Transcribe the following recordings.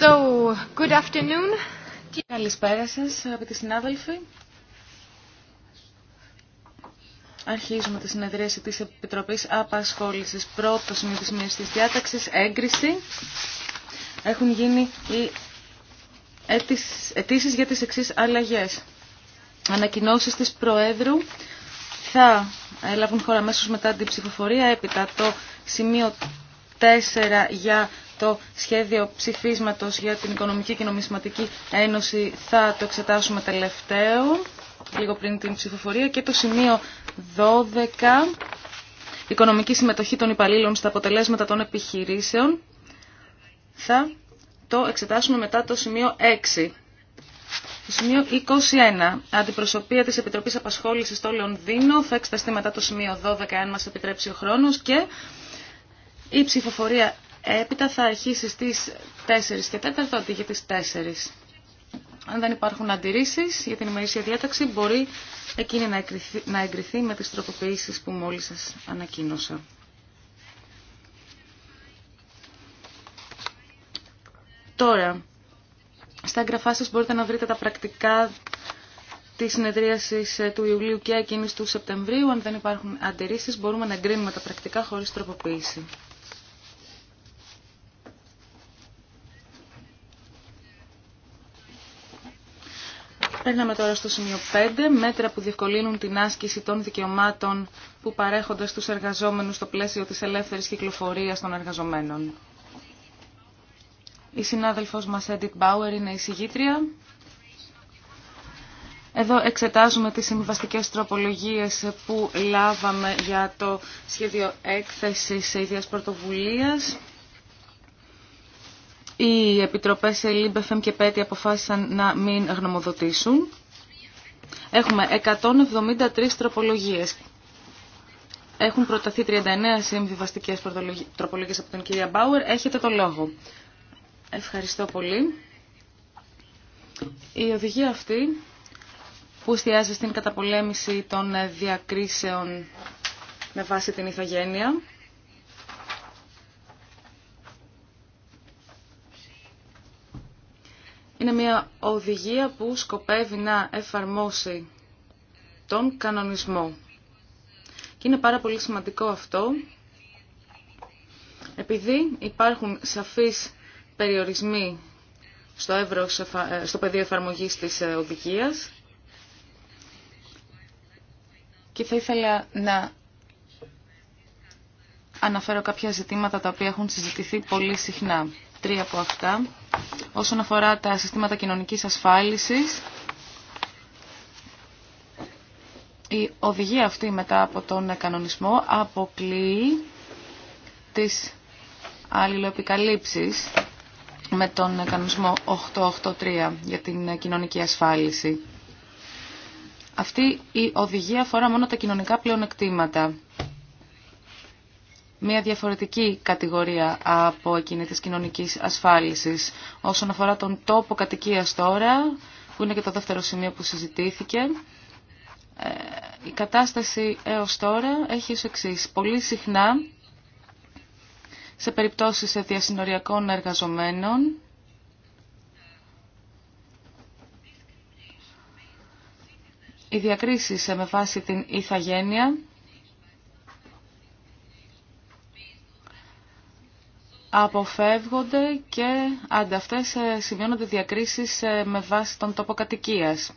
So, good afternoon. Καλησπέρα σας, αγαπητοί συνάδελφοι. Αρχίζουμε τη συνεδρίαση της Επιτροπής Απασχόλησης. Πρώτο σημείο της μίας διάταξης, έγκριση. Έχουν γίνει οι αιτήσει για τις εξής αλλαγές. Ανακοινώσεις της Προέδρου θα έλαβουν χώρα αμέσως μετά την ψηφοφορία. Έπειτα το σημείο 4 για το σχέδιο ψηφίσματος για την Οικονομική και Νομισματική Ένωση θα το εξετάσουμε τελευταίο, λίγο πριν την ψηφοφορία, και το σημείο 12, Οικονομική συμμετοχή των υπαλλήλων στα αποτελέσματα των επιχειρήσεων, θα το εξετάσουμε μετά το σημείο 6. Το σημείο 21. Αντιπροσωπεία της Επιτροπής Απασχόλησης στο Λονδίνο θα εξεταστεί μετά το σημείο 12, αν μας επιτρέψει ο χρόνος, και η ψηφοφορία Έπειτα θα αρχίσει στι 4 και 4, θα για τι 4. Αν δεν υπάρχουν αντιρρήσει για την ημερήσια διάταξη, μπορεί εκείνη να εγκριθεί, να εγκριθεί με τι τροποποίησει που μόλι σα ανακοίνωσα. Τώρα, στα εγγραφά σας μπορείτε να βρείτε τα πρακτικά τη συνεδρίαση ε, του Ιουλίου και εκείνη του Σεπτεμβρίου. Αν δεν υπάρχουν αντιρρήσει, μπορούμε να εγκρίνουμε τα πρακτικά χωρί τροποποίηση. Περνάμε τώρα στο σημείο 5, μέτρα που διευκολύνουν την άσκηση των δικαιωμάτων που παρέχονται στους εργαζόμενους στο πλαίσιο της ελεύθερης κυκλοφορίας των εργαζομένων. Η συνάδελφός μας Edith Bauer είναι η συγγήτρια. Εδώ εξετάζουμε τις συμβαστικές τροπολογίες που λάβαμε για το σχέδιο έκθεσης ίδιας πρωτοβουλίας. Οι επιτροπές ΛΥΜΠΕΦΕΜ και ΠΕΤΗ αποφάσισαν να μην γνωμοδοτήσουν. Έχουμε 173 τροπολογίες. Έχουν προταθεί 39 συμβιβαστικέ τροπολογίες από τον κυρία Μπάουερ. Έχετε το λόγο. Ευχαριστώ πολύ. Η οδηγία αυτή που εστιάζει στην καταπολέμηση των διακρίσεων με βάση την ηθογένεια Είναι μια οδηγία που σκοπεύει να εφαρμόσει τον κανονισμό. Και είναι πάρα πολύ σημαντικό αυτό, επειδή υπάρχουν σαφείς περιορισμοί στο, εύρος, ε, στο πεδίο εφαρμογής της ε, οδηγίας και θα ήθελα να αναφέρω κάποια ζητήματα τα οποία έχουν συζητηθεί πολύ συχνά. Τρία από αυτά όσον αφορά τα συστήματα κοινωνικής ασφάλισης. Η οδηγία αυτή μετά από τον κανονισμό αποκλείει τις αλληλοεπικαλύψεις με τον κανονισμό 883 για την κοινωνική ασφάλιση. Αυτή η οδηγία αφορά μόνο τα κοινωνικά πλεονεκτήματα μια διαφορετική κατηγορία από εκείνη της κοινωνικής ασφάλισης. Όσον αφορά τον τόπο κατοικίας τώρα, που είναι και το δεύτερο σημείο που συζητήθηκε, ε, η κατάσταση έως τώρα έχει ως εξής. Πολύ συχνά, σε περιπτώσεις διασυνοριακών εργαζομένων, οι διακρίσεις ε, με βάση την ηθαγένεια αποφεύγονται και αντί αυτές ε, σημειώνονται διακρίσεις ε, με βάση τον τόπο κατοικίας.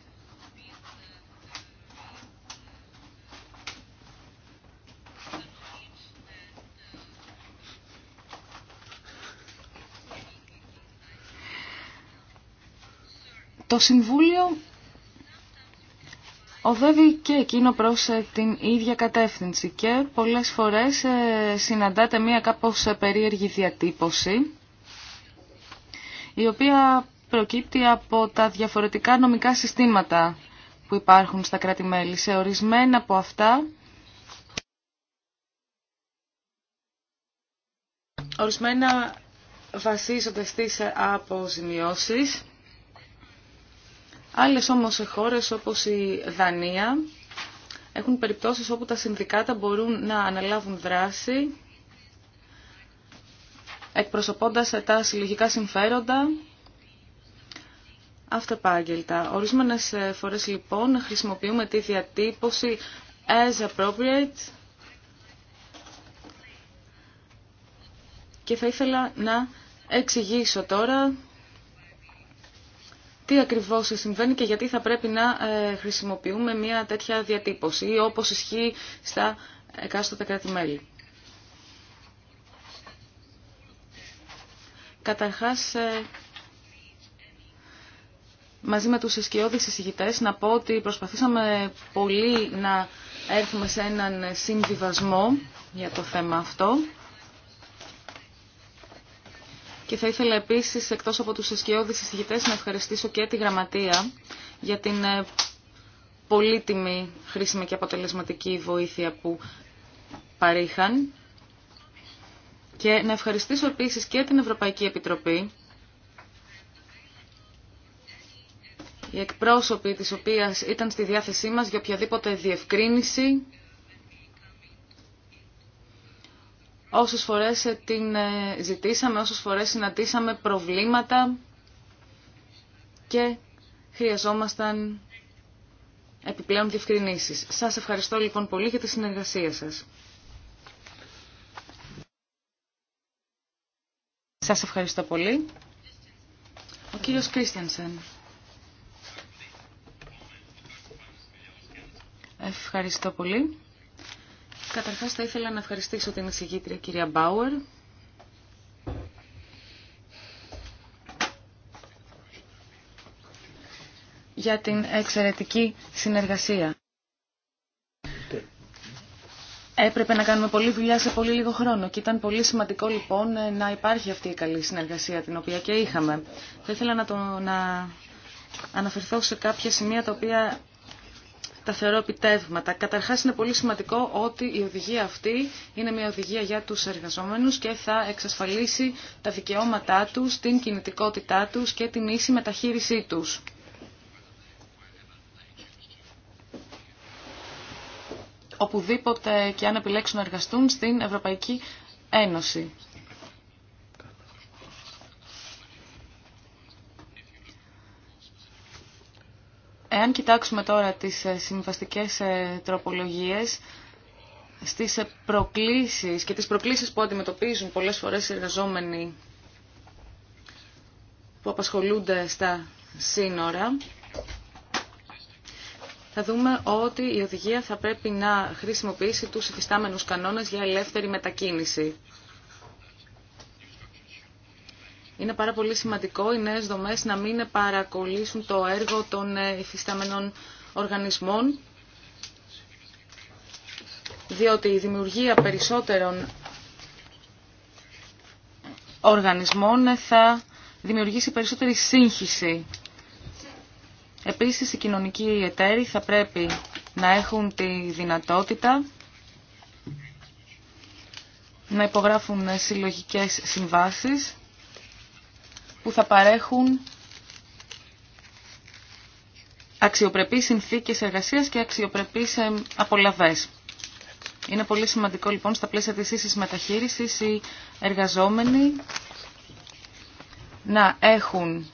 Το Συμβούλιο οδεύει και εκείνο προς ε, την ίδια κατεύθυνση και πολλές φορές ε, συναντάται μία κάπως ε, περίεργη διατύπωση η οποία προκύπτει από τα διαφορετικά νομικά συστήματα που υπάρχουν στα κράτη-μέλη. Σε ορισμένα από αυτά ορισμένα βασίζονται στις αποζημιώσεις Άλλες όμως χώρες όπως η Δανία έχουν περιπτώσεις όπου τα συνδικάτα μπορούν να αναλάβουν δράση εκπροσωπώντας τα συλλογικά συμφέροντα αυτεπάγγελτα. Ορισμένες ε, φορές λοιπόν χρησιμοποιούμε τη διατύπωση as appropriate και θα ήθελα να εξηγήσω τώρα τι ακριβώς συμβαίνει και γιατί θα πρέπει να ε, χρησιμοποιούμε μια τέτοια διατύπωση ή όπως ισχύει στα εκάστοτε κράτη-μέλη. Καταρχάς, ε, μαζί με τους εσκιώδεις εισηγητές να πω ότι προσπαθήσαμε πολύ να έρθουμε σε έναν συμβιβασμό για το θέμα αυτό. Και θα ήθελα επίσης, εκτός από τους εσκιώδεις συζητητές, να ευχαριστήσω και τη Γραμματεία για την ε, πολύτιμη, χρήσιμη και αποτελεσματική βοήθεια που παρήχαν. Και να ευχαριστήσω επίσης και την Ευρωπαϊκή Επιτροπή, οι εκπρόσωποι της οποίας ήταν στη διάθεσή μας για οποιαδήποτε διευκρίνηση όσες φορές ε, την ε, ζητήσαμε, όσες φορές συναντήσαμε προβλήματα και χρειαζόμασταν επιπλέον διευκρινήσεις. Σας ευχαριστώ λοιπόν πολύ για τη συνεργασία σας. Σας ευχαριστώ πολύ. Ο κύριος Κρίστιανσεν. Ευχαριστώ πολύ. Καταρχάς θα ήθελα να ευχαριστήσω την εισηγήτρια κυρία Μπάουερ. για την εξαιρετική συνεργασία. Έπρεπε να κάνουμε πολλή δουλειά σε πολύ λίγο χρόνο και ήταν πολύ σημαντικό λοιπόν να υπάρχει αυτή η καλή συνεργασία την οποία και είχαμε. Θα ήθελα να, το, να αναφερθώ σε κάποια σημεία τα οποία τα θεωρώ επιτεύγματα. Καταρχάς είναι πολύ σημαντικό ότι η οδηγία αυτή είναι μια οδηγία για τους εργαζόμενους και θα εξασφαλίσει τα δικαιώματά τους, την κινητικότητά τους και την ίση μεταχείρισή τους. Οπουδήποτε και αν επιλέξουν να εργαστούν στην Ευρωπαϊκή Ένωση. Εάν κοιτάξουμε τώρα τις ε, συμβαστικές ε, τροπολογίες, στις ε, προκλήσεις και τις προκλήσεις που αντιμετωπίζουν πολλές φορές οι εργαζόμενοι που απασχολούνται στα σύνορα, θα δούμε ότι η οδηγία θα πρέπει να χρησιμοποιήσει τους υφιστάμενους κανόνες για ελεύθερη μετακίνηση. Είναι πάρα πολύ σημαντικό οι νέες δομές να μην παρακολύσουν το έργο των ε, υφιστάμενων οργανισμών, διότι η δημιουργία περισσότερων οργανισμών θα δημιουργήσει περισσότερη σύγχυση. Επίσης, οι κοινωνικοί εταίροι θα πρέπει να έχουν τη δυνατότητα να υπογράφουν συλλογικές συμβάσεις που θα παρέχουν αξιοπρεπείς συνθήκες εργασίας και αξιοπρεπείς απολαβές. Είναι πολύ σημαντικό λοιπόν στα πλαίσια της ίσης μεταχείρισης οι εργαζόμενοι να έχουν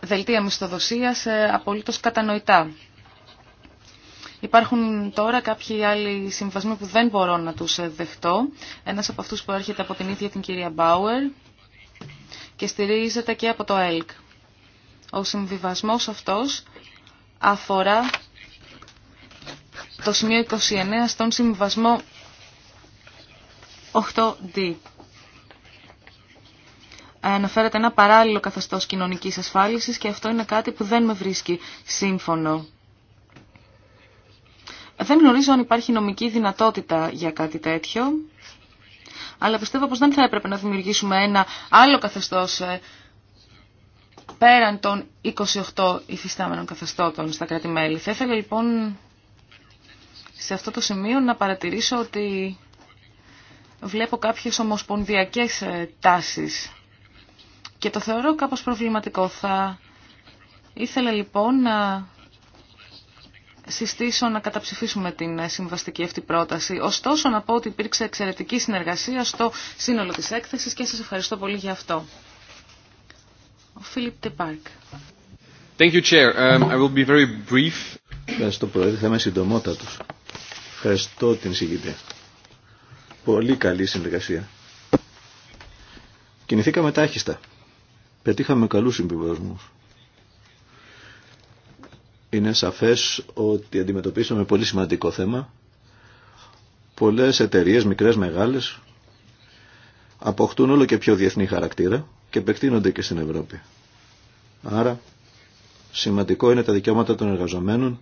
δελτία μισθοδοσίας ε, απολύτως κατανοητά. Υπάρχουν τώρα κάποιοι άλλοι συμβασμοί που δεν μπορώ να τους ε, δεχτώ. Ένας από αυτούς που έρχεται από την ίδια την κυρία Μπάουερ και στηρίζεται και από το ΕΛΚ. Ο συμβιβασμός αυτός αφορά το σημείο 29 στον συμβιβασμό 8D. Αναφέρεται ένα παράλληλο καθεστώς κοινωνικής ασφάλισης και αυτό είναι κάτι που δεν με βρίσκει σύμφωνο. Δεν γνωρίζω αν υπάρχει νομική δυνατότητα για κάτι τέτοιο αλλά πιστεύω πως δεν θα έπρεπε να δημιουργήσουμε ένα άλλο καθεστώς ε, πέραν των 28 υφιστάμενων καθεστώτων στα κράτη-μέλη. Θα ήθελα λοιπόν σε αυτό το σημείο να παρατηρήσω ότι βλέπω κάποιες ομοσπονδιακές ε, τάσεις και το θεωρώ κάπως προβληματικό. Θα ήθελα λοιπόν να συστήσω να καταψηφίσουμε την συμβαστική αυτή πρόταση. Ωστόσο να πω ότι υπήρξε εξαιρετική συνεργασία στο σύνολο της έκθεσης και σας ευχαριστώ πολύ για αυτό. Ο Φίλιπ Τεπάρκ. Um, ευχαριστώ Πρόεδρε, θα είμαι συντομότατος. Ευχαριστώ την συγκητή. Πολύ καλή συνεργασία. Κινηθήκαμε τάχιστα. Πετύχαμε καλούς συμπιβασμούς. Είναι σαφές ότι αντιμετωπίσαμε πολύ σημαντικό θέμα. Πολλές εταιρείες, μικρές, μεγάλες, αποκτούν όλο και πιο διεθνή χαρακτήρα και επεκτείνονται και στην Ευρώπη. Άρα, σημαντικό είναι τα δικαιώματα των εργαζομένων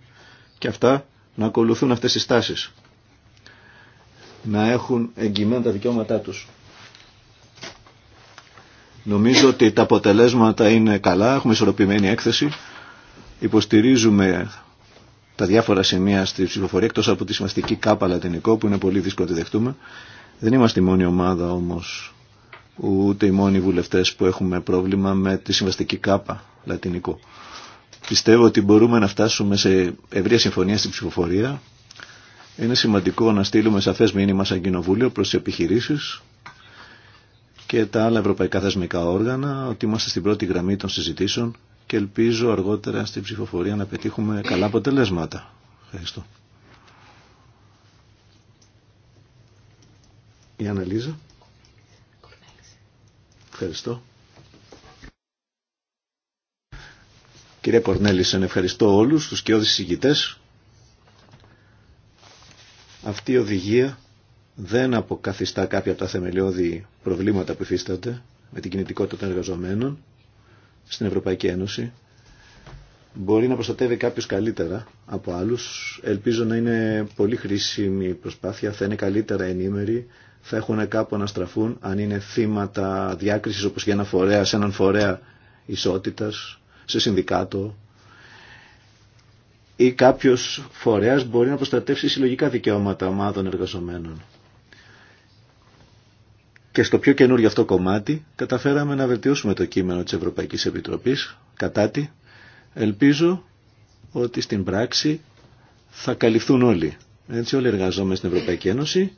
και αυτά να ακολουθούν αυτές τις τάσεις. Να έχουν εγγυημένα τα δικαιώματά τους. Νομίζω ότι τα αποτελέσματα είναι καλά, έχουμε ισορροπημένη έκθεση. Υποστηρίζουμε τα διάφορα σημεία στη ψηφοφορία, εκτός από τη σημαστική ΚΑΠΑ Λατινικό, που είναι πολύ δύσκολο να τη δεχτούμε. Δεν είμαστε η μόνη ομάδα όμως, ούτε οι μόνοι βουλευτές που έχουμε πρόβλημα με τη συμβαστική ΚΑΠΑ Λατινικό. Πιστεύω ότι μπορούμε να φτάσουμε σε ευρεία συμφωνία στην ψηφοφορία. Είναι σημαντικό να στείλουμε σαφές μήνυμα σαν κοινοβούλιο προς τις επιχειρήσεις και τα άλλα ευρωπαϊκά θεσμικά όργανα ότι είμαστε στην πρώτη γραμμή των συζητήσεων και ελπίζω αργότερα στην ψηφοφορία να πετύχουμε καλά αποτελέσματα. Ευχαριστώ. Η Αναλίζα. Ευχαριστώ. Κυρία Κορνέλησεν, ευχαριστώ όλους τους και ηγητές. Αυτή η οδηγία δεν αποκαθιστά κάποια από τα θεμελιώδη προβλήματα που υφίστανται με την κινητικότητα των εργαζομένων στην Ευρωπαϊκή Ένωση. Μπορεί να προστατεύει κάποιους καλύτερα από άλλους. Ελπίζω να είναι πολύ χρήσιμη η προσπάθεια, θα είναι καλύτερα ενήμεροι, θα έχουν κάπου να στραφούν αν είναι θύματα διάκρισης όπως για ένα φορέα, σε έναν φορέα ισότητας, σε συνδικάτο ή κάποιος φορέας μπορεί να προστατεύσει συλλογικά δικαιώματα ομάδων εργαζομένων και στο πιο καινούριο αυτό κομμάτι καταφέραμε να βελτιώσουμε το κείμενο της Ευρωπαϊκής Επιτροπής κατά τη. Ελπίζω ότι στην πράξη θα καλυφθούν όλοι. Έτσι όλοι εργαζόμενοι στην Ευρωπαϊκή Ένωση.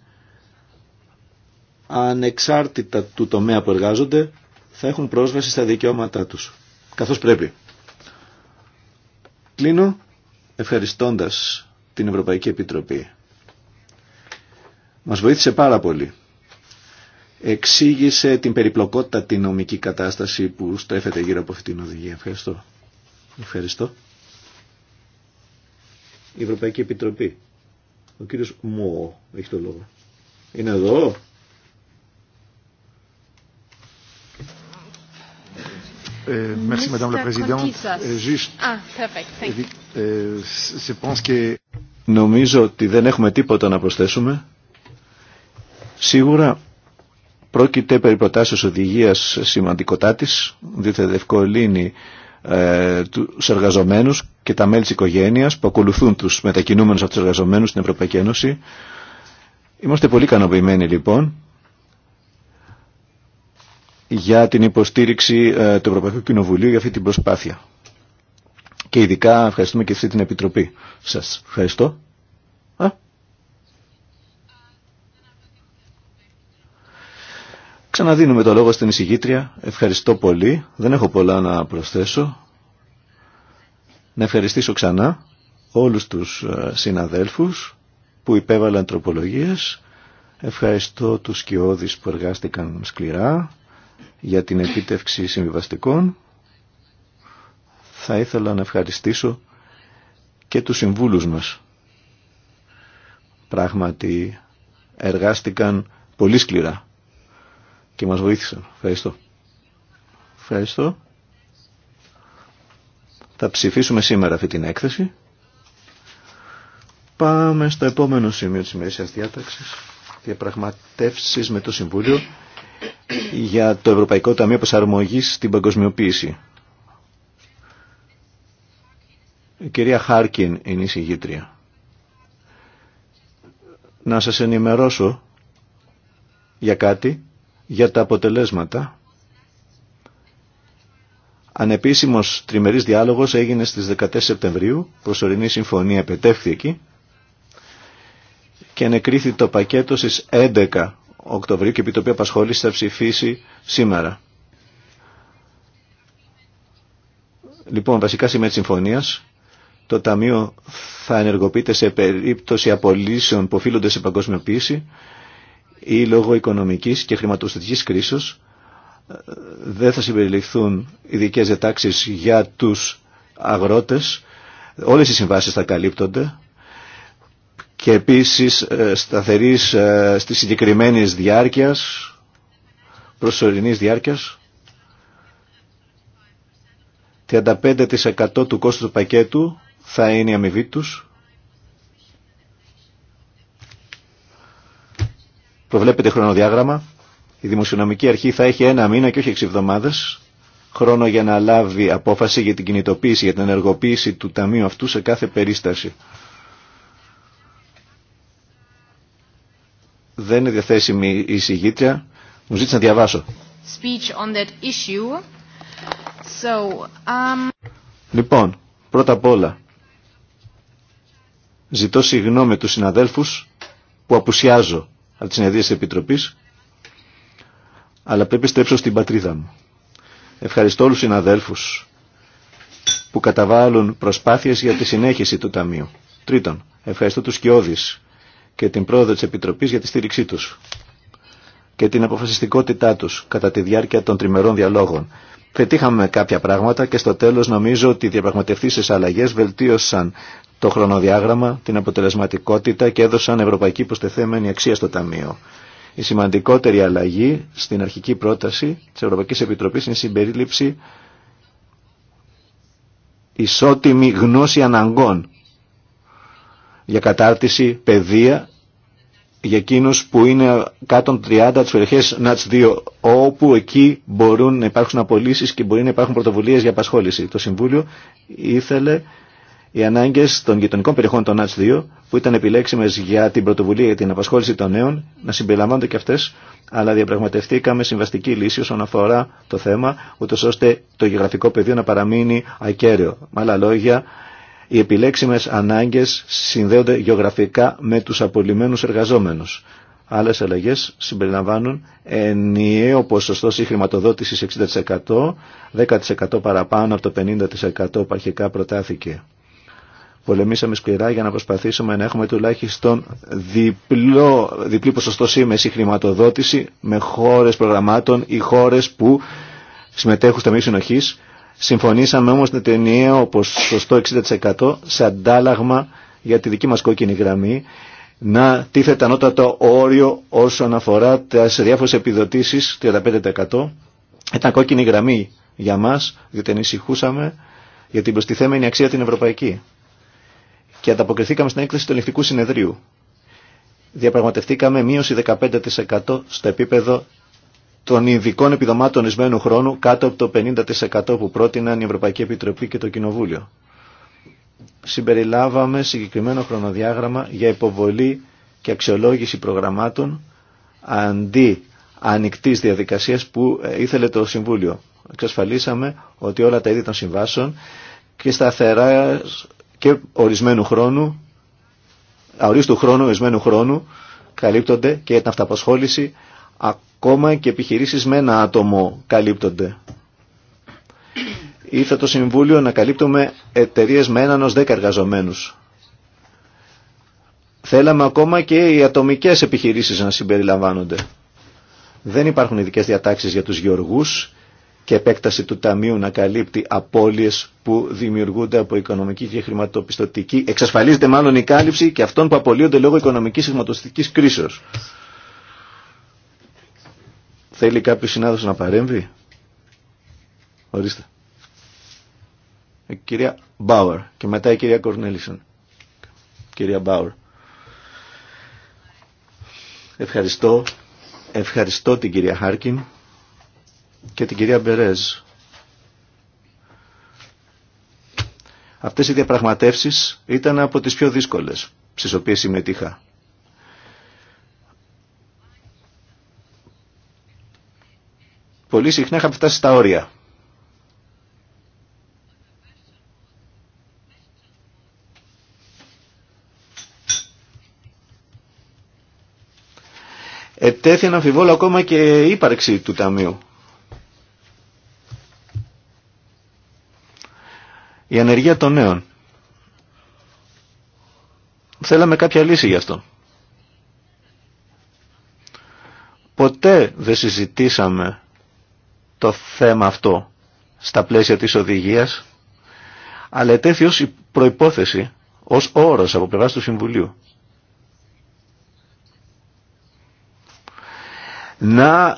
Ανεξάρτητα του τομέα που εργάζονται θα έχουν πρόσβαση στα δικαιώματά τους. Καθώς πρέπει. Κλείνω ευχαριστώντας την Ευρωπαϊκή Επιτροπή. Μας βοήθησε πάρα πολύ εξήγησε την περιπλοκότητα την νομική κατάσταση που στρέφεται γύρω από αυτή την οδηγία. Ευχαριστώ. Ευχαριστώ. Η Ευρωπαϊκή Επιτροπή. Ο κύριος Μουό έχει το λόγο. Είναι εδώ. Ε, merci, Madame la Présidente. Νομίζω ότι δεν έχουμε τίποτα να προσθέσουμε. Σίγουρα Πρόκειται περί προτάσεως οδηγίας σημαντικοτάτης, διότι διευκολύνει ε, τους και τα μέλη της οικογένειας που ακολουθούν τους μετακινούμενους από τους εργαζομένους στην Ευρωπαϊκή Ένωση. Είμαστε πολύ ικανοποιημένοι λοιπόν για την υποστήριξη ε, του Ευρωπαϊκού Κοινοβουλίου για αυτή την προσπάθεια. Και ειδικά ευχαριστούμε και αυτή την Επιτροπή. Σας ευχαριστώ. να δίνουμε το λόγο στην εισηγήτρια. Ευχαριστώ πολύ. Δεν έχω πολλά να προσθέσω. Να ευχαριστήσω ξανά όλους τους ε, συναδέλφους που υπέβαλαν τροπολογίες. Ευχαριστώ τους σκιώδεις που εργάστηκαν σκληρά για την επίτευξη συμβιβαστικών. Θα ήθελα να ευχαριστήσω και τους συμβούλους μας. Πράγματι εργάστηκαν πολύ σκληρά και μας βοήθησαν. Ευχαριστώ. Ευχαριστώ. Θα ψηφίσουμε σήμερα αυτή την έκθεση. Πάμε στο επόμενο σημείο της ημερήσιας διάταξης. Διαπραγματεύσεις με το Συμβούλιο για το Ευρωπαϊκό Ταμείο Προσαρμογής στην Παγκοσμιοποίηση. Η κυρία Χάρκιν είναι η συγγήτρια. Να σας ενημερώσω για κάτι για τα αποτελέσματα. Ανεπίσημος τριμερής διάλογος έγινε στις 14 Σεπτεμβρίου, προσωρινή συμφωνία επετεύχθη και ανεκρίθη το πακέτο στις 11 Οκτωβρίου και επί το οποίο απασχόληση θα ψηφίσει σήμερα. Λοιπόν, βασικά σημεία της συμφωνίας, το Ταμείο θα ενεργοποιείται σε περίπτωση απολύσεων που οφείλονται σε παγκοσμιοποίηση ή λόγω οικονομικής και χρηματοστατικής κρίσης ε, δεν θα συμπεριληφθούν ειδικέ διατάξεις για τους αγρότες. Όλες οι συμβάσεις θα καλύπτονται και επίσης ε, σταθερής ε, στις συγκεκριμένες διάρκειας, προσωρινής διάρκειας. 35% του κόστου του πακέτου θα είναι η αμοιβή Προβλέπετε χρονοδιάγραμμα. Η Δημοσιονομική Αρχή θα έχει ένα μήνα και όχι έξι εβδομάδε, χρόνο για να λάβει απόφαση για την κινητοποίηση, για την ενεργοποίηση του Ταμείου αυτού σε κάθε περίσταση. Δεν είναι διαθέσιμη η συγγήτρια. Μου ζήτησε να διαβάσω. Um, λοιπόν, πρώτα απ' όλα, ζητώ συγγνώμη τους συναδέλφους που απουσιάζω τη Επιτροπής, αλλά πρέπει στρέψω στην πατρίδα μου. Ευχαριστώ όλους τους συναδέλφους που καταβάλουν προσπάθειες για τη συνέχιση του Ταμείου. Τρίτον, ευχαριστώ τους Κιώδης και την πρόοδο της Επιτροπής για τη στήριξή τους και την αποφασιστικότητά τους κατά τη διάρκεια των τριμερών διαλόγων. Πετύχαμε κάποια πράγματα και στο τέλος νομίζω ότι οι διαπραγματευτήσεις αλλαγές βελτίωσαν το χρονοδιάγραμμα, την αποτελεσματικότητα και έδωσαν ευρωπαϊκή υποστεθέμενη αξία στο Ταμείο. Η σημαντικότερη αλλαγή στην αρχική πρόταση της Ευρωπαϊκής Επιτροπής είναι η συμπερίληψη ισότιμη γνώση αναγκών για κατάρτιση, παιδεία για εκείνους που είναι κάτω των 30 τις περιοχές ΝΑΤΣ 2 όπου εκεί μπορούν να υπάρχουν απολύσεις και μπορεί να υπάρχουν πρωτοβουλίες για απασχόληση. Το Συμβούλιο ήθελε οι ανάγκε των γειτονικών περιοχών των ΑΤΣΔΙΟ 2, που ήταν επιλέξιμε για την πρωτοβουλία για την απασχόληση των νέων, να συμπεριλαμβάνονται και αυτέ, αλλά διαπραγματευτήκαμε συμβαστική λύση όσον αφορά το θέμα, ούτω ώστε το γεωγραφικό πεδίο να παραμείνει ακέραιο. Με άλλα λόγια, οι επιλέξιμε ανάγκε συνδέονται γεωγραφικά με του απολυμμένου εργαζόμενου. Άλλε αλλαγέ συμπεριλαμβάνουν ενιαίο ποσοστό συγχρηματοδότηση 60%, 10% παραπάνω από το 50% που αρχικά προτάθηκε πολεμήσαμε σκληρά για να προσπαθήσουμε να έχουμε τουλάχιστον διπλό, διπλή ποσοστό σήμεση χρηματοδότηση με χώρες προγραμμάτων ή χώρες που συμμετέχουν στα μη συνοχή. Συμφωνήσαμε όμως με ταινία ενιαίο ποσοστό 60% σε αντάλλαγμα για τη δική μας κόκκινη γραμμή να τίθεται ανώτατο όριο όσον αφορά τις διάφορες επιδοτήσεις 35%. Ήταν κόκκινη γραμμή για μα, διότι ανησυχούσαμε για την προστιθέμενη αξία την ευρωπαϊκή και ανταποκριθήκαμε στην έκθεση του ελεκτικού συνεδρίου. Διαπραγματευτήκαμε μείωση 15% στο επίπεδο των ειδικών επιδομάτων εισμένου χρόνου κάτω από το 50% που πρότειναν η Ευρωπαϊκή Επιτροπή και το Κοινοβούλιο. Συμπεριλάβαμε συγκεκριμένο χρονοδιάγραμμα για υποβολή και αξιολόγηση προγραμμάτων αντί ανοιχτής διαδικασίας που ε, ήθελε το Συμβούλιο. Εξασφαλίσαμε ότι όλα τα είδη των συμβάσεων και σταθερά και ορισμένου χρόνου, αορίστου χρόνου, ορισμένου χρόνου, καλύπτονται και την αυταπασχόληση, ακόμα και επιχειρήσεις με ένα άτομο καλύπτονται. Ήρθε το Συμβούλιο να καλύπτουμε εταιρείε με έναν ως δέκα εργαζομένους. Θέλαμε ακόμα και οι ατομικές επιχειρήσεις να συμπεριλαμβάνονται. Δεν υπάρχουν ειδικές διατάξεις για τους γεωργούς και επέκταση του Ταμείου να καλύπτει απώλειες που δημιουργούνται από οικονομική και χρηματοπιστωτική. Εξασφαλίζεται μάλλον η κάλυψη και αυτών που απολύονται λόγω οικονομικής χρηματοστικής κρίσεως. Θέλει κάποιος συνάδελφος να παρέμβει. Ορίστε. Η κυρία Μπάουερ και μετά η κυρία Κορνέλισον. Κυρία Μπάουερ. Ευχαριστώ. Ευχαριστώ την κυρία Χάρκιν και την κυρία Μπερέζ. Αυτές οι διαπραγματεύσεις ήταν από τις πιο δύσκολες στις οποίες συμμετείχα. Πολύ συχνά είχαμε φτάσει στα όρια. Ετέθη να αμφιβόλο ακόμα και η ύπαρξη του Ταμείου. Η ανεργία των νέων. Θέλαμε κάποια λύση γι' αυτό. Ποτέ δεν συζητήσαμε το θέμα αυτό στα πλαίσια της οδηγίας, αλλά ετέθη ως προϋπόθεση, ως όρος από πλευράς του Συμβουλίου. Να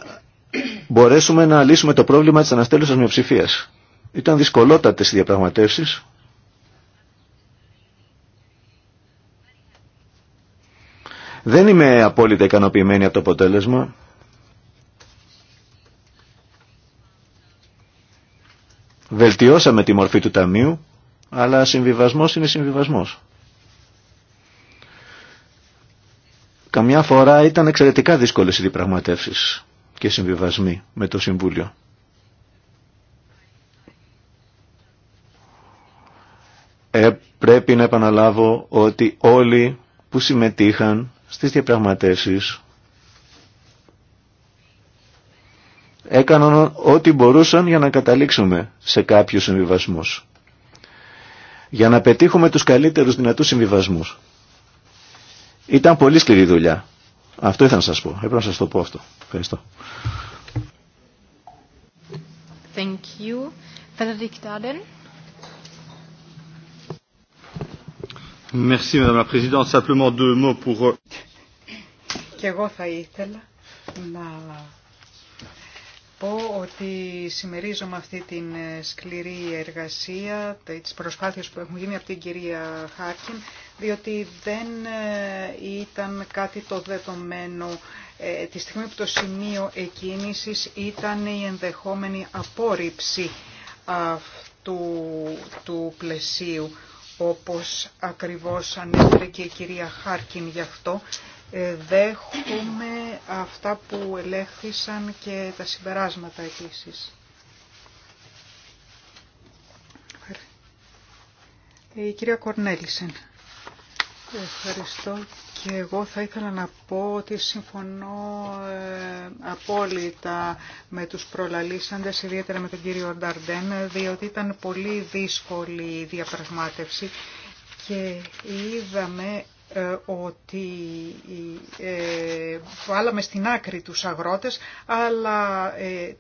μπορέσουμε να λύσουμε το πρόβλημα της αναστέλωσης μειοψηφίας. Ήταν δυσκολότατες οι διαπραγματεύσεις. Δεν είμαι απόλυτα ικανοποιημένη από το αποτέλεσμα. Βελτιώσαμε τη μορφή του Ταμείου, αλλά συμβιβασμός είναι συμβιβασμός. Καμιά φορά ήταν εξαιρετικά δύσκολες οι διαπραγματεύσεις και συμβιβασμοί με το Συμβούλιο. Ε, πρέπει να επαναλάβω ότι όλοι που συμμετείχαν στις διαπραγματεύσεις έκαναν ό,τι μπορούσαν για να καταλήξουμε σε κάποιους συμβιβασμούς. Για να πετύχουμε τους καλύτερους δυνατούς συμβιβασμούς. Ήταν πολύ σκληρή δουλειά. Αυτό ήθελα να σας πω. Έπρεπε να σας το πω αυτό. Ευχαριστώ. Thank you. Merci, Madame la Présidente. Simplement deux mots euh, Και εγώ θα ήθελα να πω ότι συμμερίζομαι αυτή την ε, σκληρή εργασία, τι προσπάθειε που έχουν γίνει από την κυρία Χάρκιν, διότι δεν ε, ήταν κάτι το δεδομένο ε, τη στιγμή που το σημείο εκκίνησης ήταν η ενδεχόμενη απόρριψη αυτού του πλαισίου όπως ακριβώς ανέφερε και η κυρία Χάρκιν γι' αυτό, ε, δέχομαι αυτά που ελέγχθησαν και τα συμπεράσματα επίσης. Η κυρία Κορνέλισεν. Ευχαριστώ. Και εγώ θα ήθελα να πω ότι συμφωνώ ε, απόλυτα με τους προλαλήσαντες, ιδιαίτερα με τον κύριο Νταρντέν, διότι ήταν πολύ δύσκολη η διαπραγμάτευση και είδαμε ε, ότι ε, βάλαμε στην άκρη τους αγρότες, αλλά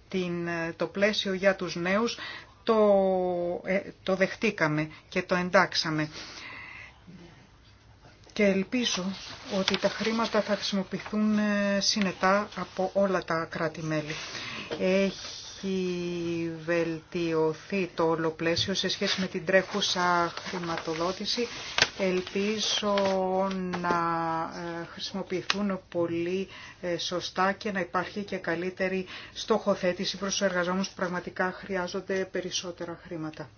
την, το πλαίσιο για τους νέους το δεχτήκαμε και το εντάξαμε και ελπίζω ότι τα χρήματα θα χρησιμοποιηθούν ε, συνετά από όλα τα κράτη-μέλη. Έχει βελτιωθεί το όλο σε σχέση με την τρέχουσα χρηματοδότηση. Ελπίζω να ε, χρησιμοποιηθούν πολύ ε, σωστά και να υπάρχει και καλύτερη στοχοθέτηση προς τους εργαζόμενους που πραγματικά χρειάζονται περισσότερα χρήματα.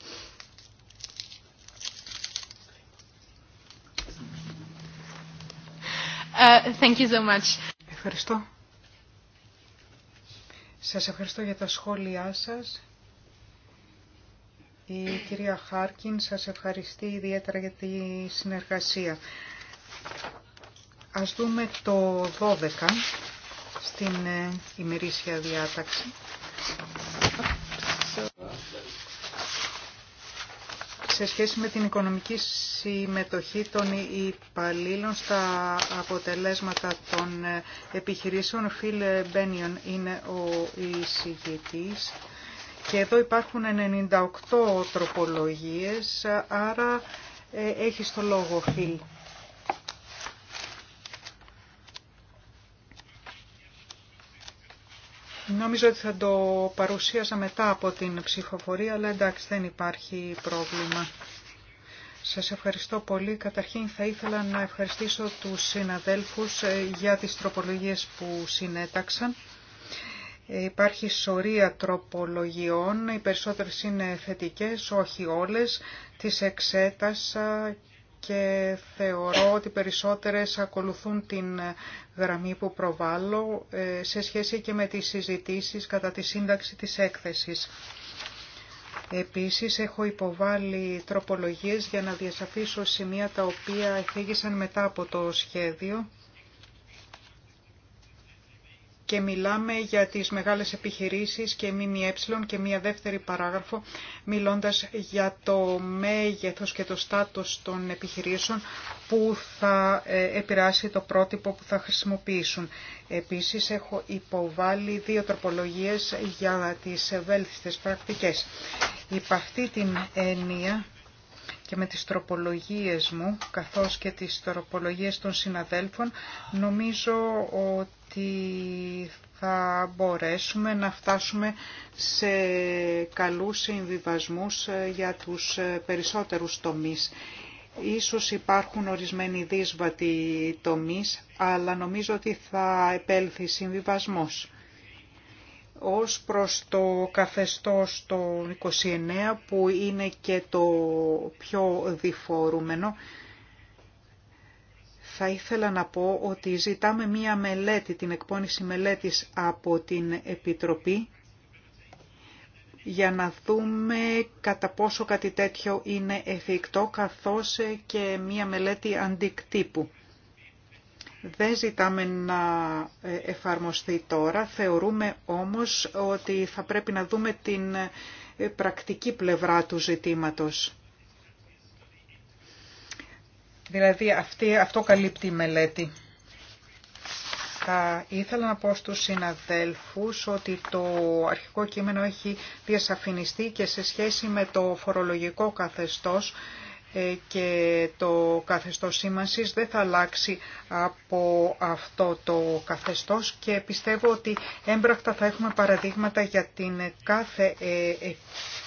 Uh, thank you so much. Ευχαριστώ. Σας ευχαριστώ για τα σχόλιά σας. Η κυρία Χάρκιν σας ευχαριστεί ιδιαίτερα για τη συνεργασία. Ας δούμε το 12 στην ε, ημερήσια διάταξη. σε σχέση με την οικονομική συμμετοχή των υπαλλήλων στα αποτελέσματα των ε, επιχειρήσεων. Φιλ Μπένιον είναι ο εισηγητής. Και εδώ υπάρχουν 98 τροπολογίες, άρα ε, έχει το λόγο Φιλ. Νομίζω ότι θα το παρουσίασα μετά από την ψηφοφορία, αλλά εντάξει δεν υπάρχει πρόβλημα. Σας ευχαριστώ πολύ. Καταρχήν θα ήθελα να ευχαριστήσω τους συναδέλφους ε, για τις τροπολογίες που συνέταξαν. Ε, υπάρχει σωρία τροπολογιών, οι περισσότερες είναι θετικές, όχι όλες. Τις εξέτασα και θεωρώ ότι περισσότερες ακολουθούν την γραμμή που προβάλλω ε, σε σχέση και με τις συζητήσεις κατά τη σύνταξη της έκθεσης. Επίσης έχω υποβάλει τροπολογίες για να διασαφίσω σημεία τα οποία εφήγησαν μετά από το σχέδιο και μιλάμε για τις μεγάλες επιχειρήσεις και ΜΜΕ και μία δεύτερη παράγραφο μιλώντας για το μέγεθος και το στάτος των επιχειρήσεων που θα ε, επηρεάσει το πρότυπο που θα χρησιμοποιήσουν. Επίσης έχω υποβάλει δύο τροπολογίες για τις ευέλθιστες πρακτικές. Υπ' αυτή την έννοια και με τις τροπολογίες μου, καθώς και τις τροπολογίες των συναδέλφων, νομίζω ότι θα μπορέσουμε να φτάσουμε σε καλούς συμβιβασμούς ε, για τους ε, περισσότερους τομείς. Ίσως υπάρχουν ορισμένοι δύσβατοι τομείς, αλλά νομίζω ότι θα επέλθει συμβιβασμός ως προς το καθεστώς το 29 που είναι και το πιο διφορούμενο, θα ήθελα να πω ότι ζητάμε μία μελέτη, την εκπόνηση μελέτης από την Επιτροπή για να δούμε κατά πόσο κάτι τέτοιο είναι εφικτό, καθώς και μία μελέτη αντικτύπου. Δεν ζητάμε να ε, εφαρμοστεί τώρα, θεωρούμε όμως ότι θα πρέπει να δούμε την ε, πρακτική πλευρά του ζητήματος. Δηλαδή αυτό καλύπτει η μελέτη. Θα ήθελα να πω στους συναδέλφους ότι το αρχικό κείμενο έχει διασαφινιστεί και σε σχέση με το φορολογικό καθεστώς ε, και το καθεστώς σήμανσης δεν θα αλλάξει από αυτό το καθεστώς και πιστεύω ότι έμπρακτα θα έχουμε παραδείγματα για την κάθε ε,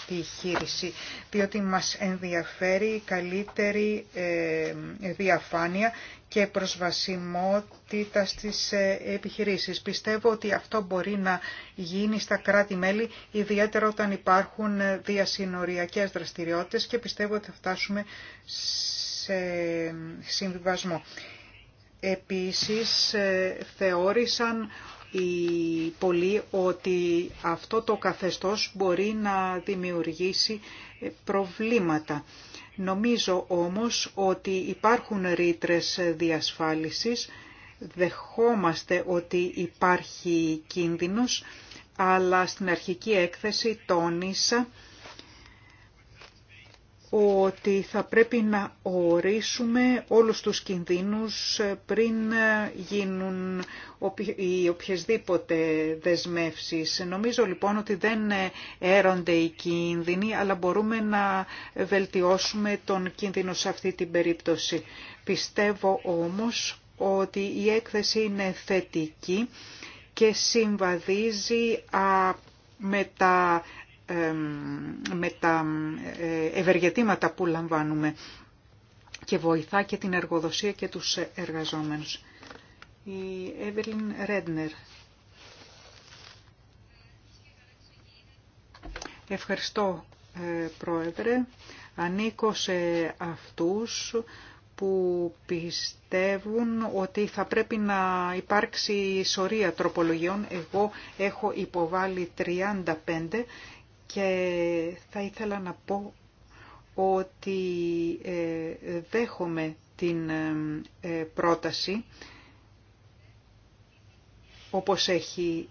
επιχείρηση διότι μας ενδιαφέρει καλύτερη ε, διαφάνεια και προσβασιμότητα στις ε, επιχειρήσεις. Πιστεύω ότι αυτό μπορεί να γίνει στα κράτη-μέλη, ιδιαίτερα όταν υπάρχουν ε, διασυνοριακές δραστηριότητες και πιστεύω ότι θα φτάσουμε σε συμβιβασμό. Επίσης, ε, θεώρησαν οι πολλοί ότι αυτό το καθεστώς μπορεί να δημιουργήσει προβλήματα Νομίζω όμως ότι υπάρχουν ρήτρες διασφάλισης, δεχόμαστε ότι υπάρχει κίνδυνος, αλλά στην αρχική έκθεση τόνισα ότι θα πρέπει να ορίσουμε όλους τους κινδύνους πριν γίνουν οι οποιασδήποτε δεσμεύσεις. Νομίζω λοιπόν ότι δεν έρονται οι κίνδυνοι, αλλά μπορούμε να βελτιώσουμε τον κίνδυνο σε αυτή την περίπτωση. Πιστεύω όμως ότι η έκθεση είναι θετική και συμβαδίζει με τα με τα ε, ευεργετήματα που λαμβάνουμε και βοηθά και την εργοδοσία και τους εργαζόμενους. Η Ευχαριστώ, ε, Πρόεδρε. Ανήκω σε αυτούς που πιστεύουν ότι θα πρέπει να υπάρξει σωρία τροπολογιών. Εγώ έχω υποβάλει 35 και θα ήθελα να πω ότι ε, δέχομαι την ε, πρόταση όπως έχει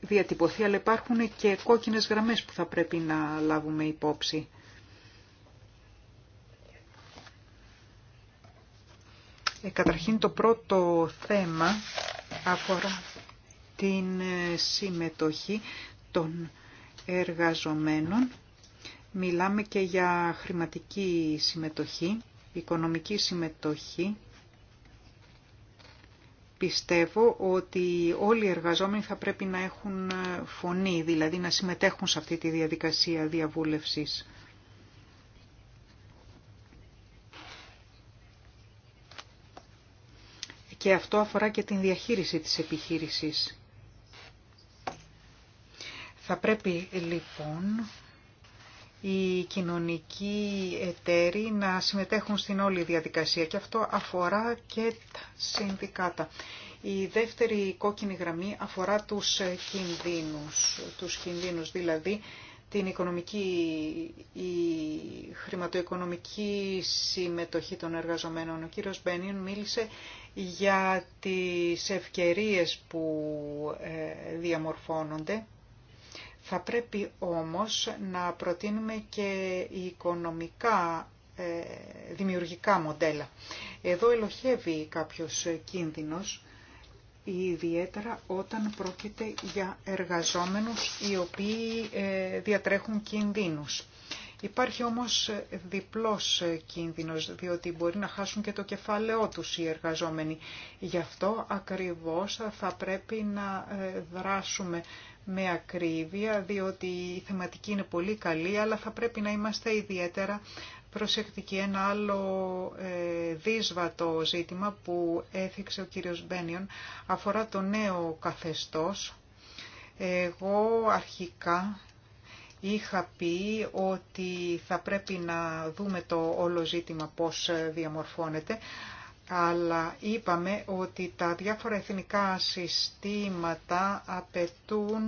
διατυπωθεί, αλλά υπάρχουν και κόκκινες γραμμές που θα πρέπει να λάβουμε υπόψη. Ε, καταρχήν το πρώτο θέμα αφορά την ε, συμμετοχή των εργαζομένων. Μιλάμε και για χρηματική συμμετοχή, οικονομική συμμετοχή. Πιστεύω ότι όλοι οι εργαζόμενοι θα πρέπει να έχουν ε, φωνή, δηλαδή να συμμετέχουν σε αυτή τη διαδικασία διαβούλευσης. Και αυτό αφορά και την διαχείριση της επιχείρησης. Θα πρέπει λοιπόν οι κοινωνικοί εταίροι να συμμετέχουν στην όλη διαδικασία και αυτό αφορά και τα συνδικάτα. Η δεύτερη κόκκινη γραμμή αφορά τους κινδύνους, τους κινδύνους δηλαδή την οικονομική, η χρηματοοικονομική συμμετοχή των εργαζομένων. Ο κύριος Μπένιον μίλησε για τις ευκαιρίες που ε, διαμορφώνονται θα πρέπει όμως να προτείνουμε και οικονομικά ε, δημιουργικά μοντέλα. Εδώ ελοχεύει κάποιος κίνδυνος, ιδιαίτερα όταν πρόκειται για εργαζόμενους οι οποίοι ε, διατρέχουν κινδύνους. Υπάρχει όμως διπλός κίνδυνος, διότι μπορεί να χάσουν και το κεφάλαιό τους οι εργαζόμενοι. Γι' αυτό ακριβώς θα πρέπει να ε, δράσουμε με ακρίβεια, διότι η θεματική είναι πολύ καλή, αλλά θα πρέπει να είμαστε ιδιαίτερα προσεκτικοί. Ένα άλλο ε, δύσβατο ζήτημα που έθιξε ο κύριος Μπένιον αφορά το νέο καθεστώς. Εγώ αρχικά είχα πει ότι θα πρέπει να δούμε το όλο ζήτημα πώς ε, διαμορφώνεται, αλλά είπαμε ότι τα διάφορα εθνικά συστήματα απαιτούν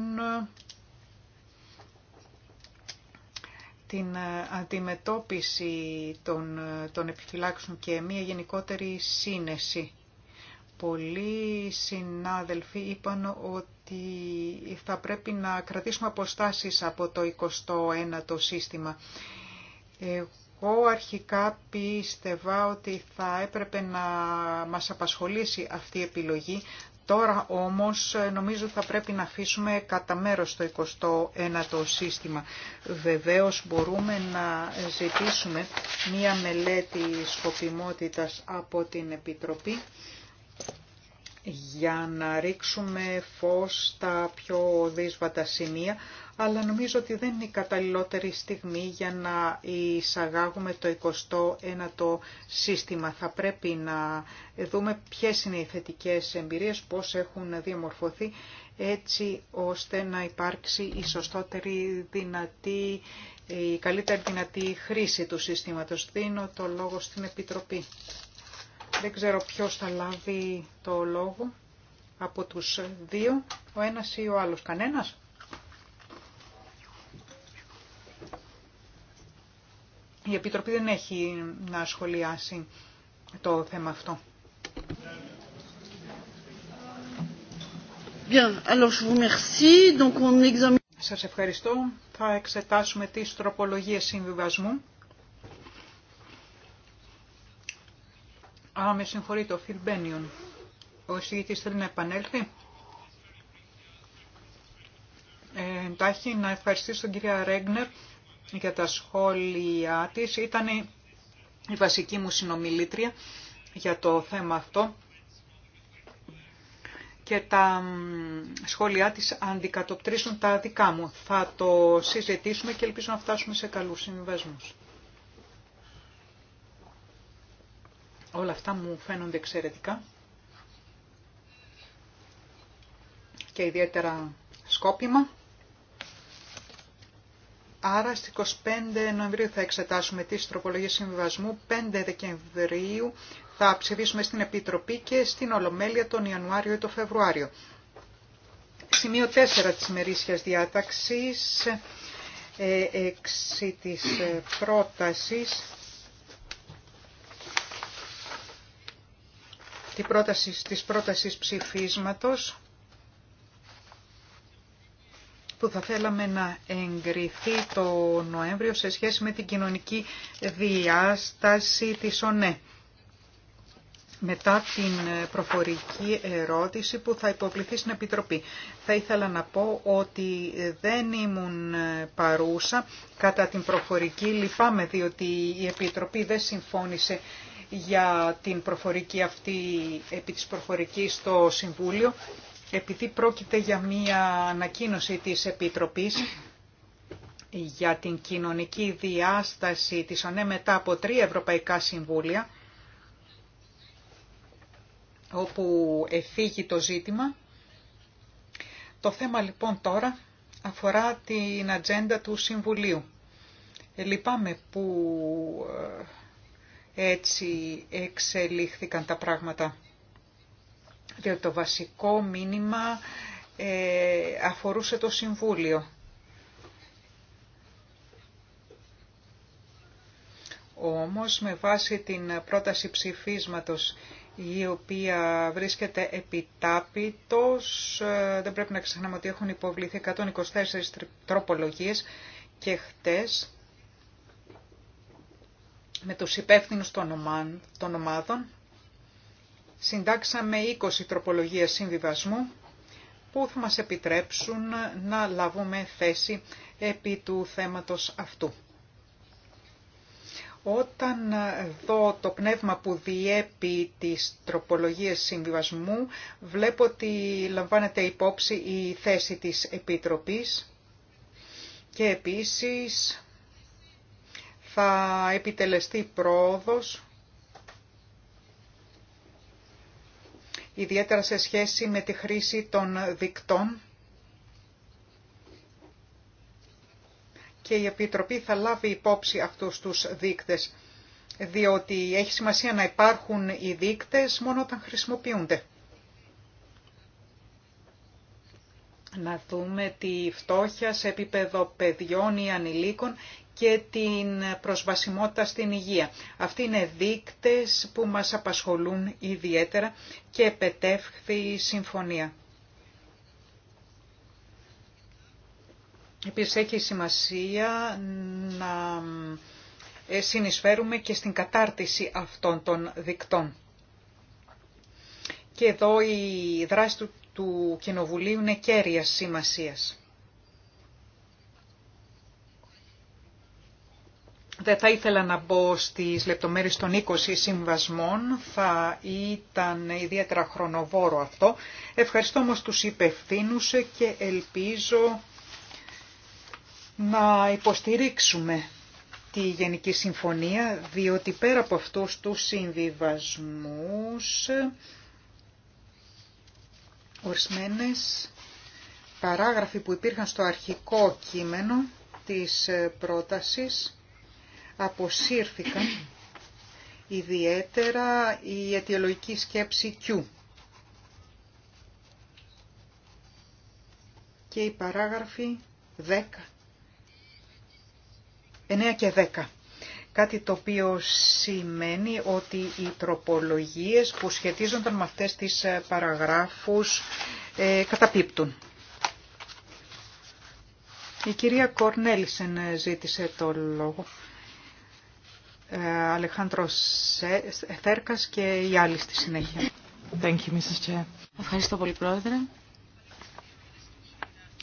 την αντιμετώπιση των, των επιφυλάξεων και μια γενικότερη σύνεση. Πολλοί συνάδελφοι είπαν ότι θα πρέπει να κρατήσουμε αποστάσεις από το 21ο σύστημα. Εγώ αρχικά πίστευα ότι θα έπρεπε να μας απασχολήσει αυτή η επιλογή. Τώρα όμως ε, νομίζω θα πρέπει να αφήσουμε κατά μέρος το 21 ο σύστημα. Βεβαίως μπορούμε να ζητήσουμε μία μελέτη σκοπιμότητας από την Επιτροπή για να ρίξουμε φως στα πιο δύσβατα σημεία, αλλά νομίζω ότι δεν είναι η καταλληλότερη στιγμή για να εισαγάγουμε το 21 ο σύστημα. Θα πρέπει να δούμε ποιες είναι οι θετικές εμπειρίες, πώς έχουν διαμορφωθεί, έτσι ώστε να υπάρξει η σωστότερη δυνατή, η καλύτερη δυνατή χρήση του συστήματος. Δίνω το λόγο στην Επιτροπή. Δεν ξέρω ποιος θα λάβει το λόγο από τους δύο, ο ένας ή ο άλλος. Κανένας. Η Επιτροπή δεν έχει να σχολιάσει το θέμα αυτό. Bien, Σας ευχαριστώ. Θα εξετάσουμε τις τροπολογίες συμβιβασμού. Α, με συγχωρείτε, ο Φιλ Μπένιον. Ο εισηγητής θέλει να επανέλθει. Ε, εντάχει, να ευχαριστήσω τον κύριο Ρέγνερ για τα σχόλια της. Ήταν η βασική μου συνομιλήτρια για το θέμα αυτό και τα σχόλιά της αντικατοπτρίζουν τα δικά μου. Θα το συζητήσουμε και ελπίζω να φτάσουμε σε καλούς συμβασμούς. Όλα αυτά μου φαίνονται εξαιρετικά και ιδιαίτερα σκόπιμα. Άρα στις 25 Νοεμβρίου θα εξετάσουμε τις τροπολογίες συμβιβασμού, 5 Δεκεμβρίου θα ψηφίσουμε στην Επιτροπή και στην Ολομέλεια τον Ιανουάριο ή τον Φεβρουάριο. Σημείο 4 της ημερήσιας διάταξης, 6 ε, της ε, πρότασης, πρόταση της πρότασης ψηφίσματος που θα θέλαμε να εγκριθεί το Νοέμβριο σε σχέση με την κοινωνική διάσταση της ΟΝΕ. Μετά την προφορική ερώτηση που θα υποβληθεί στην Επιτροπή. Θα ήθελα να πω ότι δεν ήμουν παρούσα κατά την προφορική. Λυπάμαι διότι η Επιτροπή δεν συμφώνησε για την προφορική αυτή επί της προφορικής στο Συμβούλιο επειδή πρόκειται για μία ανακοίνωση της Επιτροπής για την κοινωνική διάσταση της ΟΝΕ μετά από τρία Ευρωπαϊκά Συμβούλια, όπου εφήγει το ζήτημα. Το θέμα λοιπόν τώρα αφορά την ατζέντα του Συμβουλίου. Ε, λυπάμαι που ε, έτσι εξελίχθηκαν τα πράγματα διότι το βασικό μήνυμα ε, αφορούσε το Συμβούλιο. Όμως με βάση την πρόταση ψηφίσματος η οποία βρίσκεται επιτάπητος, ε, δεν πρέπει να ξεχνάμε ότι έχουν υποβληθεί 124 τροπολογίες και χτες με τους υπεύθυνους των ομάδων συντάξαμε 20 τροπολογίες συμβιβασμού που θα μας επιτρέψουν να λάβουμε θέση επί του θέματος αυτού. Όταν δω το πνεύμα που διέπει τις τροπολογίες συμβιβασμού, βλέπω ότι λαμβάνεται υπόψη η θέση της Επιτροπής και επίσης θα επιτελεστεί πρόοδος ιδιαίτερα σε σχέση με τη χρήση των δικτών και η Επιτροπή θα λάβει υπόψη αυτούς τους δείκτες, διότι έχει σημασία να υπάρχουν οι δείκτες μόνο όταν χρησιμοποιούνται. Να δούμε τη φτώχεια σε επίπεδο παιδιών ή ανηλίκων και την προσβασιμότητα στην υγεία. Αυτοί είναι δείκτες που μας απασχολούν ιδιαίτερα και επετεύχθη η συμφωνία. Επίσης έχει σημασία να ε, συνεισφέρουμε και στην κατάρτιση αυτών των δικτών. Και εδώ η δράση του Κοινοβουλίου είναι κέρια σημασίας. Δεν θα ήθελα να μπω στις λεπτομέρειες των 20 συμβασμών, θα ήταν ιδιαίτερα χρονοβόρο αυτό. Ευχαριστώ όμως τους υπευθύνου και ελπίζω να υποστηρίξουμε τη Γενική Συμφωνία, διότι πέρα από αυτούς τους συμβιβασμούς, ορισμένες παράγραφοι που υπήρχαν στο αρχικό κείμενο της πρότασης, αποσύρθηκαν ιδιαίτερα η αιτιολογική σκέψη Q. Και οι παράγραφοι 10, 9 και 10. Κάτι το οποίο σημαίνει ότι οι τροπολογίες που σχετίζονταν με αυτές τις ε, παραγράφους ε, καταπίπτουν. Η κυρία Κορνέλισεν ε, ζήτησε το λόγο. Αλεχάντρο Θέρκας και οι άλλοι στη συνέχεια. Thank you, Mrs. Chair. Ευχαριστώ πολύ, Πρόεδρε.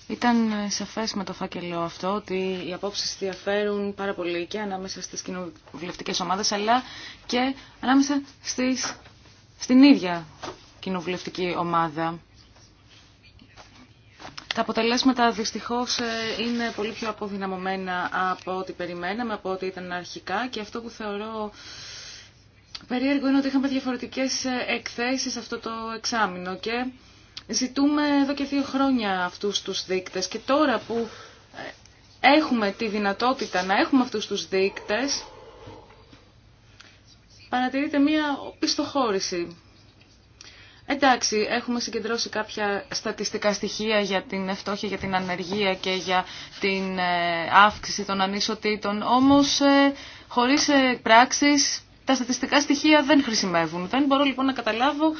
Ήταν σαφές με το φάκελο αυτό ότι οι απόψεις διαφέρουν πάρα πολύ και ανάμεσα στις κοινοβουλευτικές ομάδες αλλά και ανάμεσα στις, στην ίδια κοινοβουλευτική ομάδα. Τα αποτελέσματα δυστυχώς ε, είναι πολύ πιο αποδυναμωμένα από ό,τι περιμέναμε, από ό,τι ήταν αρχικά και αυτό που θεωρώ περίεργο είναι ότι είχαμε διαφορετικές ε, εκθέσεις αυτό το εξάμεινο και ζητούμε εδώ και δύο χρόνια αυτούς τους δείκτες και τώρα που ε, έχουμε τη δυνατότητα να έχουμε αυτούς τους δείκτες παρατηρείται μία πιστοχώρηση Εντάξει, έχουμε συγκεντρώσει κάποια στατιστικά στοιχεία για την φτώχεια, για την ανεργία και για την ε, αύξηση των ανισοτήτων, όμως ε, χωρίς ε, πράξεις τα στατιστικά στοιχεία δεν χρησιμεύουν. Δεν μπορώ λοιπόν να καταλάβω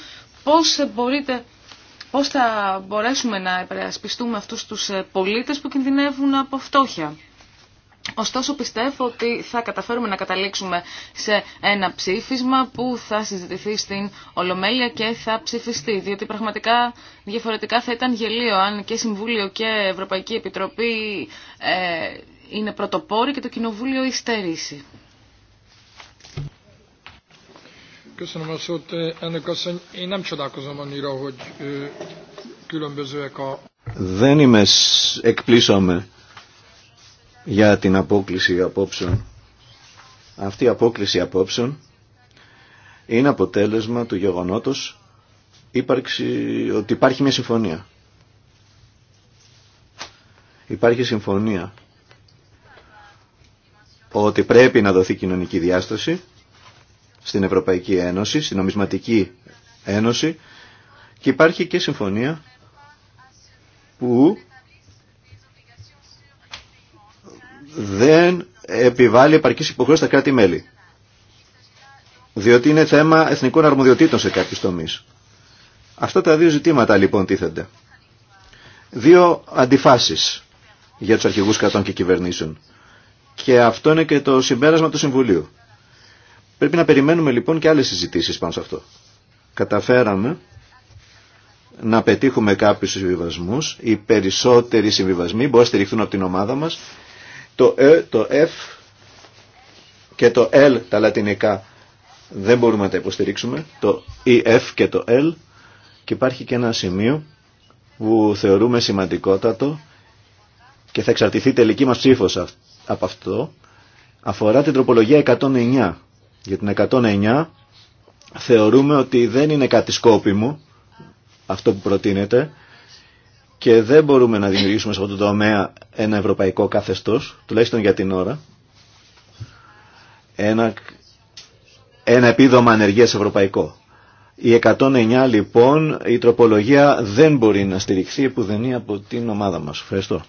πώς, μπορείτε, πώς θα μπορέσουμε να επερασπιστούμε αυτούς τους πολίτες που κινδυνεύουν από φτώχεια. Ωστόσο πιστεύω ότι θα καταφέρουμε να καταλήξουμε σε ένα ψήφισμα που θα συζητηθεί στην Ολομέλεια και θα ψηφιστεί, διότι πραγματικά διαφορετικά θα ήταν γελίο αν και Συμβούλιο και Ευρωπαϊκή Επιτροπή ε, είναι πρωτοπόροι και το Κοινοβούλιο υστερήσει. Δεν είμαι εκπλήσωμε για την απόκληση απόψεων. Αυτή η απόκληση απόψεων είναι αποτέλεσμα του γεγονότος ότι υπάρχει μια συμφωνία. Υπάρχει συμφωνία ότι πρέπει να δοθεί κοινωνική διάσταση στην Ευρωπαϊκή Ένωση, στην Νομισματική Ένωση και υπάρχει και συμφωνία που δεν επιβάλλει επαρκή υποχρέωση στα κράτη-μέλη. Διότι είναι θέμα εθνικών αρμοδιοτήτων σε κάποιου τομεί. Αυτά τα δύο ζητήματα λοιπόν τίθενται. Δύο αντιφάσεις για τους αρχηγούς κρατών και κυβερνήσεων. Και αυτό είναι και το συμπέρασμα του Συμβουλίου. Πρέπει να περιμένουμε λοιπόν και άλλες συζητήσει πάνω σε αυτό. Καταφέραμε να πετύχουμε κάποιου συμβιβασμού. Οι περισσότεροι συμβιβασμοί μπορεί να στηριχθούν από την ομάδα μα το Ε, το F και το L τα λατινικά δεν μπορούμε να τα υποστηρίξουμε, το EF και το L και υπάρχει και ένα σημείο που θεωρούμε σημαντικότατο και θα εξαρτηθεί τελική μας ψήφος από αυτό, αφορά την τροπολογία 109. Για την 109 θεωρούμε ότι δεν είναι κάτι μου αυτό που προτείνεται και δεν μπορούμε να δημιουργήσουμε σε αυτό το τομέα ένα ευρωπαϊκό καθεστώς, τουλάχιστον για την ώρα, ένα, ένα επίδομα ανεργίας ευρωπαϊκό. Η 109 λοιπόν, η τροπολογία δεν μπορεί να στηριχθεί που δεν είναι από την ομάδα μας. Ευχαριστώ.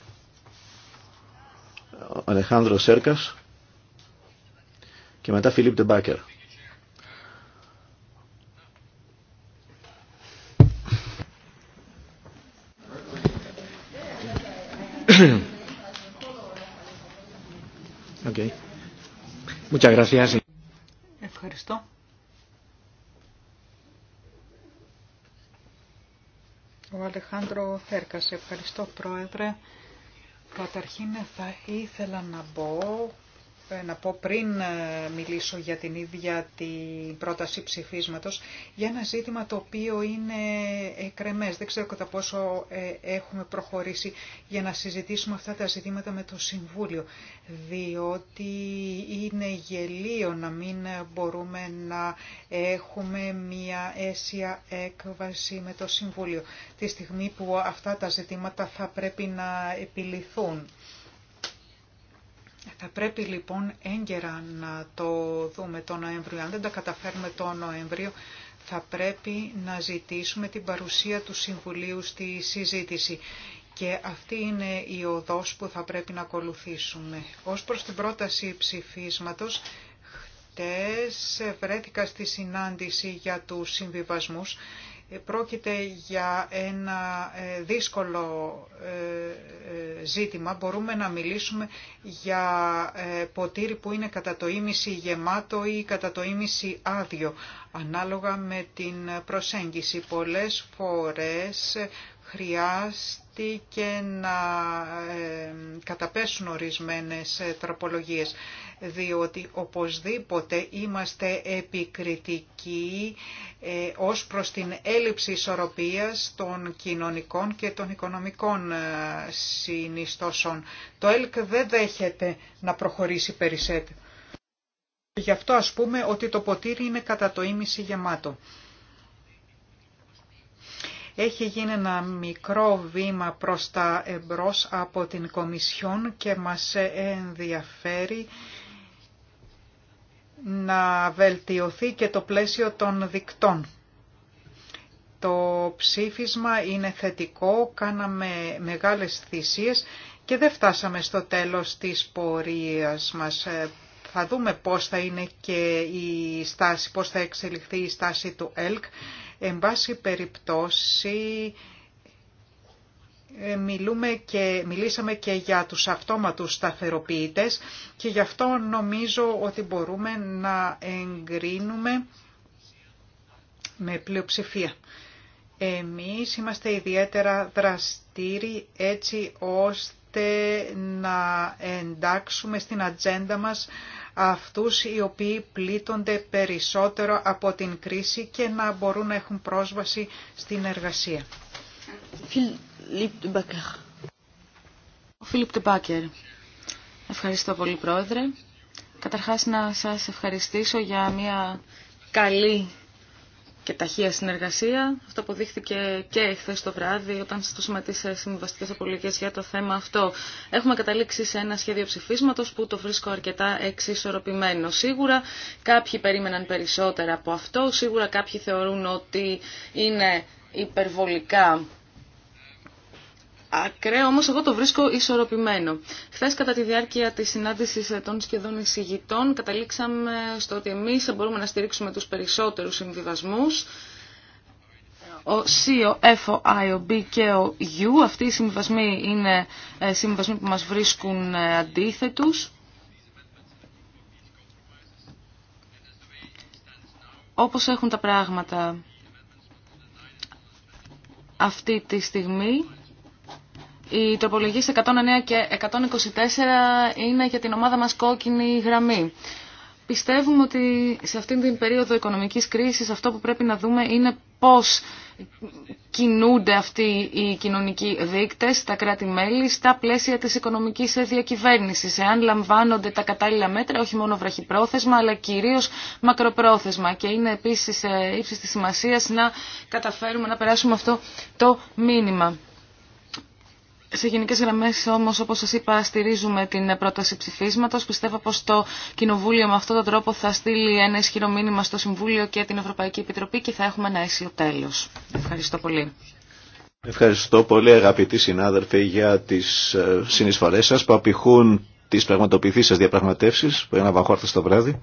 Ο Αλεχάνδρος Σέρκας και μετά Φιλίπ Τεμπάκερ. Ευχαριστώ. Ο Αλεχάνδρο Θέρκας, ευχαριστώ πρόεδρε. Καταρχήν θα ήθελα να πω. Ε, να πω πριν ε, μιλήσω για την ίδια την πρόταση ψηφίσματος για ένα ζήτημα το οποίο είναι ε, εκρεμές. Δεν ξέρω κατά πόσο έχουμε προχωρήσει για να συζητήσουμε αυτά τα ζητήματα με το Συμβούλιο, διότι είναι γελίο να μην μπορούμε να έχουμε μία αίσια έκβαση με το Συμβούλιο, τη στιγμή που αυτά τα ζητήματα θα πρέπει να επιληθούν θα πρέπει λοιπόν έγκαιρα να το δούμε το Νοέμβριο. Αν δεν τα καταφέρουμε το Νοέμβριο, θα πρέπει να ζητήσουμε την παρουσία του Συμβουλίου στη συζήτηση. Και αυτή είναι η οδός που θα πρέπει να ακολουθήσουμε. Ως προς την πρόταση ψηφίσματος, χτες βρέθηκα στη συνάντηση για τους συμβιβασμούς Πρόκειται για ένα ε, δύσκολο ε, ε, ζήτημα. Μπορούμε να μιλήσουμε για ποτήρι που είναι κατά το ίμιση γεμάτο ή κατά το ίμιση άδειο, ανάλογα με την προσέγγιση. Πολλές φορές χρειάζεται και να ε, καταπέσουν ορισμένες ε, τροπολογίες, διότι οπωσδήποτε είμαστε επικριτικοί ε, ως προς την έλλειψη ισορροπίας των κοινωνικών και των οικονομικών συνιστώσεων. Το ΕΛΚ δεν δέχεται να προχωρήσει περισσότερο. Γι' αυτό ας πούμε ότι το ποτήρι είναι κατά το ίμιση γεμάτο. Έχει γίνει ένα μικρό βήμα προς τα εμπρός από την Κομισιόν και μας ενδιαφέρει να βελτιωθεί και το πλαίσιο των δικτών. Το ψήφισμα είναι θετικό, κάναμε μεγάλες θυσίες και δεν φτάσαμε στο τέλος της πορείας μας. Θα δούμε πώς θα είναι και η στάση, πώς θα εξελιχθεί η στάση του ΕΛΚ Εν πάση περιπτώσει, ε, μιλούμε και, μιλήσαμε και για τους αυτόματους σταθεροποιητές και γι' αυτό νομίζω ότι μπορούμε να εγκρίνουμε με πλειοψηφία. Εμείς είμαστε ιδιαίτερα δραστήριοι έτσι ώστε να εντάξουμε στην ατζέντα μας αυτούς οι οποίοι πλήττονται περισσότερο από την κρίση και να μπορούν να έχουν πρόσβαση στην εργασία. Ο Φίλιπ Τεμπάκερ. Ευχαριστώ πολύ Πρόεδρε. Καταρχάς να σας ευχαριστήσω για μια καλή και ταχεία συνεργασία. Αυτό αποδείχθηκε και χθε το βράδυ όταν το τι συμβαστικέ απολογίε για το θέμα αυτό. Έχουμε καταλήξει σε ένα σχέδιο ψηφίσματο που το βρίσκω αρκετά εξισορροπημένο. Σίγουρα κάποιοι περίμεναν περισσότερα από αυτό, σίγουρα κάποιοι θεωρούν ότι είναι υπερβολικά ακραίο, όμως εγώ το βρίσκω ισορροπημένο. Χθε κατά τη διάρκεια της συνάντησης των σχεδόν εισηγητών καταλήξαμε στο ότι εμείς μπορούμε να στηρίξουμε τους περισσότερους συμβιβασμούς. Ο C, ο e ο F, I, ο B και ο U, αυτοί οι συμβιβασμοί είναι ε, συμβιβασμοί που μας βρίσκουν ε, αντίθετους. Όπως έχουν τα πράγματα αυτή τη στιγμή, οι τροπολογίε 109 και 124 είναι για την ομάδα μας κόκκινη γραμμή. Πιστεύουμε ότι σε αυτήν την περίοδο οικονομικής κρίσης αυτό που πρέπει να δούμε είναι πώς κινούνται αυτοί οι κοινωνικοί δείκτες, τα κράτη-μέλη, στα πλαίσια της οικονομικής διακυβέρνησης, εάν λαμβάνονται τα κατάλληλα μέτρα, όχι μόνο βραχυπρόθεσμα, αλλά κυρίως μακροπρόθεσμα. Και είναι επίσης ε, ύψης της σημασίας να καταφέρουμε να περάσουμε αυτό το μήνυμα. Σε γενικέ γραμμέ όμω, όπω σα είπα, στηρίζουμε την πρόταση ψηφίσματο. Πιστεύω πω το Κοινοβούλιο με αυτόν τον τρόπο θα στείλει ένα ισχυρό μήνυμα στο Συμβούλιο και την Ευρωπαϊκή Επιτροπή και θα έχουμε ένα αίσιο τέλο. Ευχαριστώ πολύ. Ευχαριστώ πολύ αγαπητοί συνάδελφοι για τι ε, συνεισφορές σα που απηχούν τι πραγματοποιηθεί σα διαπραγματεύσει που είναι αβαχόρθε το βράδυ.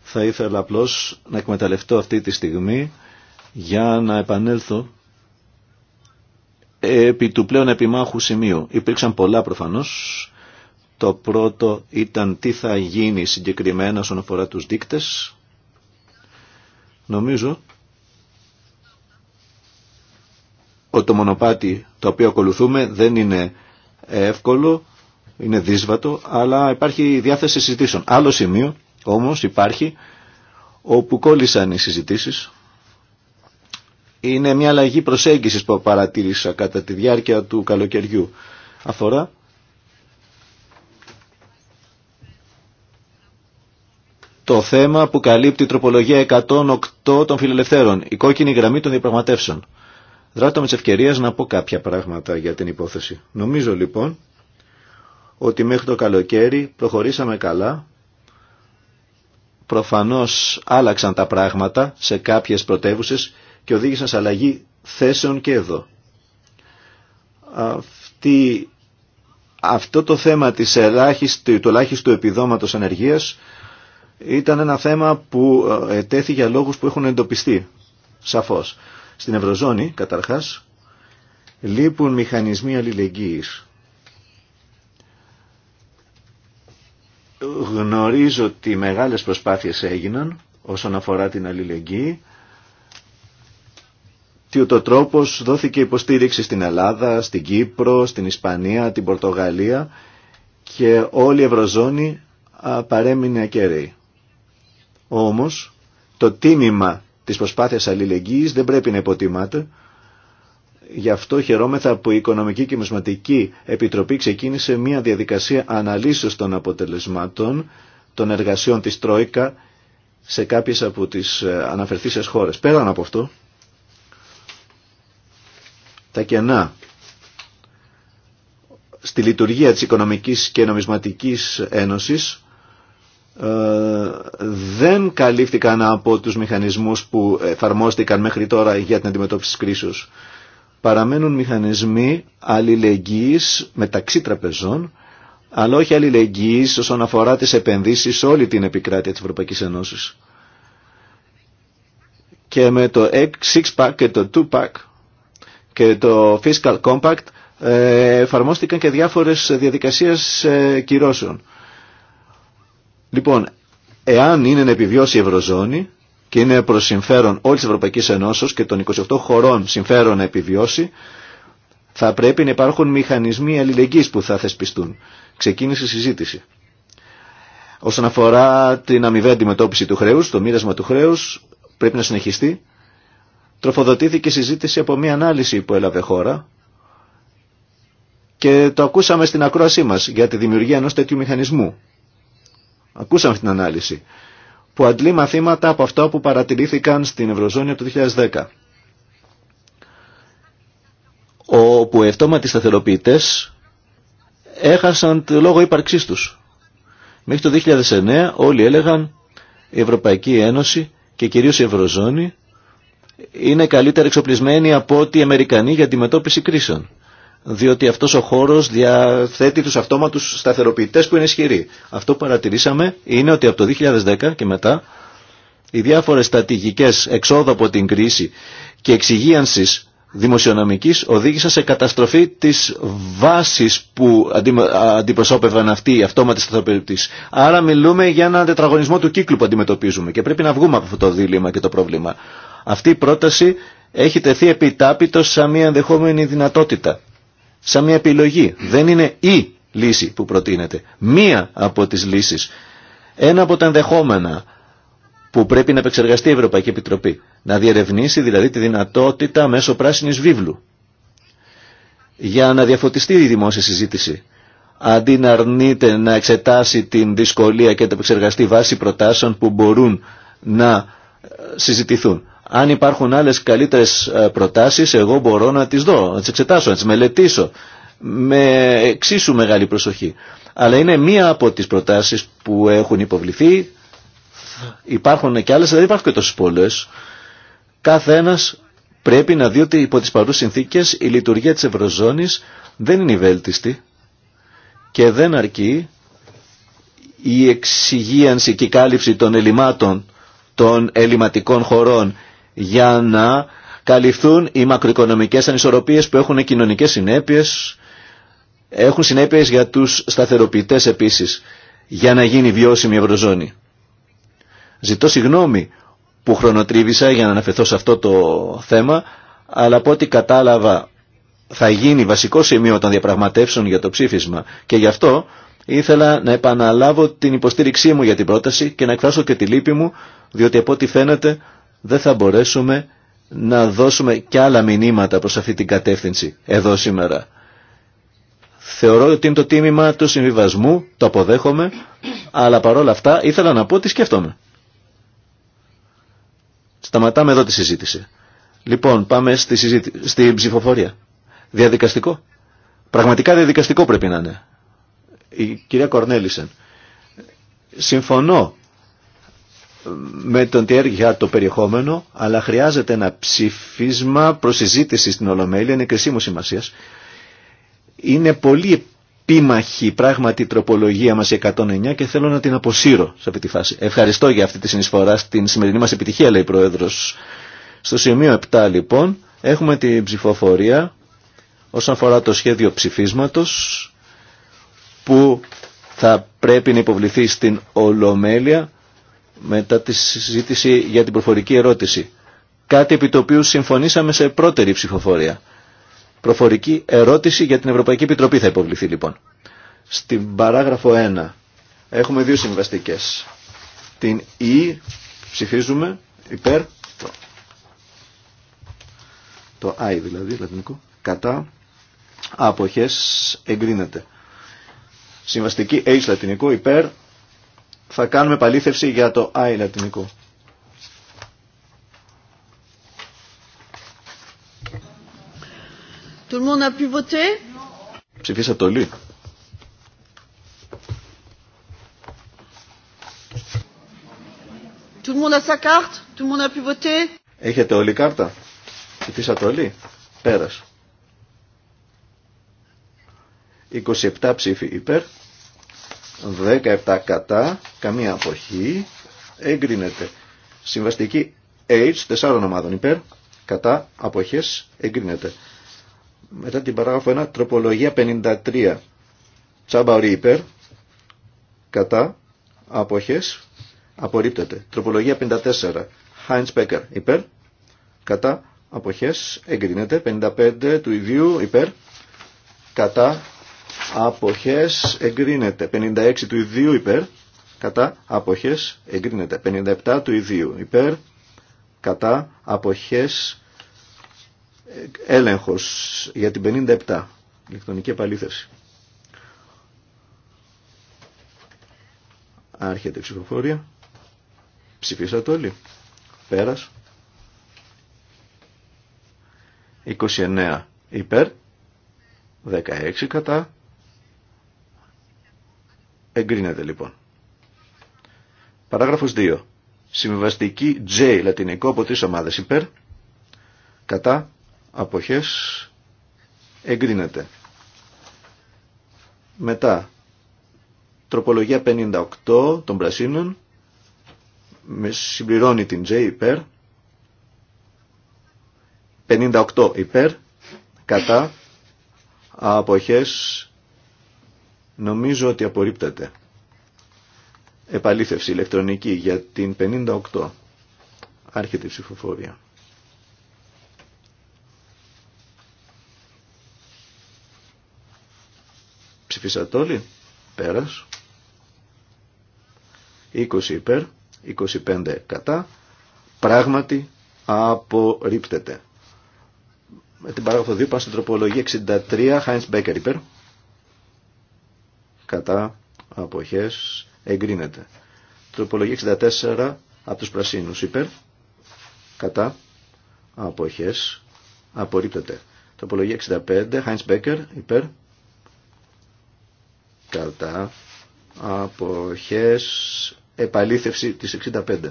Θα ήθελα απλώ να εκμεταλλευτώ αυτή τη στιγμή για να επανέλθω επί του πλέον επιμάχου σημείου. Υπήρξαν πολλά προφανώς. Το πρώτο ήταν τι θα γίνει συγκεκριμένα όσον αφορά τους δείκτες. Νομίζω ότι το μονοπάτι το οποίο ακολουθούμε δεν είναι εύκολο, είναι δύσβατο, αλλά υπάρχει διάθεση συζητήσεων. Άλλο σημείο όμως υπάρχει όπου κόλλησαν οι συζητήσεις είναι μια αλλαγή προσέγγισης που παρατήρησα κατά τη διάρκεια του καλοκαιριού. Αφορά το θέμα που καλύπτει η τροπολογία 108 των φιλελευθέρων, η κόκκινη γραμμή των διαπραγματεύσεων. Δράτω με τις ευκαιρίες να πω κάποια πράγματα για την υπόθεση. Νομίζω λοιπόν ότι μέχρι το καλοκαίρι προχωρήσαμε καλά. Προφανώς άλλαξαν τα πράγματα σε κάποιες πρωτεύουσες και οδήγησαν σε αλλαγή θέσεων και εδώ. Αυτή, αυτό το θέμα της ελάχιστη, του ελάχιστου επιδόματος ανεργίας ήταν ένα θέμα που ε, ετέθη για λόγους που έχουν εντοπιστεί, σαφώς. Στην Ευρωζώνη, καταρχάς, λείπουν μηχανισμοί αλληλεγγύης. Γνωρίζω ότι μεγάλες προσπάθειες έγιναν όσον αφορά την αλληλεγγύη τι ούτω τρόπος δόθηκε υποστήριξη στην Ελλάδα, στην Κύπρο, στην Ισπανία, την Πορτογαλία και όλη η Ευρωζώνη παρέμεινε ακεραίη. Όμως το τίμημα της προσπάθειας αλληλεγγύης δεν πρέπει να υποτιμάται. Γι' αυτό χαιρόμεθα που η Οικονομική και Μεσματική Επιτροπή ξεκίνησε μια διαδικασία αναλύσεως των αποτελεσμάτων των εργασιών της Τρόικα σε κάποιες από τις ε, αναφερθήσεις χώρες. Πέραν από αυτό, τα κενά στη λειτουργία της Οικονομικής και Νομισματικής Ένωσης ε, δεν καλύφθηκαν από τους μηχανισμούς που εφαρμόστηκαν μέχρι τώρα για την αντιμετώπιση της κρίσης. Παραμένουν μηχανισμοί αλληλεγγύης μεταξύ τραπεζών, αλλά όχι αλληλεγγύης όσον αφορά τις επενδύσεις σε όλη την επικράτεια της Ευρωπαϊκής Ένωσης. Και με το 6-pack και το 2-pack και το Fiscal Compact ε, εφαρμόστηκαν και διάφορες διαδικασίες ε, κυρώσεων. Λοιπόν, εάν είναι να επιβιώσει η Ευρωζώνη και είναι προς συμφέρον όλης της Ευρωπαϊκής Ενώσεως και των 28 χωρών συμφέρον να επιβιώσει, θα πρέπει να υπάρχουν μηχανισμοί αλληλεγγύης που θα θεσπιστούν. Ξεκίνησε η συζήτηση. Όσον αφορά την αμοιβαία αντιμετώπιση του χρέους, το μοίρασμα του χρέους πρέπει να συνεχιστεί τροφοδοτήθηκε η συζήτηση από μια ανάλυση που έλαβε χώρα και το ακούσαμε στην ακρόασή μας για τη δημιουργία ενός τέτοιου μηχανισμού. Ακούσαμε την ανάλυση που αντλεί μαθήματα από αυτά που παρατηρήθηκαν στην Ευρωζώνη το 2010 όπου οι αυτόματοι σταθεροποιητές έχασαν το λόγο ύπαρξής τους. Μέχρι το 2009 όλοι έλεγαν η Ευρωπαϊκή Ένωση και κυρίως η Ευρωζώνη είναι καλύτερα εξοπλισμένοι από ότι οι Αμερικανοί για αντιμετώπιση κρίσεων. Διότι αυτό ο χώρο διαθέτει του αυτόματους σταθεροποιητέ που είναι ισχυροί. Αυτό που παρατηρήσαμε είναι ότι από το 2010 και μετά οι διάφορε στατηγικές εξόδου από την κρίση και εξυγίανση δημοσιονομική οδήγησαν σε καταστροφή τη βάση που αντιπροσώπευαν αυτοί οι αυτόματοι σταθεροποιητέ. Άρα μιλούμε για έναν τετραγωνισμό του κύκλου που αντιμετωπίζουμε και πρέπει να βγούμε από αυτό το δίλημα και το πρόβλημα. Αυτή η πρόταση έχει τεθεί επιτάπητος σαν μια ενδεχόμενη δυνατότητα, σαν μια επιλογή. Δεν είναι η λύση που προτείνεται. Μία από τις λύσεις. Ένα από τα ενδεχόμενα που πρέπει να επεξεργαστεί η Ευρωπαϊκή Επιτροπή. Να διερευνήσει δηλαδή τη δυνατότητα μέσω πράσινης βίβλου. Για να διαφωτιστεί η δημόσια συζήτηση. Αντί να αρνείται να εξετάσει την δυσκολία και να επεξεργαστεί βάση προτάσεων που μπορούν να ε, συζητηθούν. Αν υπάρχουν άλλες καλύτερες ε, προτάσεις, εγώ μπορώ να τις δω, να τις εξετάσω, να τις μελετήσω με εξίσου μεγάλη προσοχή. Αλλά είναι μία από τις προτάσεις που έχουν υποβληθεί. Υπάρχουν και άλλες, δεν υπάρχουν και τόσες πολλές. Κάθε ένας πρέπει να δει ότι υπό τις παρούς συνθήκες η λειτουργία της Ευρωζώνης δεν είναι βέλτιστη και δεν αρκεί η εξυγίανση και η κάλυψη των ελλημάτων των ελληματικών χωρών για να καλυφθούν οι μακροοικονομικές ανισορροπίες που έχουν κοινωνικές συνέπειες, έχουν συνέπειες για τους σταθεροποιητές επίσης, για να γίνει βιώσιμη η Ευρωζώνη. Ζητώ συγγνώμη που χρονοτρίβησα για να αναφερθώ σε αυτό το θέμα, αλλά από ό,τι κατάλαβα θα γίνει βασικό σημείο των διαπραγματεύσεων για το ψήφισμα και γι' αυτό ήθελα να επαναλάβω την υποστήριξή μου για την πρόταση και να εκφράσω και τη λύπη μου διότι από ό,τι φαίνεται δεν θα μπορέσουμε να δώσουμε και άλλα μηνύματα προς αυτή την κατεύθυνση εδώ σήμερα. Θεωρώ ότι είναι το τίμημα του συμβιβασμού, το αποδέχομαι, αλλά παρόλα αυτά ήθελα να πω ότι σκέφτομαι. Σταματάμε εδώ τη συζήτηση. Λοιπόν, πάμε στη, στη ψηφοφορία. Διαδικαστικό. Πραγματικά διαδικαστικό πρέπει να είναι. Η κυρία Κορνέλησεν Συμφωνώ με τον Τι για το περιεχόμενο, αλλά χρειάζεται ένα ψηφίσμα προς συζήτηση στην Ολομέλεια, είναι κρισίμου σημασία. Είναι πολύ επίμαχη πράγματι η τροπολογία μα 109 και θέλω να την αποσύρω σε αυτή τη φάση. Ευχαριστώ για αυτή τη συνεισφορά στην σημερινή μα επιτυχία, λέει η Πρόεδρος. Στο σημείο 7 λοιπόν έχουμε την ψηφοφορία όσον αφορά το σχέδιο ψηφίσματος που θα πρέπει να υποβληθεί στην Ολομέλεια μετά τη συζήτηση για την προφορική ερώτηση. Κάτι επί το οποίο συμφωνήσαμε σε πρώτερη ψηφοφορία. Προφορική ερώτηση για την Ευρωπαϊκή Επιτροπή θα υποβληθεί λοιπόν. Στην παράγραφο 1 έχουμε δύο συμβαστικές. Την Ι ψηφίζουμε υπέρ το, το I δηλαδή λατινικό κατά αποχές εγκρίνεται. Συμβαστική H λατινικό υπέρ θα κάνουμε παλήθευση για το I λατινικό. Tout le monde a pu voter? Ψηφίσατε όλοι. Tout le monde a sa carte? Tout le monde a pu voter? Έχετε όλη κάρτα. Ψηφίσατε όλοι. Πέρας. 27 ψήφοι υπέρ. 17 κατά, καμία αποχή, εγκρίνεται. Συμβαστική H, τεσσάρων ομάδων υπέρ, κατά, αποχές, εγκρίνεται. Μετά την παράγραφο 1, τροπολογία 53, τσάμπαουρι υπέρ, κατά, αποχές, απορρίπτεται. Τροπολογία 54, Heinz Becker υπέρ, κατά, αποχές, εγκρίνεται. 55 του ιδίου υπέρ, κατά, αποχές εγκρίνεται 56 του ιδίου υπέρ κατά αποχές εγκρίνεται 57 του ιδίου υπέρ κατά αποχές έλεγχος για την 57 ηλεκτρονική επαλήθευση άρχεται η ψηφοφορία ψηφίσατε όλοι πέρας 29 υπέρ 16 κατά Εγκρίνεται λοιπόν. Παράγραφος 2. Συμβαστική J λατινικό από τρεις ομάδες υπέρ. Κατά. Αποχές. Εγκρίνεται. Μετά. Τροπολογία 58 των πρασίνων. Με συμπληρώνει την J υπέρ. 58 υπέρ. Κατά. Αποχές Νομίζω ότι απορρίπτεται. Επαλήθευση ηλεκτρονική για την 58. Άρχεται η ψηφοφορία. Ψηφίσατε όλοι. Πέρας. 20 υπέρ, 25 κατά. Πράγματι απορρίπτεται. Με την παράγραφο 2 πάμε στην τροπολογία 63. Χάινς Μπέκερ υπέρ κατά αποχές εγκρίνεται. Τροπολογία 64 από τους πρασίνους υπέρ κατά αποχές απορρίπτεται. Τροπολογία 65 Heinz Becker υπέρ κατά αποχές επαλήθευση της 65.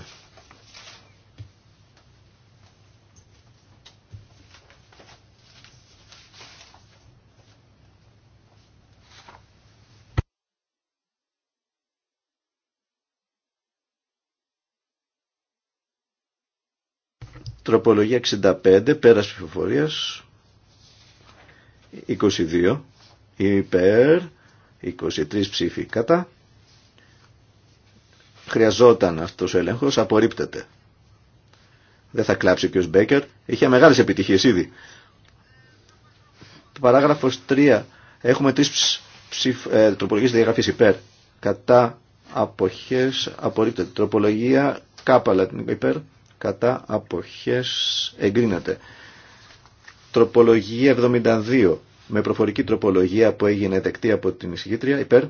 Τροπολογία 65, πέρας ψηφοφορίας, 22, υπέρ, 23 ψήφοι κατά. Χρειαζόταν αυτός ο έλεγχος, απορρίπτεται. Δεν θα κλάψει ο κ. Μπέκερ, είχε μεγάλες επιτυχίες ήδη. Παράγραφος 3, έχουμε τρεις ψηφ, ε, τροπολογίες διαγραφής υπέρ, κατά αποχές, απορρίπτεται. Τροπολογία κάπα λατινικό υπέρ, κατά αποχές εγκρίνεται. Τροπολογία 72 με προφορική τροπολογία που έγινε δεκτή από την εισηγήτρια υπέρ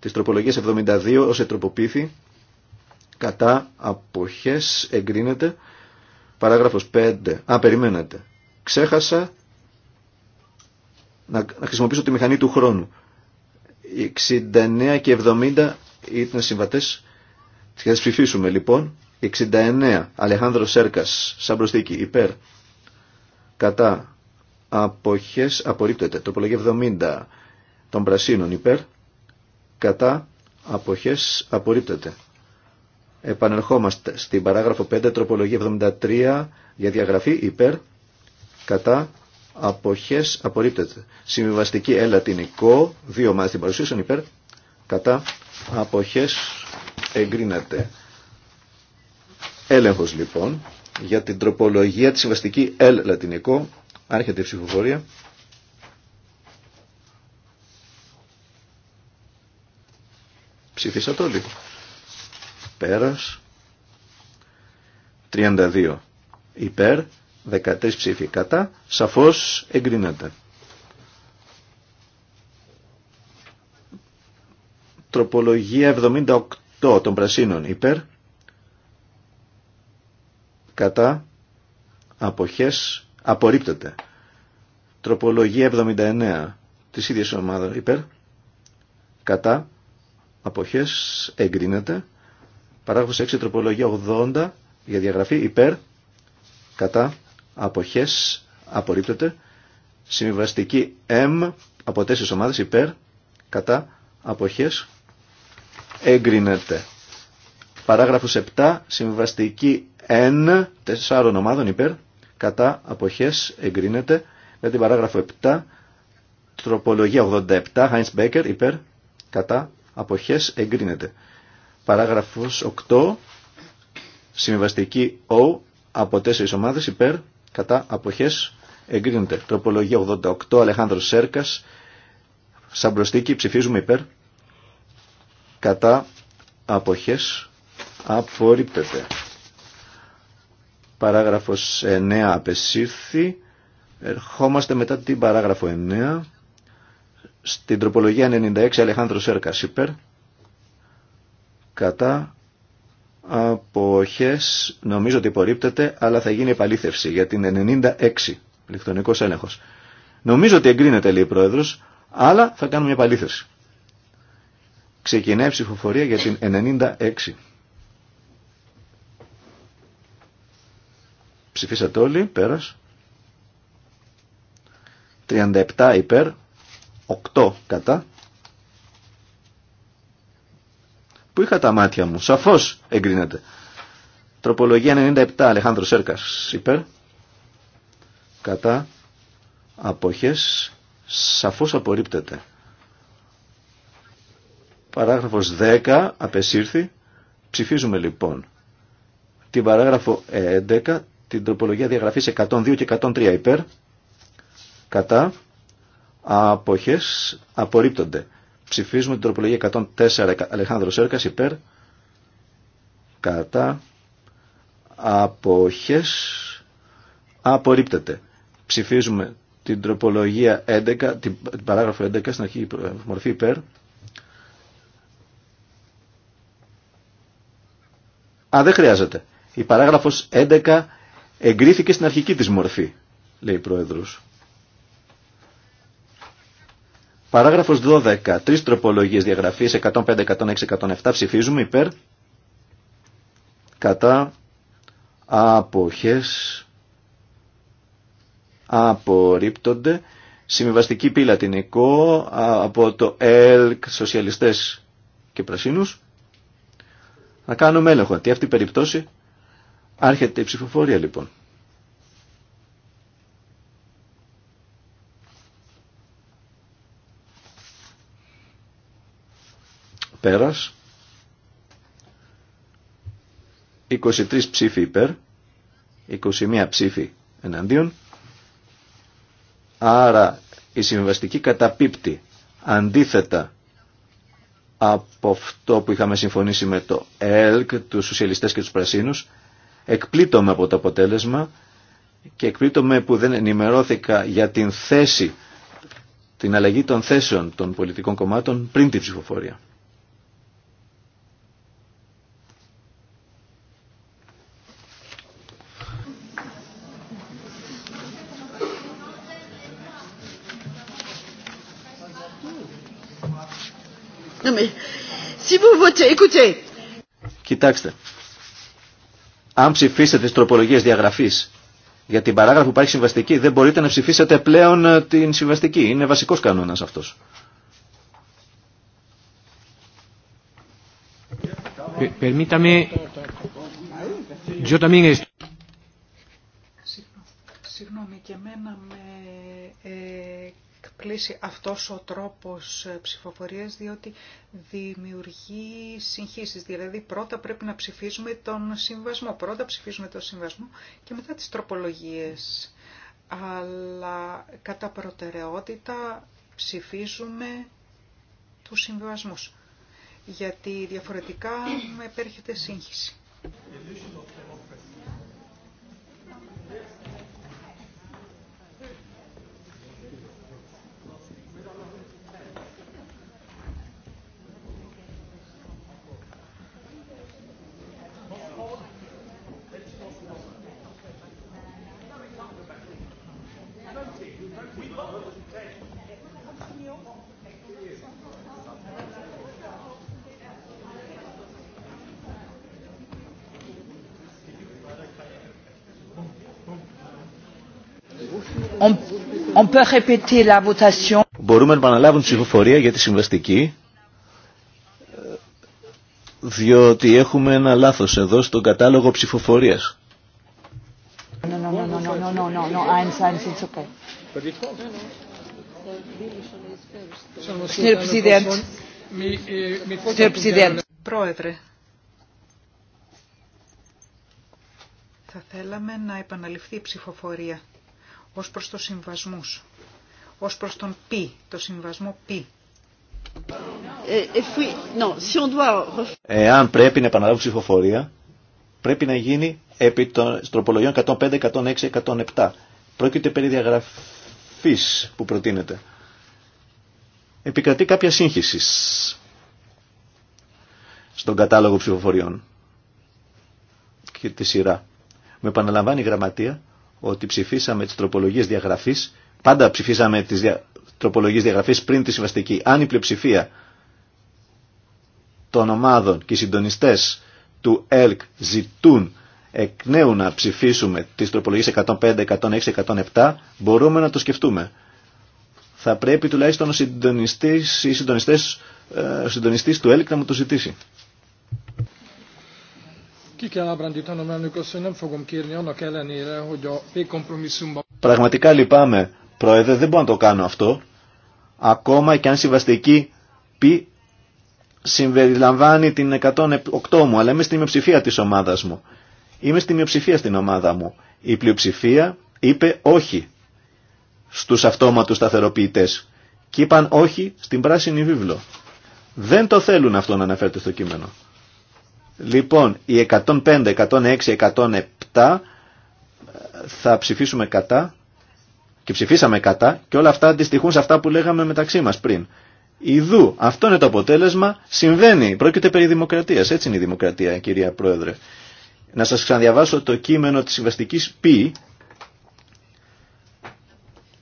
της τροπολογίας 72 ως ετροποποίηθη κατά αποχές εγκρίνεται παράγραφος 5 α περιμένετε ξέχασα να χρησιμοποιήσω τη μηχανή του χρόνου 69 και 70 ήταν συμβατές θα τις ψηφίσουμε λοιπόν 69. Αλεχάνδρο Σέρκα, σαν προσθήκη, υπέρ. Κατά. απόχέ, απορρίπτεται. Τροπολογία 70 των πρασίνων υπέρ. Κατά. απόχέ, απορρίπτεται. Επανερχόμαστε στην παράγραφο 5, τροπολογία 73 για διαγραφή υπέρ. Κατά. Αποχές απορρίπτεται. Συμβιβαστική ε λατινικό, δύο ομάδες την παρουσίασαν υπέρ. Κατά. Αποχές εγκρίνεται. Έλεγχος λοιπόν για την τροπολογία τη συμβαστική L λατινικό. Άρχεται η ψηφοφορία. το λίγο. Πέρας. 32 υπέρ, 13 ψήφοι κατά, σαφώς εγκρίνεται. Τροπολογία 78 των πρασίνων υπέρ, κατά αποχές απορρίπτεται. Τροπολογία 79 της ίδιας ομάδας υπέρ κατά αποχές εγκρίνεται. Παράγραφος 6 τροπολογία 80 για διαγραφή υπέρ κατά αποχές απορρίπτεται. Συμβιβαστική M από τέσσερις ομάδες υπέρ κατά αποχές εγκρίνεται. Παράγραφος 7 συμβιβαστική N τεσσάρων ομάδων υπέρ κατά αποχές εγκρίνεται με την παράγραφο 7 τροπολογία 87 Heinz Becker υπέρ κατά αποχές εγκρίνεται παράγραφος 8 συμβαστική O από 4 ομάδες υπέρ κατά αποχές εγκρίνεται τροπολογία 88 Αλεχάνδρος Σέρκας σαν ψηφίζουμε υπέρ κατά αποχές απορρίπτεται Παράγραφος 9 απεσύρθη. Ερχόμαστε μετά την παράγραφο 9. Στην τροπολογία 96 Αλεχάνδρος Σέρκας υπέρ. Κατά αποχές νομίζω ότι υπορρίπτεται αλλά θα γίνει επαλήθευση για την 96 λεκτονικό έλεγχος. Νομίζω ότι εγκρίνεται λέει η Πρόεδρος αλλά θα κάνουμε επαλήθευση. Ξεκινάει η ψηφοφορία για την 96. Ψηφίσατε όλοι, πέρας. 37 υπέρ, 8 κατά. Πού είχα τα μάτια μου, σαφώς εγκρίνεται. Τροπολογία 97, Αλεχάνδρος Σέρκας υπέρ, κατά, αποχές, σαφώς απορρίπτεται. Παράγραφος 10, απεσύρθη. Ψηφίζουμε λοιπόν την παράγραφο 11 την τροπολογία διαγραφής 102 και 103 υπέρ, κατά, αποχές, απορρίπτονται. Ψηφίζουμε την τροπολογία 104 Αλεχάνδρος Σέρκας υπέρ, κατά, αποχές, απορρίπτεται. Ψηφίζουμε την τροπολογία 11, την παράγραφο 11 στην αρχή μορφή υπέρ, Α, δεν χρειάζεται. Η παράγραφος 11 Εγκρίθηκε στην αρχική της μορφή, λέει η Πρόεδρος. Παράγραφος 12. Τρεις τροπολογίες διαγραφής 105, 106, 107 ψηφίζουμε υπέρ κατά αποχές απορρίπτονται συμβιβαστική πύλη από το ΕΛΚ σοσιαλιστές και πρασίνους να κάνουμε έλεγχο ότι αυτή η περίπτωση Άρχεται η ψηφοφορία λοιπόν. Πέρας. 23 ψήφοι υπέρ, 21 ψήφοι εναντίον. Άρα η συμβαστική καταπίπτει αντίθετα από αυτό που είχαμε συμφωνήσει με το ΕΛΚ, τους σοσιαλιστές και τους πρασίνους εκπλήττομαι από το αποτέλεσμα και εκπλήττομαι που δεν ενημερώθηκα για την θέση, την αλλαγή των θέσεων των πολιτικών κομμάτων πριν την ψηφοφορία. Κοιτάξτε, αν ψηφίσετε τις τροπολογίες διαγραφής για την παράγραφο που υπάρχει συμβαστική, δεν μπορείτε να ψηφίσετε πλέον ε, την συμβαστική. Είναι βασικός κανόνας αυτός. Συγγνώμη, και εμένα με ε, εκπλήσει αυτός ο τρόπος ε, ψηφοφορίας διότι δημιουργεί συγχύσεις. Δηλαδή πρώτα πρέπει να ψηφίζουμε τον συμβασμό. Πρώτα ψηφίζουμε τον συμβασμό και μετά τις τροπολογίες. Αλλά κατά προτεραιότητα ψηφίζουμε τους συμβασμούς. Γιατί διαφορετικά με επέρχεται σύγχυση. Μπορούμε να επαναλάβουν ψηφοφορία για τη συμβαστική, διότι έχουμε ένα λάθος εδώ στον κατάλογο ψηφοφορίας. Πρόεδρε, θα θέλαμε να επαναληφθεί η ψηφοφορία ως προς το συμβασμούς, ως προς τον π, το συμβασμό π. Ε, Εάν πρέπει να επαναλάβω ψηφοφορία, πρέπει να γίνει επί των τροπολογιών 105, 106, 107. Πρόκειται περί διαγραφής που προτείνεται. Επικρατεί κάποια σύγχυση στον κατάλογο ψηφοφοριών και τη σειρά. Με επαναλαμβάνει η γραμματεία ότι ψηφίσαμε τις τροπολογίες διαγραφής, πάντα ψηφίσαμε τις δια... τροπολογίες διαγραφής πριν τη συμβαστική. Αν η πλειοψηφία των ομάδων και οι συντονιστές του ΕΛΚ ζητούν εκ νέου να ψηφίσουμε τις τροπολογίες 105, 106, 107, μπορούμε να το σκεφτούμε. Θα πρέπει τουλάχιστον ο συντονιστή ή συντονιστές, ε, ο συντονιστής του ΕΛΚ να μου το ζητήσει. Πραγματικά λυπάμαι, Πρόεδρε, δεν μπορώ να το κάνω αυτό. Ακόμα και αν συμβαστική πει συμπεριλαμβάνει την 108 μου, αλλά είμαι στην μειοψηφία της ομάδας μου. Είμαι στην μειοψηφία στην ομάδα μου. Η πλειοψηφία είπε όχι στους αυτόματους σταθεροποιητέ. και είπαν όχι στην πράσινη βίβλο. Δεν το θέλουν αυτό να αναφέρεται στο κείμενο. Λοιπόν, οι 105, 106, 107 θα ψηφίσουμε κατά και ψηφίσαμε κατά και όλα αυτά αντιστοιχούν σε αυτά που λέγαμε μεταξύ μας πριν. Ιδού, αυτό είναι το αποτέλεσμα, συμβαίνει, πρόκειται περί δημοκρατίας, έτσι είναι η δημοκρατία κυρία Πρόεδρε. Να σας ξαναδιαβάσω το κείμενο της συμβαστικής πι,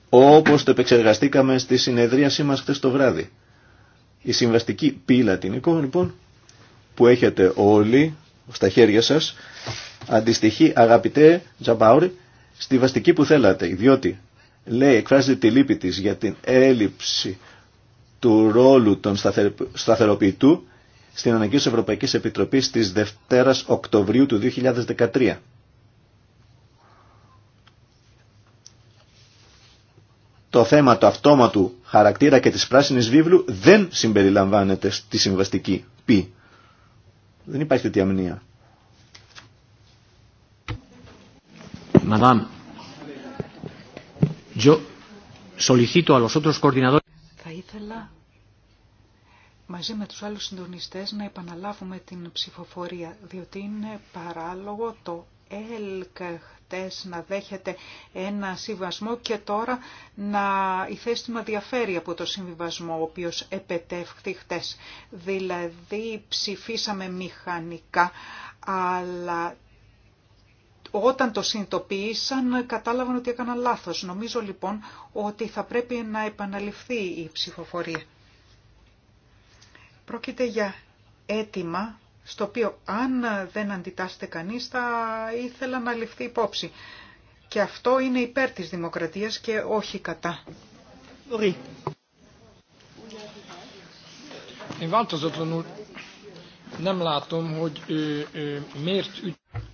όπως το επεξεργαστήκαμε στη συνεδρίασή μας χτες το βράδυ. Η συμβαστική πι λατινικό λοιπόν που έχετε όλοι στα χέρια σας αντιστοιχεί αγαπητέ Τζαμπάουρη στη βαστική που θέλατε διότι λέει εκφράζεται τη λύπη της για την έλλειψη του ρόλου των σταθεροποιητού στην Αναγκή Ευρωπαϊκής Επιτροπής της Δευτέρας Οκτωβρίου του 2013. Το θέμα του αυτόματου χαρακτήρα και της πράσινης βίβλου δεν συμπεριλαμβάνεται στη συμβαστική πι. Δεν υπάρχει τέτοια αμνία. Θα ήθελα μαζί με τους άλλους συντονιστές να επαναλάβουμε την ψηφοφορία, διότι είναι παράλογο το ΕΛΚ να δέχεται ένα συμβασμό και τώρα να η θέση διαφέρει από το συμβιβασμό ο οποίος επετεύχθη χτες. Δηλαδή ψηφίσαμε μηχανικά, αλλά όταν το συνειδητοποίησαν κατάλαβαν ότι έκαναν λάθος. Νομίζω λοιπόν ότι θα πρέπει να επαναληφθεί η ψηφοφορία. Πρόκειται για έτοιμα στο οποίο αν δεν αντιτάσσεται κανείς θα ήθελα να ληφθεί υπόψη. Και αυτό είναι υπέρ της δημοκρατίας και όχι κατά.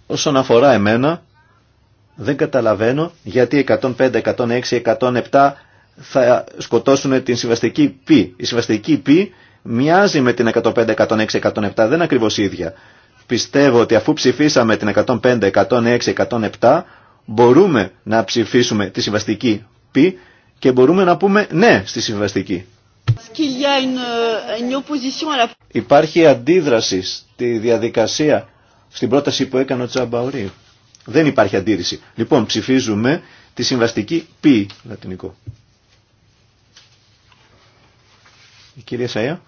Όσον αφορά εμένα, δεν καταλαβαίνω γιατί 105, 106, 107 θα σκοτώσουν την συμβαστική π. Η συμβαστική π μοιάζει με την 105, 106, 107, δεν ακριβώ ακριβώς ίδια. Πιστεύω ότι αφού ψηφίσαμε την 105, 106, 107, μπορούμε να ψηφίσουμε τη συμβαστική π και μπορούμε να πούμε ναι στη συμβαστική. Υπάρχει αντίδραση στη διαδικασία, στην πρόταση που έκανε ο Τσαμπαωρή. Δεν υπάρχει αντίρρηση. Λοιπόν, ψηφίζουμε τη συμβαστική π, λατινικό. Η κυρία Σαΐα.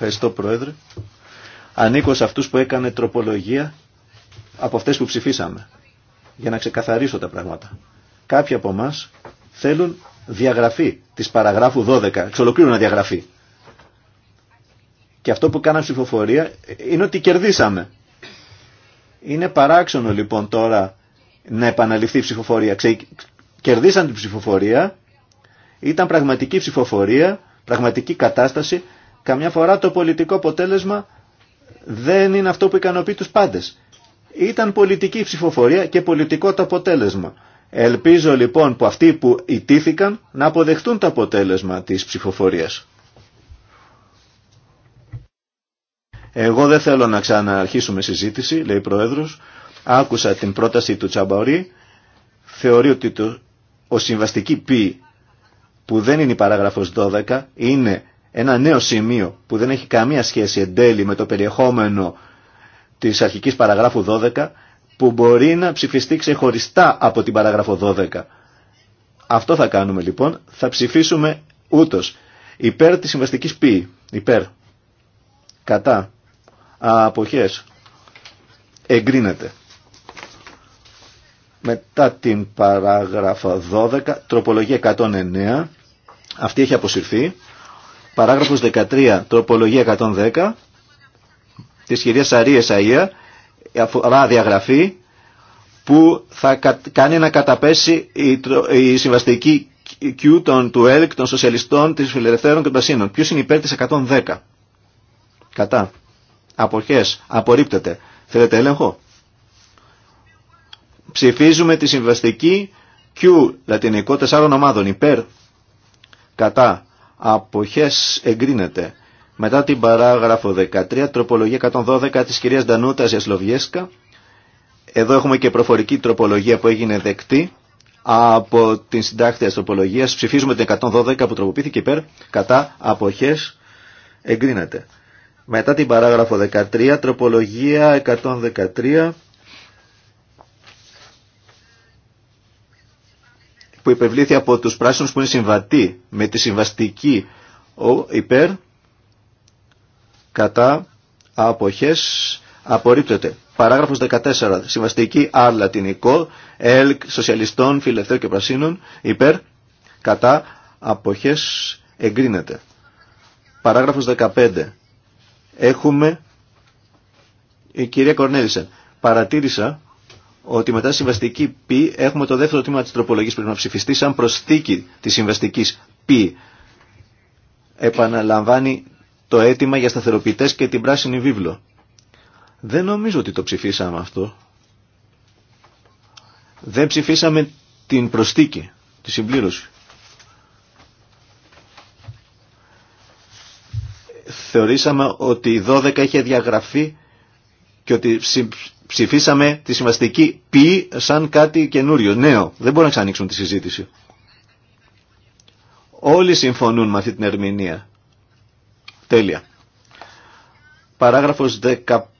Ευχαριστώ Πρόεδρε. Ανήκω σε αυτούς που έκανε τροπολογία από αυτές που ψηφίσαμε. Για να ξεκαθαρίσω τα πράγματα. Κάποιοι από εμά θέλουν διαγραφή της παραγράφου 12, εξ διαγραφή. να διαγραφεί. Και αυτό που κάναμε ψηφοφορία είναι ότι κερδίσαμε. Είναι παράξενο λοιπόν τώρα να επαναληφθεί η ψηφοφορία. Ξε... Κερδίσαν την ψηφοφορία, ήταν πραγματική ψηφοφορία, πραγματική κατάσταση Καμιά φορά το πολιτικό αποτέλεσμα δεν είναι αυτό που ικανοποιεί τους πάντες. Ήταν πολιτική ψηφοφορία και πολιτικό το αποτέλεσμα. Ελπίζω λοιπόν που αυτοί που ιτήθηκαν να αποδεχτούν το αποτέλεσμα της ψηφοφορίας. Εγώ δεν θέλω να ξαναρχίσουμε συζήτηση, λέει η Πρόεδρος. Άκουσα την πρόταση του Τσαμπαωρή. Θεωρεί ότι το, ο συμβαστική π που δεν είναι η παράγραφος 12 είναι ένα νέο σημείο που δεν έχει καμία σχέση εν τέλει με το περιεχόμενο της αρχικής παραγράφου 12 που μπορεί να ψηφιστεί ξεχωριστά από την παράγραφο 12. Αυτό θα κάνουμε λοιπόν, θα ψηφίσουμε ούτως υπέρ της συμβαστικής ποιη, υπέρ, κατά, αποχές, εγκρίνεται. Μετά την παραγράφο 12, τροπολογία 109, αυτή έχει αποσυρθεί. Παράγραφος 13, τροπολογία 110 της κυρίας Σαρίες Αΐα αφορά διαγραφή που θα κάνει να καταπέσει η συμβαστική Q των, του ΕΛΚ, των σοσιαλιστών, της φιλελευθέρων και των Πασίνων. Ποιος είναι υπέρ της 110. Κατά. Αποχές. Απορρίπτεται. Θέλετε έλεγχο. Ψηφίζουμε τη συμβαστική Q λατινικό τεσσάρων ομάδων. Υπέρ. Κατά αποχές εγκρίνεται. Μετά την παράγραφο 13, τροπολογία 112 της κυρίας Ντανούτα Ιασλοβιέσκα. Εδώ έχουμε και προφορική τροπολογία που έγινε δεκτή από την συντάκτια τροπολογίας. Ψηφίζουμε την 112 που τροποποιήθηκε υπέρ, κατά, αποχές, εγκρίνεται. Μετά την παράγραφο 13, τροπολογία 113 που υπευλήθη από τους πράσινους που είναι συμβατοί με τη συμβαστική ο υπέρ κατά αποχές απορρίπτεται. Παράγραφος 14. Συμβαστική R λατινικό, ΕΛΚ, σοσιαλιστών, φιλελευθέρων και πρασίνων, υπέρ, κατά, αποχές, εγκρίνεται. Παράγραφος 15. Έχουμε, η κυρία Κορνέλησεν. παρατήρησα ότι μετά τη συμβαστική π έχουμε το δεύτερο τμήμα της τροπολογίας που πρέπει να ψηφιστεί σαν προσθήκη της συμβαστικής π. Επαναλαμβάνει το αίτημα για σταθεροποιητές και την πράσινη βίβλο. Δεν νομίζω ότι το ψηφίσαμε αυτό. Δεν ψηφίσαμε την προστίκη, τη συμπλήρωση. Θεωρήσαμε ότι η 12 είχε διαγραφεί και ότι ψηφίσαμε τη συμβαστική πι σαν κάτι καινούριο, νέο. Δεν μπορούμε να ξανοίξουν τη συζήτηση. Όλοι συμφωνούν με αυτή την ερμηνεία. Τέλεια. Παράγραφος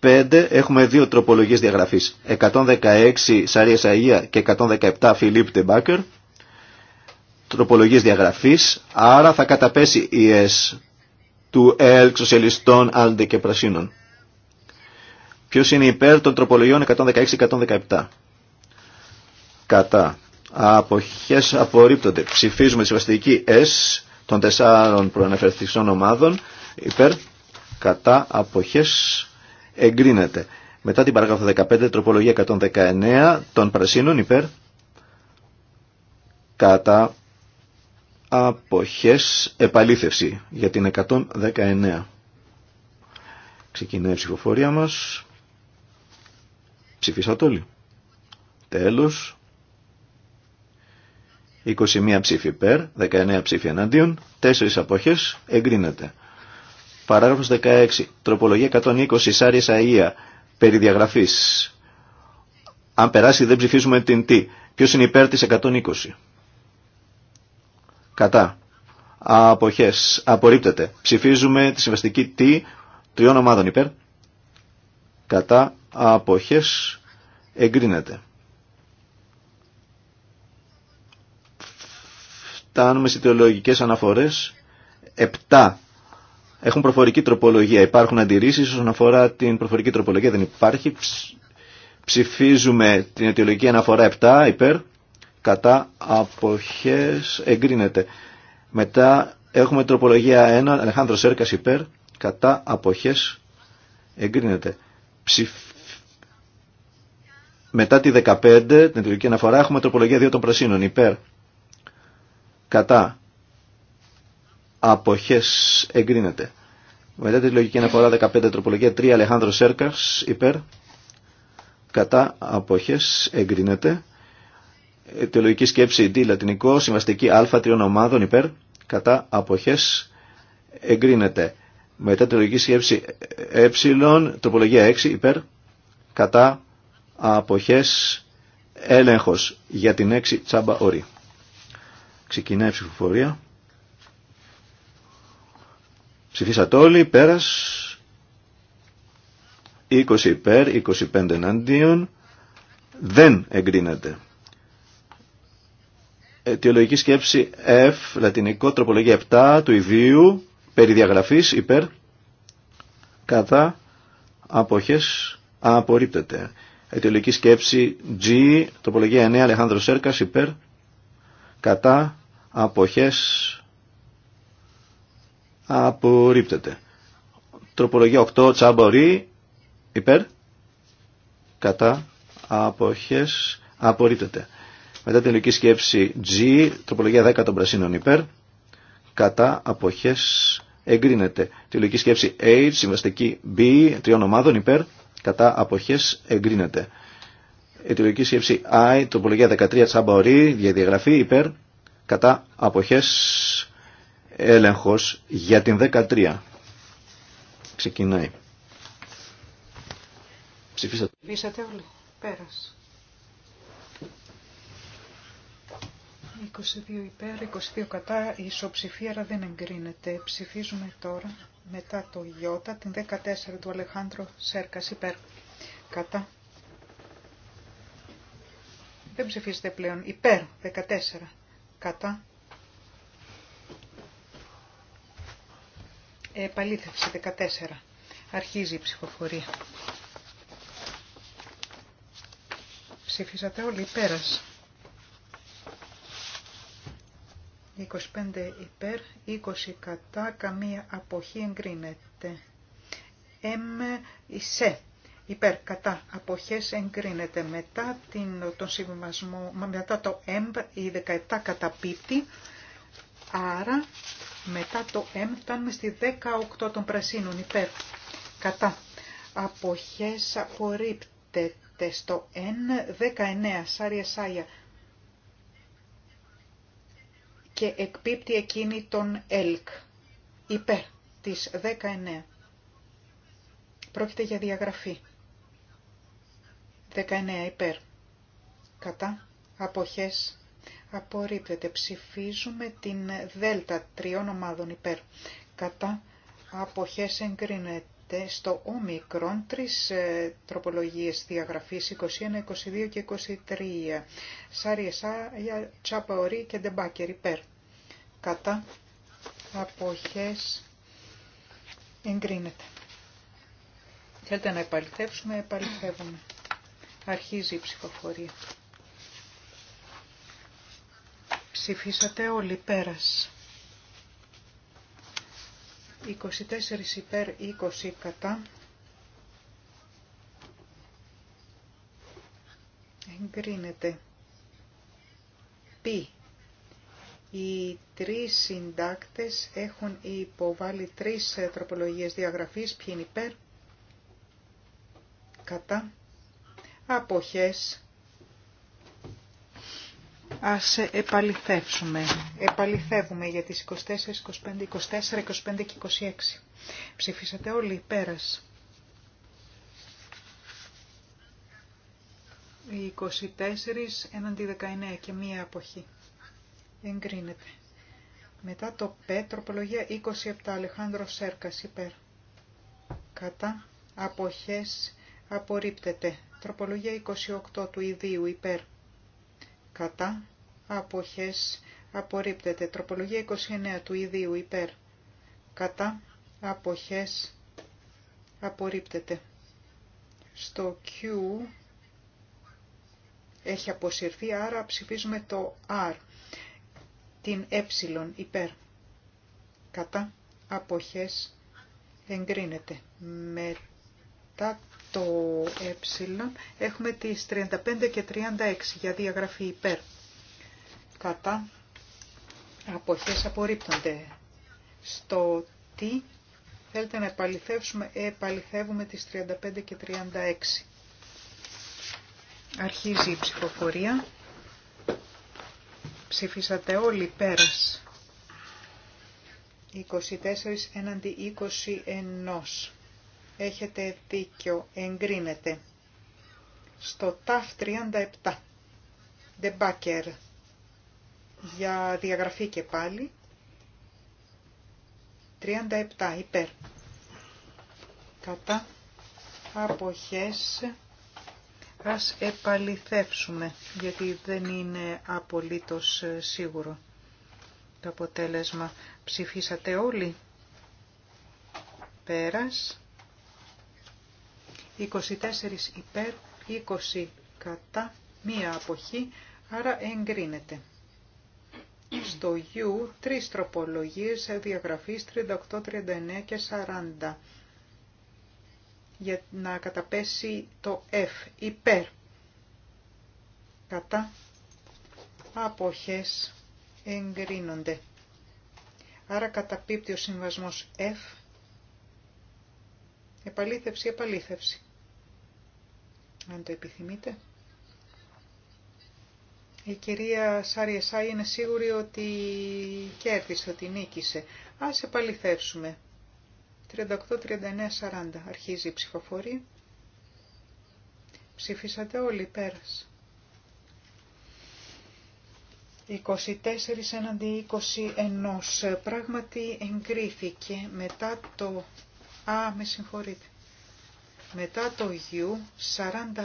15 έχουμε δύο τροπολογίες διαγραφής. 116 Σαρία Σαΐα και 117 Φιλίπ Τεμπάκερ. Τροπολογίες διαγραφής. Άρα θα καταπέσει η ΕΣ του ΕΛ, Σοσιαλιστών, Άλντε και Πρασίνων. Ποιο είναι υπέρ των τροπολογιών 116-117. Κατά. Αποχές απορρίπτονται. Ψηφίζουμε τη συμβαστική S των τεσσάρων προαναφερθήσεων ομάδων. Υπέρ. Κατά. Αποχές εγκρίνεται. Μετά την παράγραφο 15, τροπολογία 119 των Πρασίνων υπέρ κατά αποχές επαλήθευση για την 119. Ξεκινάει η ψηφοφορία μας. Ψηφίσατε όλοι. Τέλος. 21 ψήφοι υπέρ, 19 ψήφοι εναντίον, 4 αποχές, εγκρίνεται. Παράγραφος 16. Τροπολογία 120 Σάρια Σαΐα. Περί Αν περάσει δεν ψηφίζουμε την τι. Ποιος είναι υπέρ της 120. Κατά. Αποχές. Απορρίπτεται. Ψηφίζουμε τη συμβαστική τι τριών ομάδων υπέρ. Κατά αποχές εγκρίνεται. Φτάνουμε σε θεολογικές αναφορές. επτά Έχουν προφορική τροπολογία. Υπάρχουν αντιρρήσεις όσον αφορά την προφορική τροπολογία. Δεν υπάρχει. Ψηφίζουμε την αιτιολογική αναφορά 7 υπέρ. Κατά αποχές εγκρίνεται. Μετά έχουμε τροπολογία 1. Αλεχάνδρος Σέρκας υπέρ. Κατά αποχές εγκρίνεται. Ψηφίζουμε μετά τη 15, την τελική αναφορά, έχουμε τροπολογία 2 των πρασίνων. Υπέρ. Κατά. Αποχές εγκρίνεται. Μετά τη λογική αναφορά 15 τροπολογία 3 Αλεχάνδρο Σέρκας υπέρ. Κατά αποχές εγκρίνεται. Ε, τελογική σκέψη D λατινικό συμβαστική α τριών ομάδων υπέρ. Κατά αποχές εγκρίνεται. Μετά τη λογική σκέψη ε, ε, ε τροπολογία 6 υπέρ. Κατά αποχές έλεγχος για την έξι τσάμπα ορί. Ξεκινάει η ψηφοφορία. Ψηφίσατε όλοι, πέρας. 20 υπέρ, 25 εναντίον. Δεν εγκρίνεται. Αιτιολογική σκέψη F, λατινικό, τροπολογία 7 του ιδίου, περί διαγραφής, υπέρ, κατά, αποχές, απορρίπτεται. Αιτιολογική σκέψη G, τοπολογία 9, Αλεχάνδρος Σέρκας, υπέρ, κατά, αποχές, απορρίπτεται. Τροπολογία 8, Τσαμπορί, υπέρ, κατά, αποχές, απορρίπτεται. Μετά την λογική σκέψη G, τροπολογία 10 των πρασίνων υπέρ, κατά, αποχές, εγκρίνεται. Τη λογική σκέψη H, συμβαστική B, τριών ομάδων υπέρ, κατά αποχές εγκρίνεται. Αιτιολογική σκέψη I, τοπολογία 13 ορί. διαδιαγραφή υπέρ, κατά αποχές έλεγχος για την 13. Ξεκινάει. Ψηφίσατε. Ψηφίσατε όλοι. Πέρας. 22 υπέρ, 22 κατά, η ισοψηφία δεν εγκρίνεται. Ψηφίζουμε τώρα μετά το Ι, την 14 του Αλεχάνδρου Σέρκα υπέρ. Κατά. Δεν ψηφίζεται πλέον. Υπέρ 14. Κατά. Επαλήθευση 14. Αρχίζει η ψηφοφορία. Ψήφισατε όλοι Πέρασε. 25 υπέρ, 20 κατά, καμία αποχή εγκρίνεται. M σε υπέρ, κατά, αποχές εγκρίνεται. Μετά την, τον συμβιβασμό, μετά το M η 17 καταπίπτει, άρα μετά το M φτάνουμε στη 18 των πρασίνων υπέρ, κατά. Αποχές απορρίπτεται στο N, 19, σάρια σάρια, και εκπίπτει εκείνη τον ΕΛΚ υπέρ της 19. Πρόκειται για διαγραφή. 19 υπέρ. Κατά. Αποχές. Απορρίπτεται. Ψηφίζουμε την δέλτα τριών ομάδων υπέρ. Κατά. Αποχές εγκρίνεται στο όμικρον τρεις ε, τροπολογίες διαγραφής 21, 22 και 23. Σάριεσά, Τσαπαωρή και Ντεμπάκερ υπέρ. Κατά αποχές εγκρίνεται. Θέλετε να επαληθεύσουμε, επαληθεύουμε. Αρχίζει η ψηφοφορία. Ψηφίσατε όλοι πέρας. 24 υπέρ 20 κατά. Εγκρίνεται. Π. Οι τρεις συντάκτες έχουν υποβάλει τρεις τροπολογίες διαγραφής. Ποιοι είναι υπέρ. Κατά. Αποχές. Ας επαληθεύσουμε. Επαληθεύουμε για τις 24, 25, 24, 25 και 26. Ψηφίσατε όλοι, πέρας. Οι 24 έναντι 19 και μία αποχή. Εγκρίνεται. Μετά το Π, τροπολογία 27, Αλεχάνδρο Σέρκας, υπέρ. Κατά, αποχές, απορρίπτεται. Τροπολογία 28 του ιδίου, υπέρ κατά, αποχές, απορρίπτεται. Τροπολογία 29 του ιδίου υπέρ, κατά, αποχές, απορρίπτεται. Στο Q έχει αποσυρθεί, άρα ψηφίζουμε το R, την ε υπέρ, κατά, αποχές, εγκρίνεται. Μετά το ε, έχουμε τις 35 και 36 για διαγραφή υπέρ. Κατά αποχές απορρίπτονται. Στο τι θέλετε να επαληθεύσουμε, επαληθεύουμε τις 35 και 36. Αρχίζει η ψηφοφορία. Ψηφίσατε όλοι πέρας. 24 έναντι ενός. Έχετε δίκιο. Εγκρίνεται. Στο ΤΑΦ 37. Δεμπάκερ. Για διαγραφή και πάλι. 37. Υπέρ. Κατά. Αποχές. Ας επαληθεύσουμε, γιατί δεν είναι απολύτως ε, σίγουρο το αποτέλεσμα. Ψηφίσατε όλοι. Πέρας. 24 υπέρ, 20 κατά, μία αποχή, άρα εγκρίνεται. Στο U, τρεις τροπολογίες διαγραφής 38, 39 και 40 για να καταπέσει το F, υπέρ, κατά, αποχές, εγκρίνονται. Άρα καταπίπτει ο συμβασμός F, επαλήθευση, επαλήθευση αν το επιθυμείτε. Η κυρία Σάι είναι σίγουρη ότι κέρδισε, ότι νίκησε. Ας επαληθεύσουμε. 38, 39, 40. Αρχίζει η ψηφοφορία. Ψηφίσατε όλοι, πέρας. 24 έναντι 21. Πράγματι εγκρίθηκε μετά το... Α, με συγχωρείτε. Μετά το γιου 43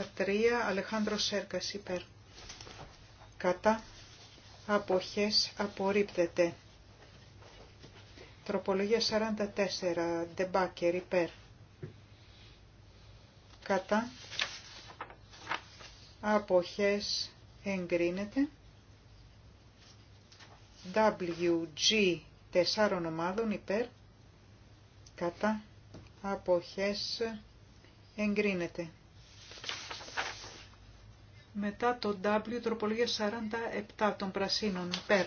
Αλεχάνδρο Σέρκα υπέρ. Κατά αποχές απορρίπτεται. Τροπολογία 44 Ντεμπάκερ υπέρ. Κατά αποχές εγκρίνεται. WG 4 ομάδων υπέρ. Κατά αποχές εγκρίνεται. Μετά το W τροπολογία 47 των πρασίνων υπέρ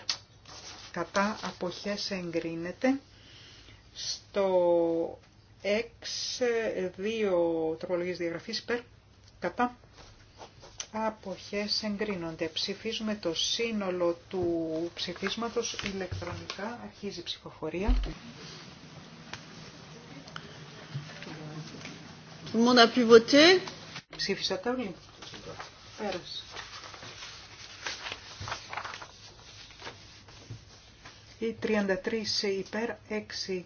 κατά αποχές εγκρίνεται. Στο 6, 2 τροπολογίες διαγραφής υπέρ κατά αποχές εγκρίνονται. Ψηφίζουμε το σύνολο του ψηφίσματος ηλεκτρονικά. Αρχίζει η ψηφοφορία. Tout le monde a pu voter. όλοι. Πέρασε. 33 υπέρ, 6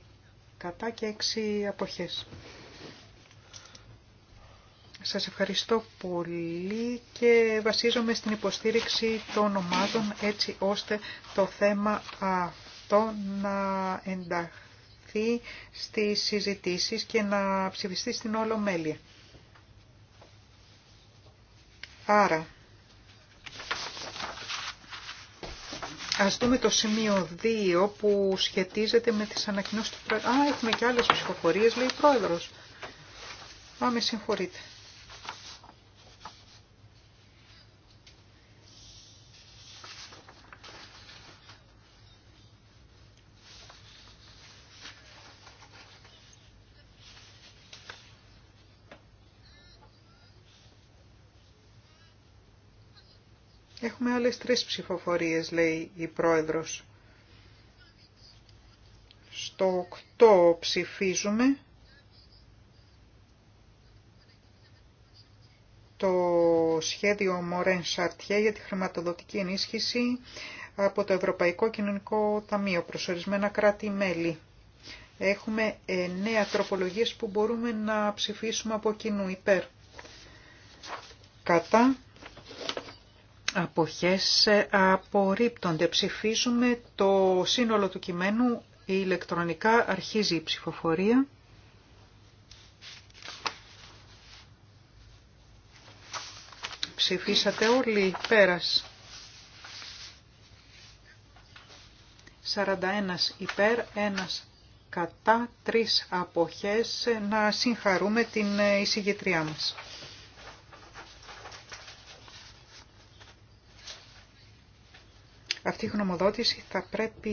κατά και 6 αποχές. Σας ευχαριστώ πολύ και βασίζομαι στην υποστήριξη των ομάδων έτσι ώστε το θέμα αυτό να ενταχθεί Στι στις συζητήσεις και να ψηφιστεί στην όλο μέλη. Άρα, ας δούμε το σημείο 2 που σχετίζεται με τις ανακοινώσεις του Πρόεδρου. Α, έχουμε και άλλες ψηφοφορίες, λέει ο Πρόεδρος. πάμε συγχωρείτε. έχουμε άλλες τρεις ψηφοφορίες, λέει η πρόεδρος. Στο 8 ψηφίζουμε το σχέδιο Μορέν Σαρτιέ για τη χρηματοδοτική ενίσχυση από το Ευρωπαϊκό Κοινωνικό Ταμείο, προσορισμένα κράτη-μέλη. Έχουμε νέα τροπολογίες που μπορούμε να ψηφίσουμε από κοινού υπέρ. Κατά Αποχές ε, απορρίπτονται. Ψηφίζουμε το σύνολο του κειμένου. Η ηλεκτρονικά αρχίζει η ψηφοφορία. Ψηφίσατε όλοι πέρας. 41 υπέρ, 1 κατά, 3 αποχές. Να συγχαρούμε την ε, εισηγητριά μας. Αυτή η γνωμοδότηση θα πρέπει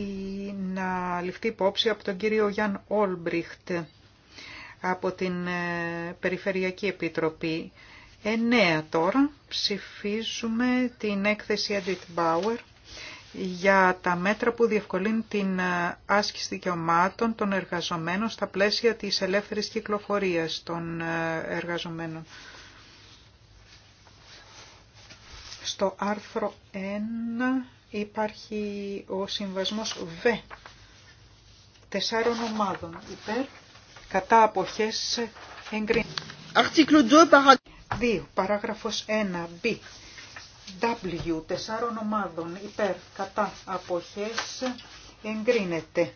να ληφθεί υπόψη από τον κύριο Γιάνν Όλμπριχτ από την ε, Περιφερειακή Επιτροπή. Εννέα τώρα ψηφίζουμε την έκθεση Edith Bauer για τα μέτρα που διευκολύνουν την ε, άσκηση δικαιωμάτων των εργαζομένων στα πλαίσια της ελεύθερης κυκλοφορίας των ε, εργαζομένων. Στο άρθρο 1 Υπάρχει ο συμβασμός Β τεσσάρων ομάδων υπέρ κατά αποχές εγκρίνεται. 2. Παράγραφος 1. B. W. Τεσσάρων ομάδων υπέρ κατά αποχές εγκρίνεται.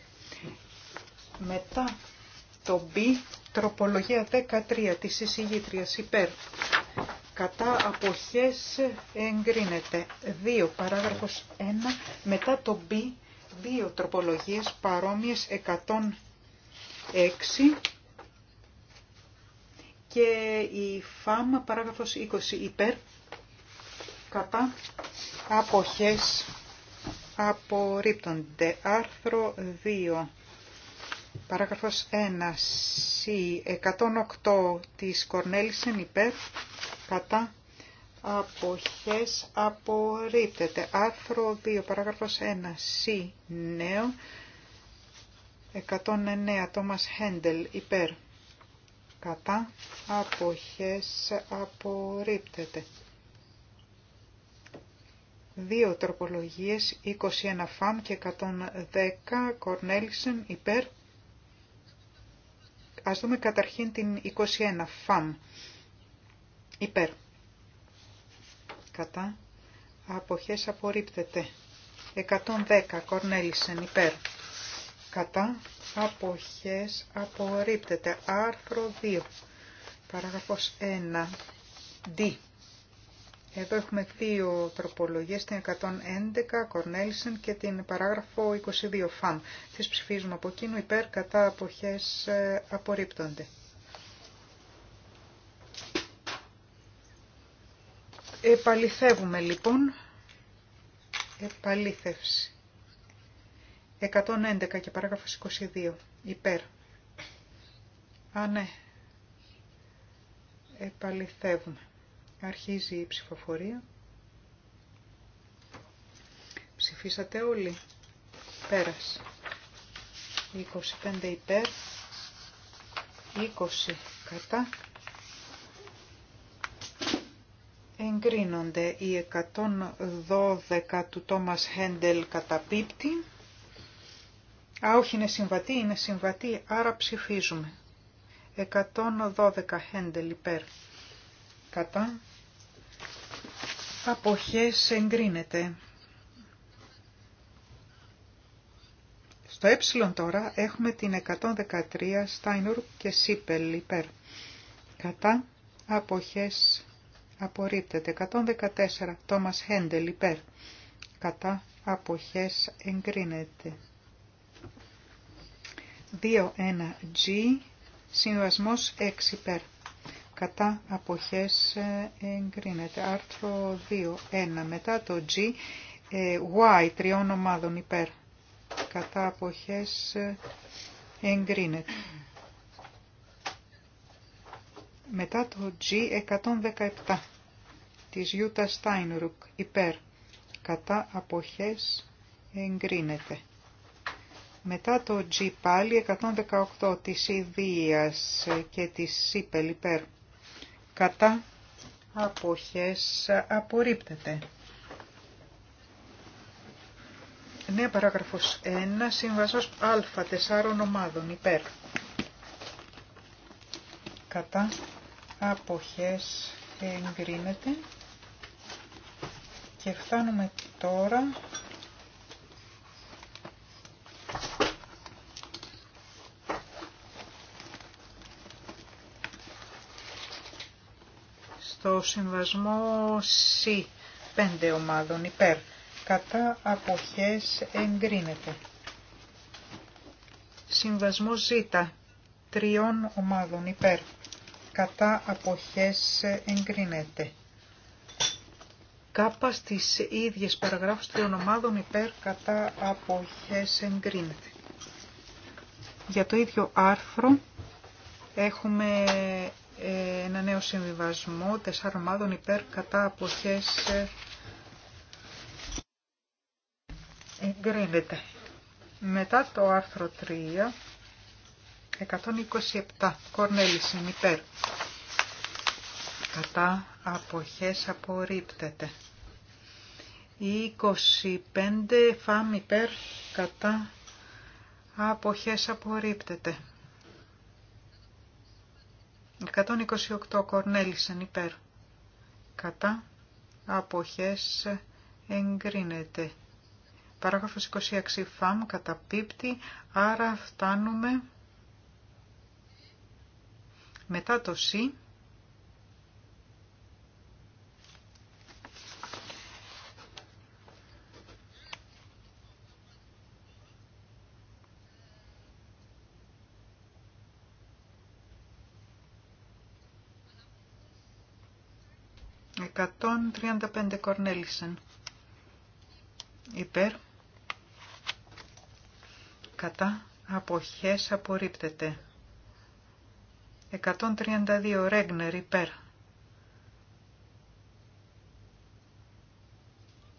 Μετά το B. Τροπολογία 13 της εισηγήτριας υπέρ κατά αποχές εγκρίνεται. 2 παράγραφος 1 μετά το B, δύο τροπολογίες παρόμοιες 106 και η ΦΑΜ παράγραφος 20 υπέρ κατά αποχές απορρίπτονται. Άρθρο 2. Παράγραφος 1. c 108 της Κορνέλισεν υπέρ κατά αποχές απορρίπτεται. Άρθρο 2, παράγραφος 1, C, νέο, 109, Τόμας Χέντελ, υπέρ, κατά, αποχές απορρίπτεται. Δύο τροπολογίες, 21 φαμ και 110, Κορνέλισεν, υπέρ. Ας δούμε καταρχήν την 21 φαμ. Υπέρ. Κατά. Αποχές απορρίπτεται. 110. Κορνέλισεν. Υπέρ. Κατά. Αποχές απορρίπτεται. Άρθρο 2. Παράγραφος 1. D. Εδώ έχουμε δύο τροπολογίες, την 111 Κορνέλισεν και την παράγραφο 22 Φαμ. Τις ψηφίζουμε από εκείνου υπέρ κατά αποχές ε, απορρίπτονται. Επαληθεύουμε λοιπόν. Επαλήθευση. 111 και παράγραφος 22. Υπέρ. Α, ναι. Επαληθεύουμε. Αρχίζει η ψηφοφορία. Ψηφίσατε όλοι. Πέρασε. 25 υπέρ. 20 κατά. Εγκρίνονται οι 112 του Τόμας Χέντελ πίπτη. Α, όχι, είναι συμβατή, είναι συμβατή, άρα ψηφίζουμε. 112 Χέντελ υπέρ. Κατά. Αποχές εγκρίνεται. Στο ε τώρα έχουμε την 113 Στάινουρ και Σίπελ υπέρ. Κατά. Αποχές απορρίπτεται. 114. Τόμας Χέντελ υπέρ. Κατά αποχές εγκρίνεται. 2.1G. Συμβασμός 6 υπέρ. Κατά αποχές ε, εγκρίνεται. Άρθρο 2.1. Μετά το G. Ε, y τριών ομάδων υπέρ. Κατά αποχές ε, εγκρίνεται. Μετά το G117 της Ιούτα Στάινρουκ υπέρ κατά αποχές εγκρίνεται. Μετά το G πάλι 118 της Ιδίας και της Σίπελ υπέρ κατά αποχές απορρίπτεται. Νέα παράγραφος 1, συμβασός α4 ομάδων υπέρ κατά αποχές εγκρίνεται και φτάνουμε τώρα στο συμβασμό C, πέντε ομάδων υπέρ, κατά αποχές εγκρίνεται. Συμβασμό ζήτα τριών ομάδων υπέρ. Κατά αποχές εγκρίνεται. Κάπα στις ίδιες παραγράφους τριών ομάδων υπέρ κατά αποχές εγκρίνεται. Για το ίδιο άρθρο έχουμε ε, ένα νέο συμβιβασμό τεσσάρων ομάδων υπέρ κατά αποχές ε, εγκρίνεται. Μετά το άρθρο 3 127. Κορνέλησεν υπέρ. Κατά αποχές απορρίπτεται. 25 φαμ υπέρ κατά αποχές απορρίπτεται. 128 Κορνέλησεν υπέρ κατά αποχές εγκρίνεται. Παράγραφος 26 φαμ καταπίπτει, άρα φτάνουμε μετά το ΣΥ Εκατόν τριάντα πέντε Κορνέλισεν υπέρ κατά αποχές απορρίπτεται. 132 Ρέγνερ υπέρ.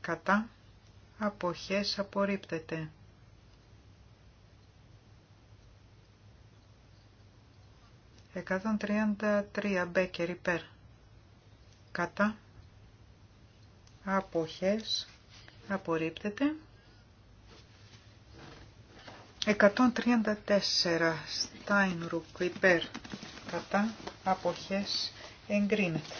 Κατά αποχές απορρίπτεται. 133 Μπέκερ υπέρ. Κατά αποχές απορρίπτεται. 134 Στάινρουκ υπέρ κατά αποχές εγκρίνεται.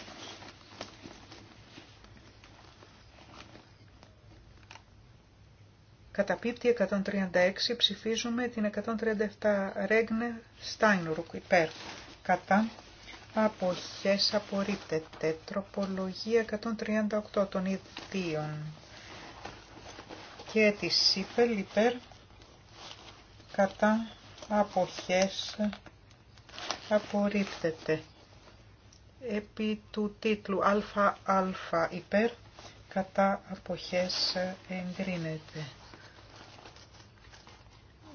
Καταπίπτει 136, ψηφίζουμε την 137 Ρέγνε Στάινουρουκ υπέρ. Κατά αποχές απορρίπτεται. Τροπολογία 138 των ιδίων. Και τη ΣΥΠΕΛ υπέρ. Κατά αποχές απορρίπτεται. Επί του τίτλου ΑΑ υπέρ κατά αποχές ε, εγκρίνεται.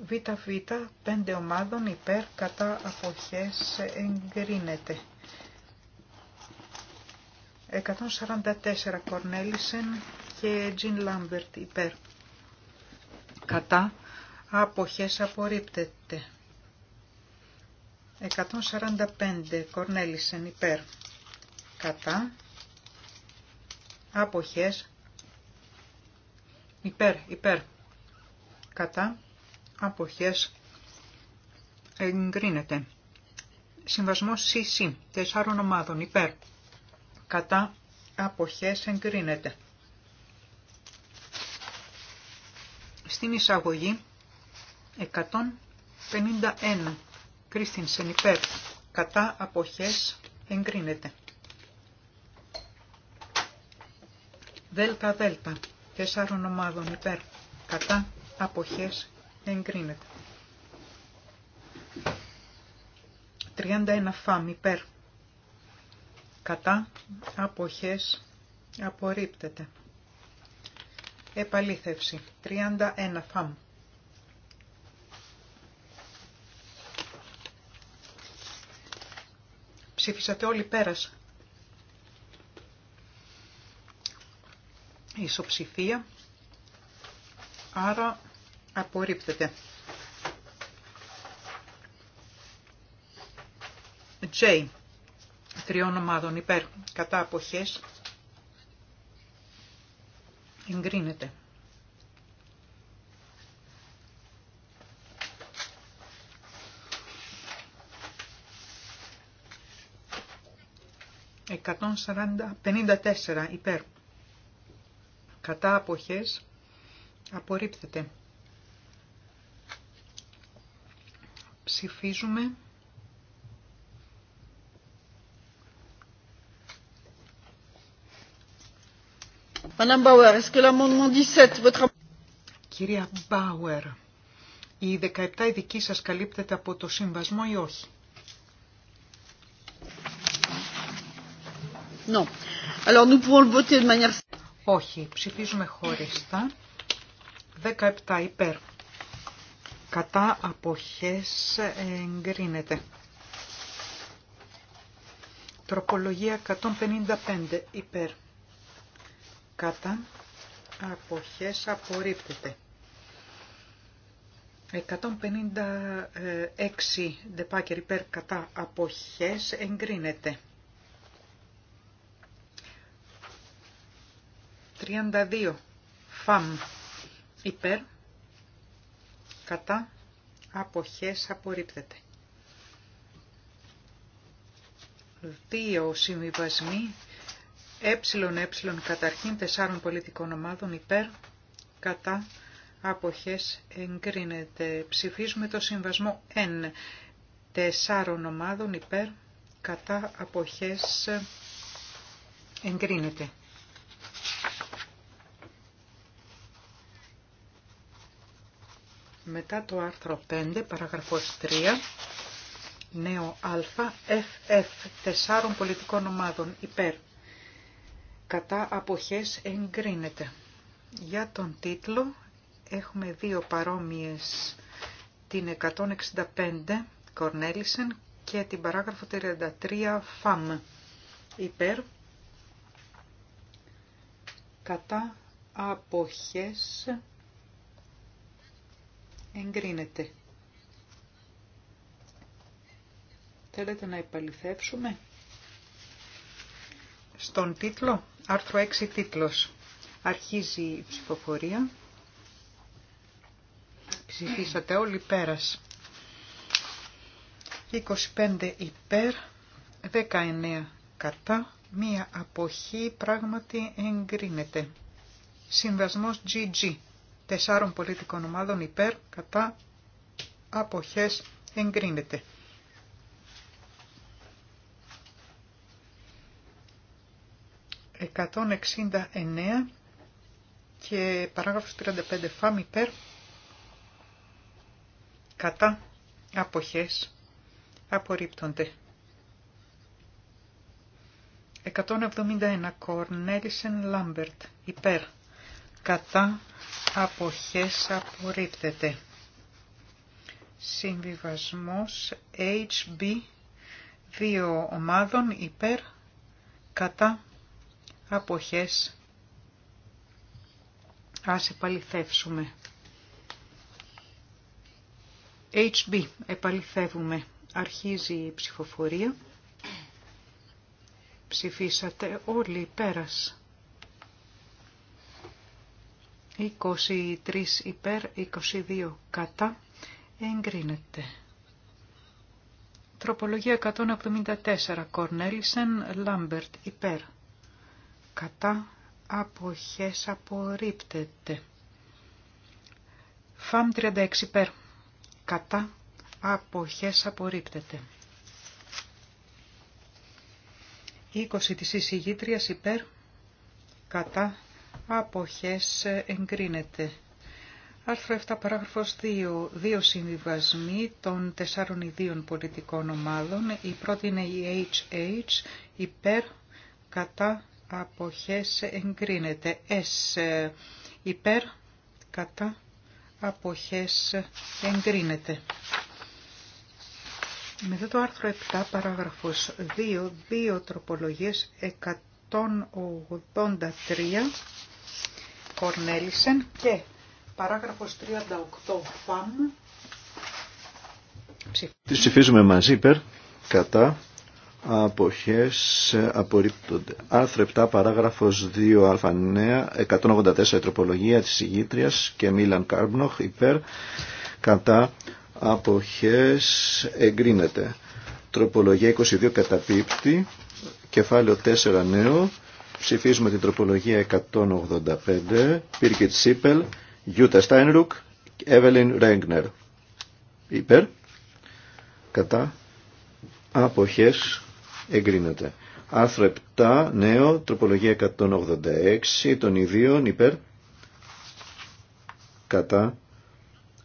ΒΒ πέντε ομάδων υπέρ κατά αποχές ε, εγκρίνεται. 144 Κορνέλισεν και Τζιν Λάμπερτ υπέρ. Κατά αποχές απορρίπτεται. 145 Κορνέλισεν υπέρ κατά αποχές υπέρ υπέρ κατά αποχές εγκρίνεται συμβασμός CC τεσσάρων ομάδων υπέρ κατά αποχές εγκρίνεται στην εισαγωγή 151 Κρίστινσεν υπέρ. Κατά αποχές εγκρίνεται. Δέλτα δέλτα. Τεσσάρων ομάδων υπέρ. Κατά αποχές εγκρίνεται. 31 φάμ υπέρ. Κατά αποχές απορρίπτεται. Επαλήθευση. 31 φάμ. Ψήφισατε όλοι πέρας. Ισοψηφία. Άρα απορρίπτεται. J. Τριών ομάδων υπέρ. Κατά αποχές. Εγκρίνεται. 140, υπέρ. Κατά αποχές απορρίπτεται. Ψηφίζουμε. Madame Bauer, est 17, Κυρία Μπάουερ, η 17 η δική σας καλύπτεται από το συμβασμό ή όχι. Non. Alors nous pouvons le voter de manière... Όχι, ψηφίζουμε χωριστά. 17 υπέρ. Κατά αποχές εγκρίνεται. Τροπολογία 155 υπέρ. Κατά αποχές απορρίπτεται. 156 δεπάκερ υπέρ κατά αποχές εγκρίνεται. 32. Φαμ. Υπέρ. Κατά. Αποχές απορρίπτεται. Δύο συμβιβασμοί. Ε, έψιλον ε, καταρχήν τεσσάρων πολιτικών ομάδων υπέρ. Κατά. Αποχές εγκρίνεται. Ψηφίζουμε το συμβασμό N. Τεσσάρων ομάδων υπέρ. Κατά. Αποχές εγκρίνεται. Μετά το άρθρο 5, παραγραφός 3, νέο α, FF, τεσσάρων πολιτικών ομάδων, υπέρ. Κατά αποχές εγκρίνεται. Για τον τίτλο έχουμε δύο παρόμοιες, την 165 Κορνέλισεν και την παράγραφο 33 ΦΑΜ. Υπέρ. Κατά αποχές Εγκρίνεται. Θέλετε να επαληθεύσουμε. Στον τίτλο, άρθρο 6 τίτλος. Αρχίζει η ψηφοφορία. Ψηφίσατε όλοι πέρας. 25 υπέρ, 19 κατά, μία αποχή πράγματι εγκρίνεται. Συμβασμός GG τεσσάρων πολιτικών ομάδων υπέρ κατά αποχές εγκρίνεται. ...169 και παράγραφος 35 φάμ υπέρ κατά αποχές απορρίπτονται. 171 Κορνέλισεν Λάμπερτ υπέρ κατά αποχές απορρίπτεται. Συμβιβασμός HB δύο ομάδων υπέρ κατά αποχές Ας επαληθεύσουμε. HB, επαληθεύουμε. Αρχίζει η ψηφοφορία. Ψηφίσατε όλοι πέρας. 23 υπέρ, 22 κατά, εγκρίνεται. Τροπολογία 174, Κορνέλισεν, Λάμπερτ, υπέρ. Κατά, αποχές, απορρίπτεται. ΦΑΜ 36, υπέρ. Κατά, αποχές, απορρίπτεται. 20 της εισηγήτριας, υπέρ. Κατά, αποχές ε, εγκρίνεται. Άρθρο 7 παράγραφος 2. Δύο συμβιβασμοί των τεσσάρων ιδίων πολιτικών ομάδων. Η πρώτη είναι η HH υπέρ κατά αποχές εγκρίνεται. S ε, υπέρ κατά αποχές εγκρίνεται. Μετά το άρθρο 7 παράγραφος 2. Δύο τροπολογίες 183 Κορνέλισεν και παράγραφος 38 ΦΑΜ. ψηφίζουμε μαζί υπέρ, κατά, αποχές ε, απορρίπτονται. Άρθρο 7 παράγραφος 2α 9 184 τροπολογία της ηγήτριας και Μίλαν Κάρμπνοχ υπέρ, κατά, αποχές εγκρίνεται. Τροπολογία 22 καταπίπτει, κεφάλαιο 4 νέο, Ψηφίζουμε την τροπολογία 185. Πίρκετ Σίπελ, Γιούτα Steinruck, Evelyn Ρέγνερ. Υπέρ. Κατά. Αποχές. Εγκρίνεται. Άρθρο 7, νέο, τροπολογία 186 των ιδίων υπέρ κατά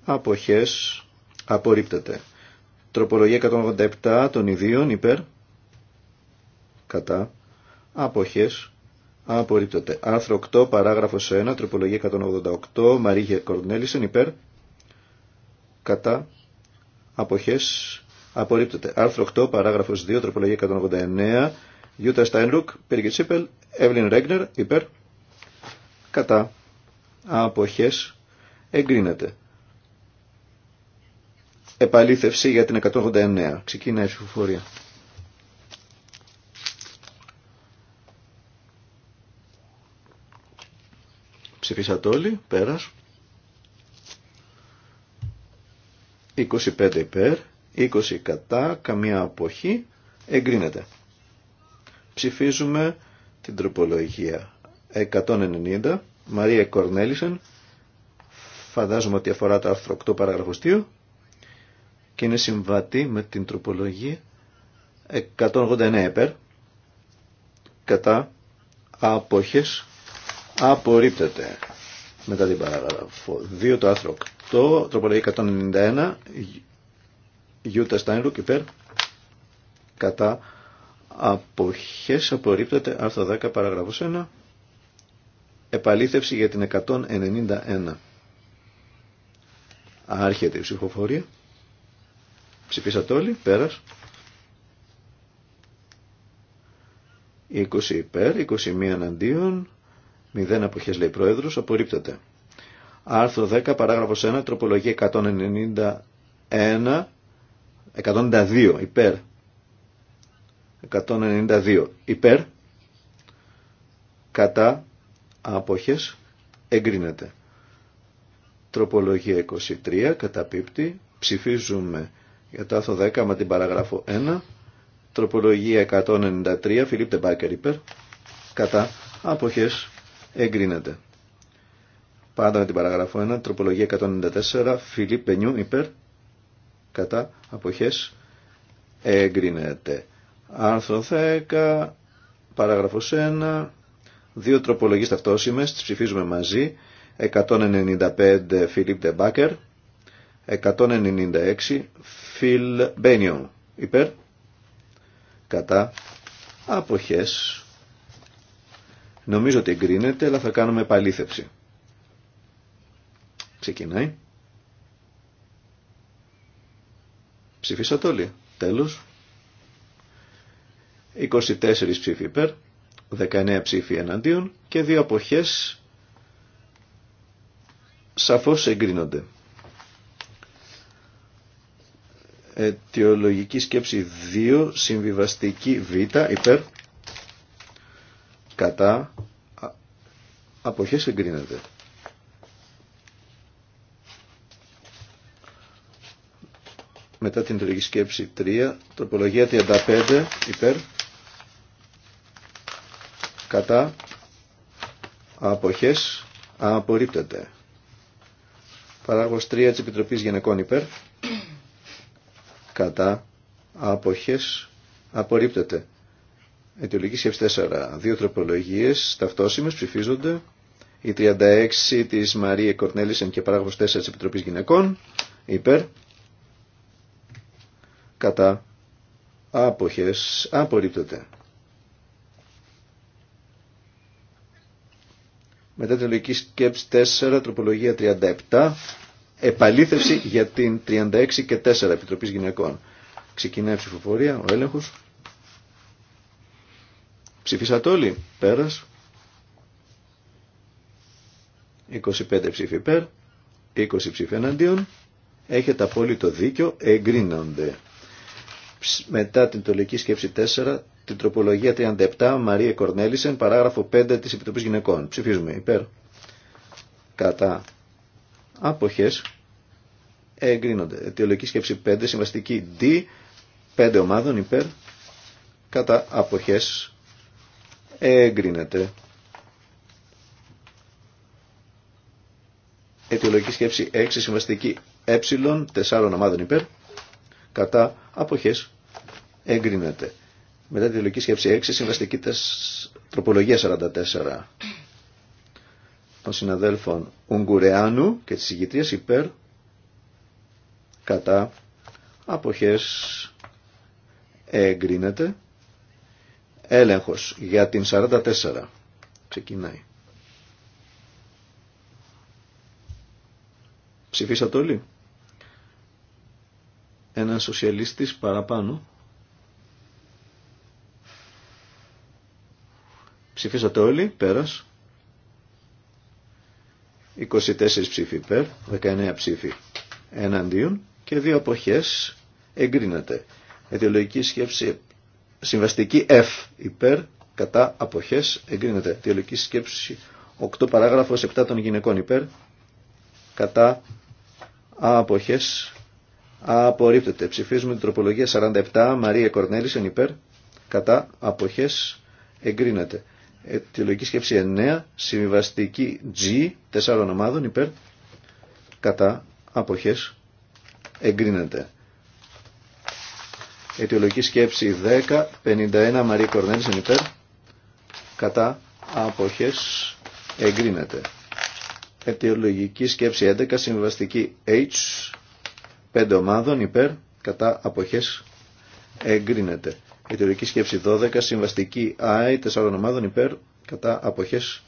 αποχές απορρίπτεται. Τροπολογία 187 των ιδίων υπέρ κατά αποχές Απορρίπτεται. Άρθρο 8, παράγραφος 1, τροπολογία 188, Μαρίγε Κορνέλισεν, υπέρ, κατά, αποχές, απορρίπτεται. Άρθρο 8, παράγραφος 2, τροπολογία 189, Γιούτα Στάινρουκ, Πύργη Τσίπελ, Εύλιν Ρέγνερ, υπέρ, κατά, Αποχέ. εγκρίνεται. Επαλήθευση για την 189. Ξεκινάει η ψηφοφορία. Ψηφίσατε όλοι, πέρας. 25 υπέρ, 20 κατά, καμία αποχή, εγκρίνεται. Ψηφίζουμε την τροπολογία 190, Μαρία Κορνέλισεν, φαντάζομαι ότι αφορά το άρθρο 8 2 και είναι συμβατή με την τροπολογία 189 υπέρ, κατά, αποχές, απορρίπτεται μετά την παράγραφο 2 το άρθρο 8 τροπολογία 191 Γιούτα Στάινρουκ υπέρ κατά αποχές απορρίπτεται άρθρο 10 παράγραφος 1 επαλήθευση για την 191 άρχεται η ψηφοφορία ψηφίσατε όλοι πέρας 20 υπέρ, 21 αντίον. Μηδέν αποχές λέει πρόεδρο, απορρίπτεται. Άρθρο 10, παράγραφος 1, τροπολογία 191, 192, υπέρ. 192, υπέρ. Κατά άποχες εγκρίνεται. Τροπολογία 23, κατά πίπτη, ψηφίζουμε για το άρθρο 10 με την παράγραφο 1, τροπολογία 193, Φιλίπτε Μπάκερ υπέρ, κατά άποχες εγκρίνεται. Πάντα με την παραγραφό 1, τροπολογία 194, Φιλίπ Πενιού υπέρ, κατά αποχές εγκρίνεται. Άρθρο 10, παράγραφος 1, δύο τροπολογίες ταυτόσημες, τις ψηφίζουμε μαζί, 195 Φιλίπ Ντεμπάκερ, 196 Φιλ Μπένιον υπέρ, κατά αποχές Νομίζω ότι εγκρίνεται, αλλά θα κάνουμε επαλήθευση. Ξεκινάει. Ψηφίσατε όλοι. Τέλος. 24 ψήφοι υπέρ, 19 ψήφοι εναντίον και δύο αποχές σαφώς εγκρίνονται. Αιτιολογική σκέψη 2, συμβιβαστική β, υπέρ, κατά αποχές εγκρίνεται. Μετά την τελική σκέψη 3, τροπολογία 35 υπέρ κατά αποχές απορρίπτεται. Παράγος 3 της Επιτροπής Γυναικών υπέρ κατά αποχές απορρίπτεται. Αιτιολογική σκέψη 4. Δύο τροπολογίε, ταυτόσιμε ψηφίζονται. Η 36 της Μαρία Κορνέλισεν και παράγραφος 4 τη επιτροπή Γυναικών. Υπέρ. Κατά. Άποχες. Απορρίπτεται. Μετά την λογική σκέψη 4, τροπολογία 37, επαλήθευση για την 36 και 4 Επιτροπής Γυναικών. Ξεκινάει η ψηφοφορία, ο έλεγχος. Ψηφίσατε όλοι. Πέρας. 25 ψήφι υπέρ, 20 ψήφοι εναντίον. Έχετε απόλυτο δίκιο, εγκρίνονται. Μετά την τολική σκέψη 4, την τροπολογία 37, Μαρία Κορνέλισεν, παράγραφο 5 της Επιτροπής Γυναικών. Ψηφίζουμε υπέρ. Κατά. Αποχές. Εγκρίνονται. Τελική σκέψη 5, συμβαστική D, 5 ομάδων υπέρ. Κατά. Αποχές εγκρίνεται. Αιτιολογική σκέψη 6, συμβαστική ε, 4 ομάδων υπέρ, κατά αποχές εγκρίνεται. Μετά τη λογική σκέψη 6, συμβαστική τροπολογία 44 των συναδέλφων Ουγγουρεάνου και της ηγητρίας υπέρ κατά αποχές εγκρίνεται. Έλεγχος για την 44. Ξεκινάει. Ψηφίσατε όλοι. Ένας σοσιαλίστης παραπάνω. Ψηφίσατε όλοι. Πέρας. 24 ψήφοι υπέρ, 19 ψήφοι εναντίον και δύο αποχές εγκρίνεται. Αιτιολογική σκέψη Συμβαστική F υπέρ κατά αποχές εγκρίνεται. Τελική σκέψη 8 παράγραφος 7 των γυναικών υπέρ κατά αποχές απορρίπτεται. Ψηφίζουμε την τροπολογία 47 Μαρία Κορνέλησεν υπέρ κατά αποχές εγκρίνεται. Τελική σκέψη 9 συμβαστική G 4 ομάδων υπέρ κατά αποχές εγκρίνεται. Αιτιολογική σκέψη 10, 51 Μαρία Κορνέλσεν υπέρ, κατά άποχες εγκρίνεται. Αιτιολογική σκέψη 11, συμβαστική H, 5 ομάδων υπέρ, κατά αποχές εγκρίνεται. Αιτιολογική σκέψη 12, συμβαστική I, 4 ομάδων υπέρ, κατά αποχές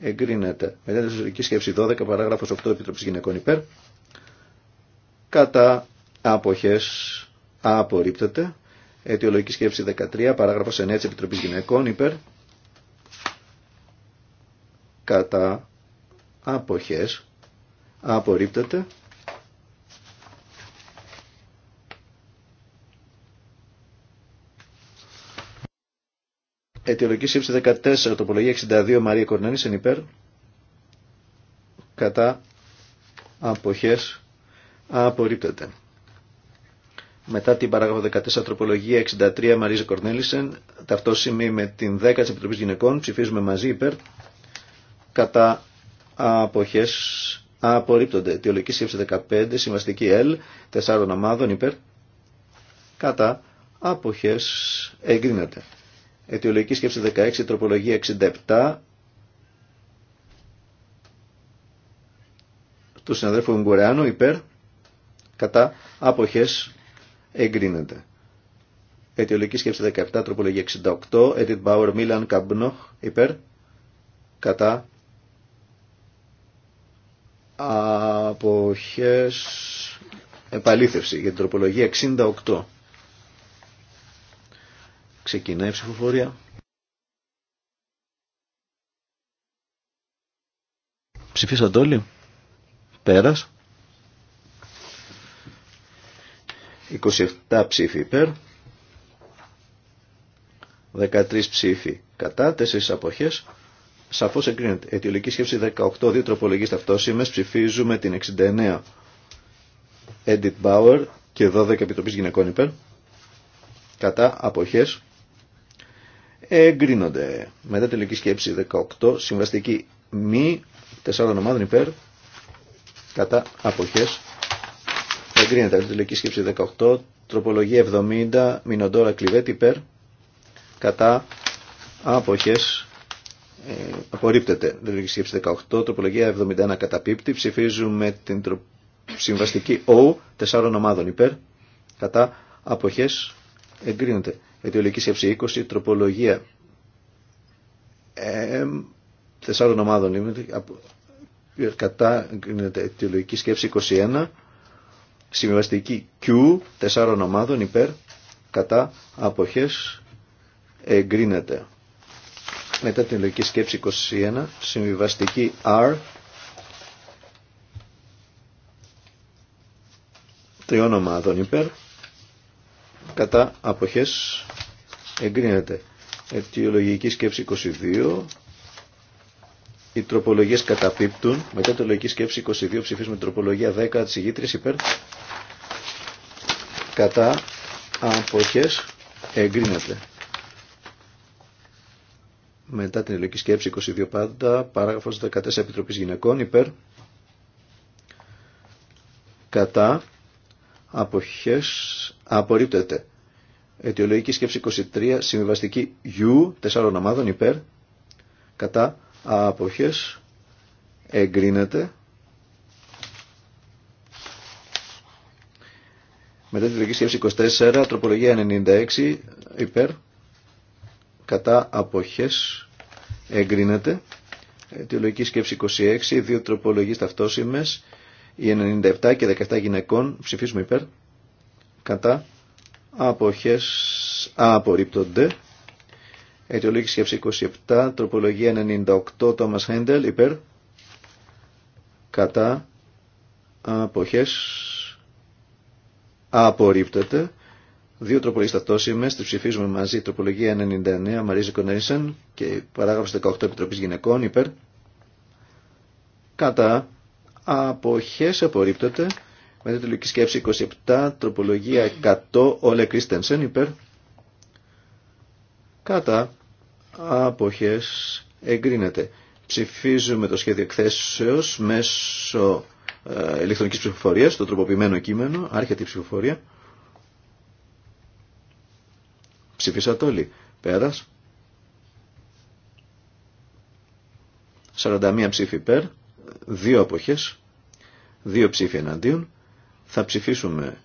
εγκρίνεται. Μετά σκέψη 12, παράγραφος 8, Επιτροπής Γυναικών υπέρ, κατά αποχές απορρίπτεται. Αιτιολογική σκέψη 13, παράγραφος 9 της Επιτροπής Γυναικών, υπέρ. Κατά αποχές απορρίπτεται. Αιτιολογική σκέψη 14, τοπολογία 62, Μαρία εν υπέρ. Κατά αποχές απορρίπτεται. Μετά την παράγραφο 14 τροπολογία 63 Μαρίζα Κορνέλισεν, ταυτόσημη με την 10 η Επιτροπή Γυναικών, ψηφίζουμε μαζί υπέρ, κατά αποχές απορρίπτονται. Τιολογική σκέψη 15, συμβαστική L, 4 ομάδων υπέρ, κατά αποχές εγκρίνεται. Αιτιολογική σκέψη 16, τροπολογία 67, του συναδέλφου Ουγγουρεάνου υπέρ, κατά αποχές εγκρίνεται. Αιτιολογική σκέψη 17, τροπολογία 68, Edith Bauer, Milan, Καμπνοχ, υπέρ, κατά, αποχές, επαλήθευση για την τροπολογία 68. Ξεκινάει η ψηφοφορία. Ψηφίσατε όλοι. Πέρας. 27 ψήφοι υπέρ, 13 ψήφοι κατά, 4 αποχές. Σαφώς εγκρίνεται. Αιτιολογική σκέψη 18, δύο τροπολογίες ταυτόσημες, ψηφίζουμε την 69 Edit Bauer και 12 Επιτροπής Γυναικών υπέρ. Κατά αποχές εγκρίνονται. Μετά τελική σκέψη 18, συμβαστική μη 4 ομάδων υπέρ κατά αποχές Εγκρίνεται. Αριστοτελική σκέψη 18. Τροπολογία 70. Μινοντόρα κλειβέτη υπέρ. Κατά. άποχε. Ε, απορρίπτεται. Αριστοτελική σκέψη 18. Τροπολογία 71. Καταπίπτει. Ψηφίζουμε την τρο... συμβαστική O. Τεσσάρων ομάδων υπέρ. Κατά. απόχε Εγκρίνεται. Αιτιολογική σκέψη 20. Τροπολογία. τεσσάρων ομάδων. Κατά. Εγκρίνεται. Αιτιολογική σκέψη 21 Συμβιβαστική Q τεσσάρων ομάδων υπέρ κατά αποχές εγκρίνεται. Μετά την λογική σκέψη 21, συμβιβαστική R τριών ομάδων υπέρ κατά αποχές εγκρίνεται. Αιτιολογική σκέψη 22, οι τροπολογίε καταπίπτουν. Μετά τη λογική σκέψη 22 ψηφίζουμε τροπολογία 10 τη υπέρ κατά αποχές εγκρίνεται. Μετά την ελληνική σκέψη 22 πάντα, παράγραφος 14 Επιτροπής Γυναικών, υπέρ, κατά, αποχές, απορρίπτεται. Αιτιολογική σκέψη 23, συμβιβαστική U, τεσσάρων ομάδων, υπέρ, κατά, αποχές, εγκρίνεται. Μετά τη λογική σκέψη 24, τροπολογία 96, υπέρ, κατά αποχές, εγκρίνεται. Τη σκέψη 26, δύο τροπολογίες ταυτόσημες, οι 97 και 17 γυναικών, ψηφίσουμε υπέρ, κατά αποχές, απορρίπτονται. Αιτιολογική σκέψη 27, τροπολογία 98, Thomas Handel, υπέρ, κατά αποχές, απορρίπτεται. Δύο τροπολογίες ταυτόσημες, τι ψηφίζουμε μαζί, τροπολογία 99, Μαρίζη Κονέισεν και παράγραφος 18 Επιτροπής Γυναικών, υπέρ. Κατά αποχές απορρίπτεται, με τελική σκέψη 27, τροπολογία 100, Όλε Κρίστενσεν, υπέρ. Κατά αποχές εγκρίνεται. Ψηφίζουμε το σχέδιο εκθέσεως μέσω ε, ηλεκτρονικής ψηφοφορίας, το τροποποιημένο κείμενο, άρχεται η ψηφοφορία. Ψηφίσατε όλοι. Πέρας. 41 ψήφοι υπέρ, 2 αποχές, 2 ψήφοι εναντίον. Θα ψηφίσουμε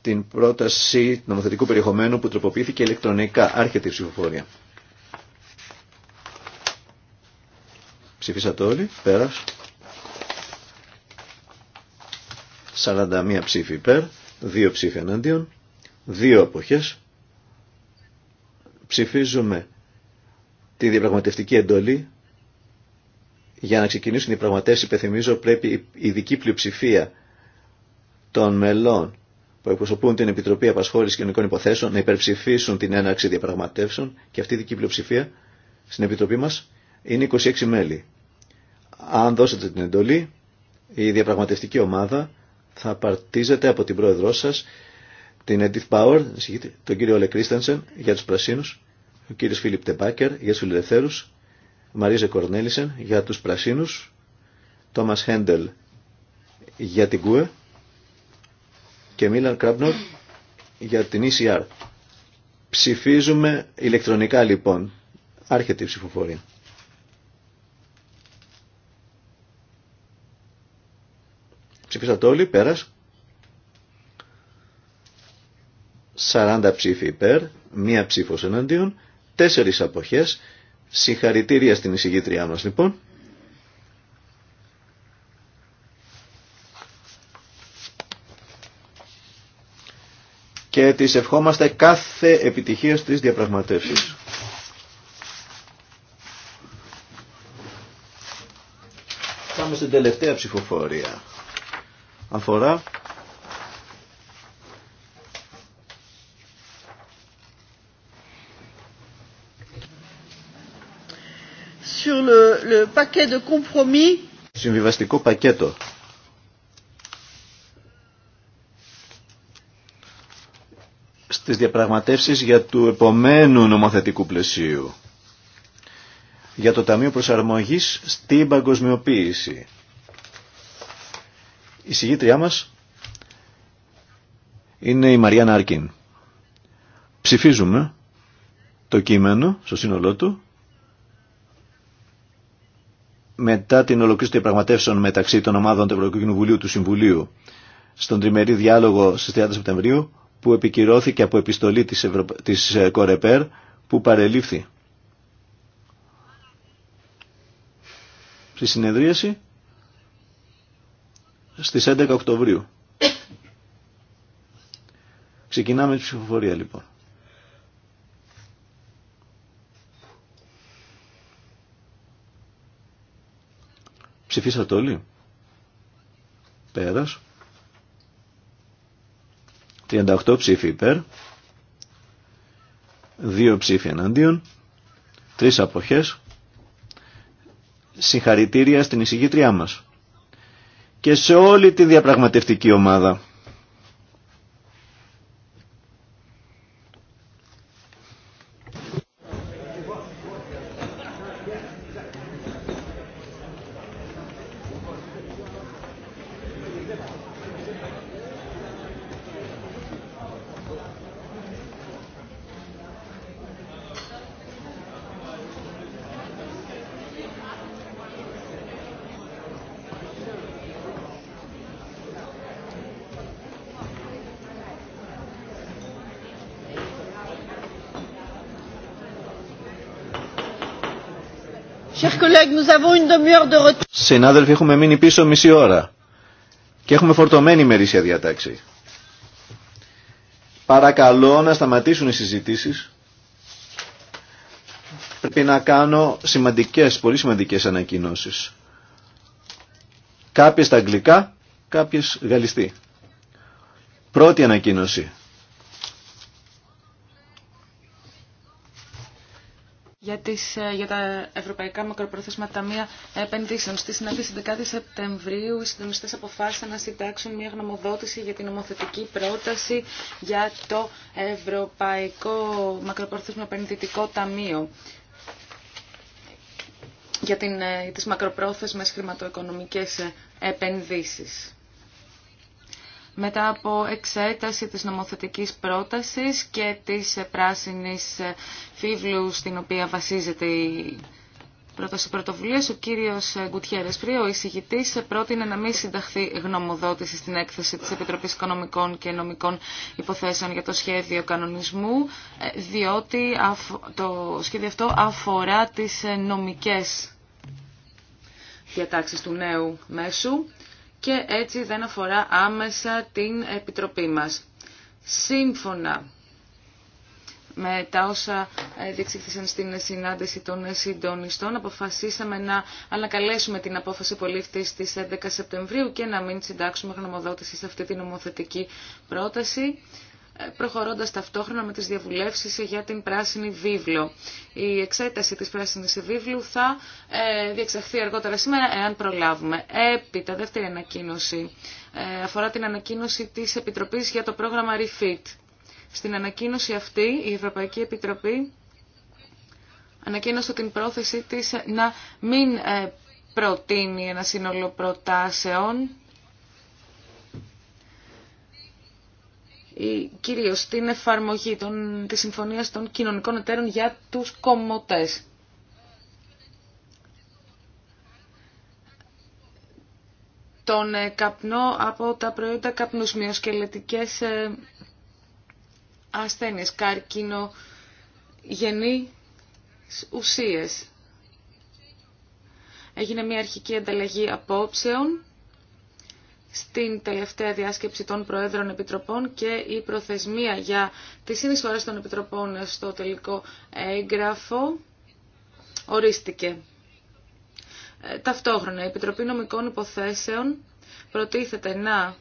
την πρόταση νομοθετικού περιεχομένου που τροποποιήθηκε ηλεκτρονικά. Άρχεται η ψηφοφορία. Ψηφίσατε όλοι. Πέρας. 41 ψήφοι υπέρ, 2 ψήφοι εναντίον, 2 αποχές. Ψηφίζουμε τη διαπραγματευτική εντολή. Για να ξεκινήσουν οι πραγματεύσεις, υπενθυμίζω, πρέπει η ειδική πλειοψηφία των μελών που εκπροσωπούν την Επιτροπή Απασχόλησης Κοινωνικών Υποθέσεων να υπερψηφίσουν την έναρξη διαπραγματεύσεων και αυτή η δική πλειοψηφία στην Επιτροπή μας είναι 26 μέλη. Αν δώσετε την εντολή, η διαπραγματευτική ομάδα θα απαρτίζεται από την πρόεδρό σα την Edith Power, τον κύριο Ole Christensen για τους πρασίνους, ο κύριο Φίλιπ Τεμπάκερ για του Φιλελευθέρου, Μαρίζε Κορνέλισεν για τους πρασίνους, Τόμας Χέντελ για την ΚΟΥΕ και Μίλαν Κράμπνορ για την ECR. Ψηφίζουμε ηλεκτρονικά λοιπόν. Άρχεται η ψηφοφορία. Ψήφισατε όλοι, πέρας. 40 ψήφοι υπέρ, μία ψήφος εναντίον, τέσσερις αποχές. Συγχαρητήρια στην εισηγήτριά μας λοιπόν. Και τις ευχόμαστε κάθε επιτυχία στις διαπραγματεύσεις. Πάμε στην τελευταία ψηφοφορία αφορά sur le, le paquet de compromis. Συμβιβαστικό πακέτο. Στις διαπραγματεύσεις για του επομένου νομοθετικού πλαισίου. Για το Ταμείο Προσαρμογής στην Παγκοσμιοποίηση. Η συγγήτριά μας είναι η Μαριάννα Αρκίν. Ψηφίζουμε το κείμενο στο σύνολό του μετά την ολοκλήρωση των διαπραγματεύσεων μεταξύ των ομάδων του Ευρωπαϊκού Κοινοβουλίου του Συμβουλίου στον τριμερή διάλογο στις 30 Σεπτεμβρίου που επικυρώθηκε από επιστολή της, ε, Κορεπέρ που παρελήφθη στη συνεδρίαση στις 11 Οκτωβρίου. Ξεκινάμε τη ψηφοφορία λοιπόν. Ψηφίσατε όλοι. Πέρας. 38 ψήφοι υπέρ. 2 ψήφοι εναντίον. 3 αποχές. Συγχαρητήρια στην εισηγήτριά μας και σε όλη τη διαπραγματευτική ομάδα. Συνάδελφοι, έχουμε μείνει πίσω μισή ώρα και έχουμε φορτωμένη ημερήσια διατάξη. Παρακαλώ να σταματήσουν οι συζητήσεις. Πρέπει να κάνω σημαντικές, πολύ σημαντικές ανακοινώσεις. Κάποιες στα αγγλικά, κάποιες γαλλιστή. Πρώτη ανακοίνωση. Ε, για τα Ευρωπαϊκά Μακροπρόθεσμα Ταμεία Επενδύσεων. Στη συνάντηση 11 Σεπτεμβρίου οι συντονιστέ αποφάσισαν να συντάξουν μια γνωμοδότηση για την νομοθετική πρόταση για το Ευρωπαϊκό Μακροπρόθεσμα Επενδυτικό Ταμείο για, την, για ε, τις μακροπρόθεσμες χρηματοοικονομικές ε, επενδύσεις μετά από εξέταση της νομοθετικής πρότασης και της πράσινης φίβλου στην οποία βασίζεται η πρόταση πρωτοβουλία, ο κύριο Γκουτιέρε Πρίο, ο εισηγητής, πρότεινε να μην συνταχθεί γνωμοδότηση στην έκθεση τη Επιτροπή Οικονομικών και Νομικών Υποθέσεων για το σχέδιο κανονισμού, ε, διότι το σχέδιο αυτό αφορά τι ε, νομικές διατάξεις του νέου μέσου και έτσι δεν αφορά άμεσα την Επιτροπή μας. Σύμφωνα με τα όσα ε, διεξήχθησαν στην συνάντηση των συντονιστών, αποφασίσαμε να ανακαλέσουμε την απόφαση που λήφθη 11 Σεπτεμβρίου και να μην συντάξουμε γνωμοδότηση σε αυτή την νομοθετική πρόταση. Ε, προχωρώντας ταυτόχρονα με τις διαβουλεύσεις για την Πράσινη Βίβλο. Η εξέταση της Πράσινης Βίβλου θα ε, διεξαχθεί αργότερα σήμερα, εάν προλάβουμε. Έπειτα, δεύτερη ανακοίνωση, ε, αφορά την ανακοίνωση της Επιτροπής για το πρόγραμμα REFIT. Στην ανακοίνωση αυτή, η Ευρωπαϊκή Επιτροπή ανακοίνωσε την πρόθεση της να μην προτείνει ένα σύνολο προτάσεων κυρίως την εφαρμογή τη συμφωνία Συμφωνίας των Κοινωνικών Εταίρων για τους κομμωτές. Τον ε, καπνό από τα προϊόντα καπνούς, μειοσκελετικές ε, ασθένειες, κάρκινο, γενή ουσίες. Έγινε μια αρχική ανταλλαγή απόψεων στην τελευταία διάσκεψη των Προέδρων Επιτροπών και η προθεσμία για τις συνεισφορές των Επιτροπών στο τελικό έγγραφο ορίστηκε. Ε, ταυτόχρονα, η Επιτροπή Νομικών Υποθέσεων προτίθεται να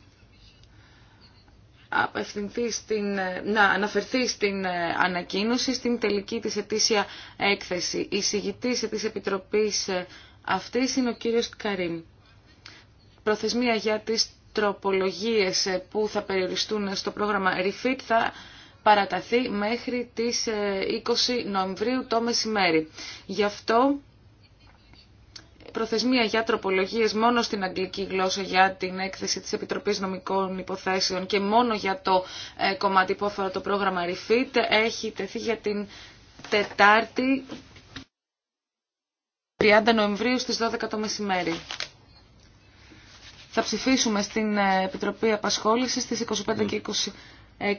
ε, να αναφερθεί στην ε, ανακοίνωση, στην τελική της ετήσια έκθεση. Η συγητής της Επιτροπής αυτής είναι ο κύριος Καρίμ προθεσμία για τις τροπολογίες που θα περιοριστούν στο πρόγραμμα REFIT θα παραταθεί μέχρι τις 20 ε, Νοεμβρίου το μεσημέρι. Γι' αυτό προθεσμία για τροπολογίες μόνο στην αγγλική γλώσσα για την έκθεση της Επιτροπής Νομικών Υποθέσεων και μόνο για το ε, κομμάτι που αφορά το πρόγραμμα REFIT έχει τεθεί για την Τετάρτη 30 Νοεμβρίου στις 12 το μεσημέρι θα ψηφίσουμε στην ε, Επιτροπή Απασχόλησης στις 25 ναι. και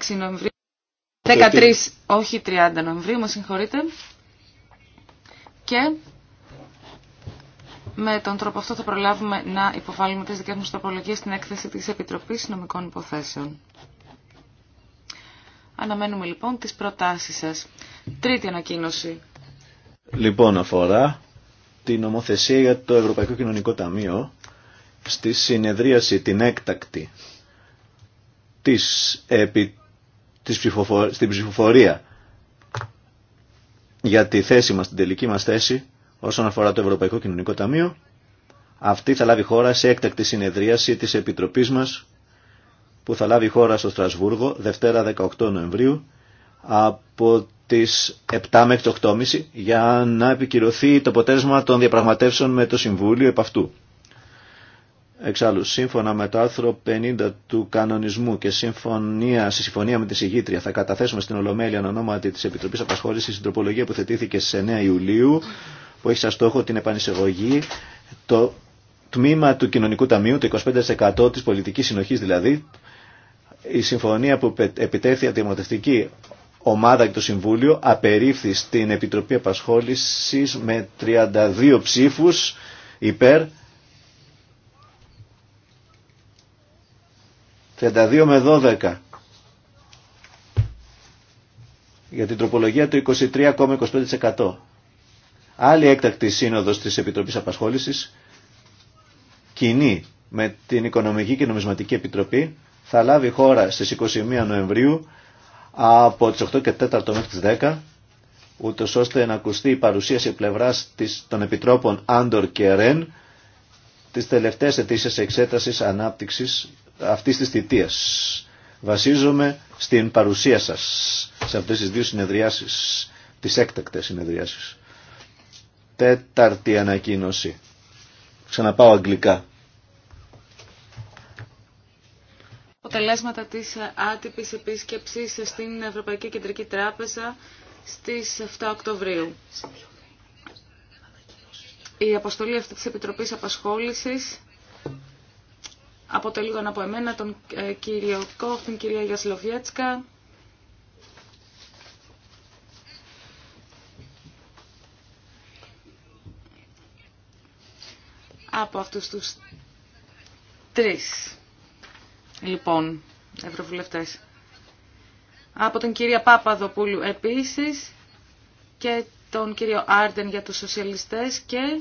26 Νοεμβρίου. 13, όχι 30 Νοεμβρίου, μας συγχωρείτε. Και με τον τρόπο αυτό θα προλάβουμε να υποβάλουμε τις δικές μας τροπολογίες στην έκθεση της Επιτροπής Νομικών Υποθέσεων. Αναμένουμε λοιπόν τις προτάσεις σας. Τρίτη ανακοίνωση. Λοιπόν, αφορά την νομοθεσία για το Ευρωπαϊκό Κοινωνικό Ταμείο στη συνεδρίαση την έκτακτη της, επί, της στην ψηφοφορία για τη θέση μας, την τελική μας θέση όσον αφορά το Ευρωπαϊκό Κοινωνικό Ταμείο. Αυτή θα λάβει χώρα σε έκτακτη συνεδρίαση της Επιτροπής μας που θα λάβει χώρα στο Στρασβούργο Δευτέρα 18 Νοεμβρίου από τις 7 μέχρι 8.30 για να επικυρωθεί το αποτέλεσμα των διαπραγματεύσεων με το Συμβούλιο επ' αυτού. Εξάλλου, σύμφωνα με το άρθρο 50 του κανονισμού και συμφωνία, στη συμφωνία με τη Συγήτρια, θα καταθέσουμε στην Ολομέλεια ονόματι τη Επιτροπή Απασχόληση στην τροπολογία που θετήθηκε στι 9 Ιουλίου, που έχει σαν στόχο την επανεισεγωγή το τμήμα του Κοινωνικού Ταμείου, το 25% τη πολιτική συνοχή δηλαδή. Η συμφωνία που επιτέθη αντιμετωπιστική ομάδα και το Συμβούλιο απερίφθη στην Επιτροπή Απασχόληση με 32 ψήφου υπέρ 32 με 12 για την τροπολογία του 23,25%. Άλλη έκτακτη σύνοδος της Επιτροπής Απασχόλησης, κοινή με την Οικονομική και Νομισματική Επιτροπή, θα λάβει χώρα στις 21 Νοεμβρίου από τις 8 και 4 μέχρι τις 10, ούτως ώστε να ακουστεί η παρουσίαση πλευράς των Επιτρόπων Άντορ και Ρεν, τις τελευταίες αιτήσεις εξέτασης ανάπτυξης αυτής της θητείας. Βασίζομαι στην παρουσία σας σε αυτές τις δύο συνεδριάσεις, τις έκτακτες συνεδριάσεις. Τέταρτη ανακοίνωση. Ξαναπάω αγγλικά. Αποτελέσματα της άτυπης επίσκεψης στην Ευρωπαϊκή Κεντρική Τράπεζα στις 7 Οκτωβρίου. Η αποστολή αυτή της Επιτροπής Απασχόλησης από το λίγο από εμένα, τον ε, κύριο Κόφ, την κυρία Γιασλοβιέτσκα. Από αυτούς τους τρεις, λοιπόν, ευρωβουλευτές. Από τον κύριο Πάπαδοπούλου επίσης και τον κύριο Άρντεν για τους σοσιαλιστές και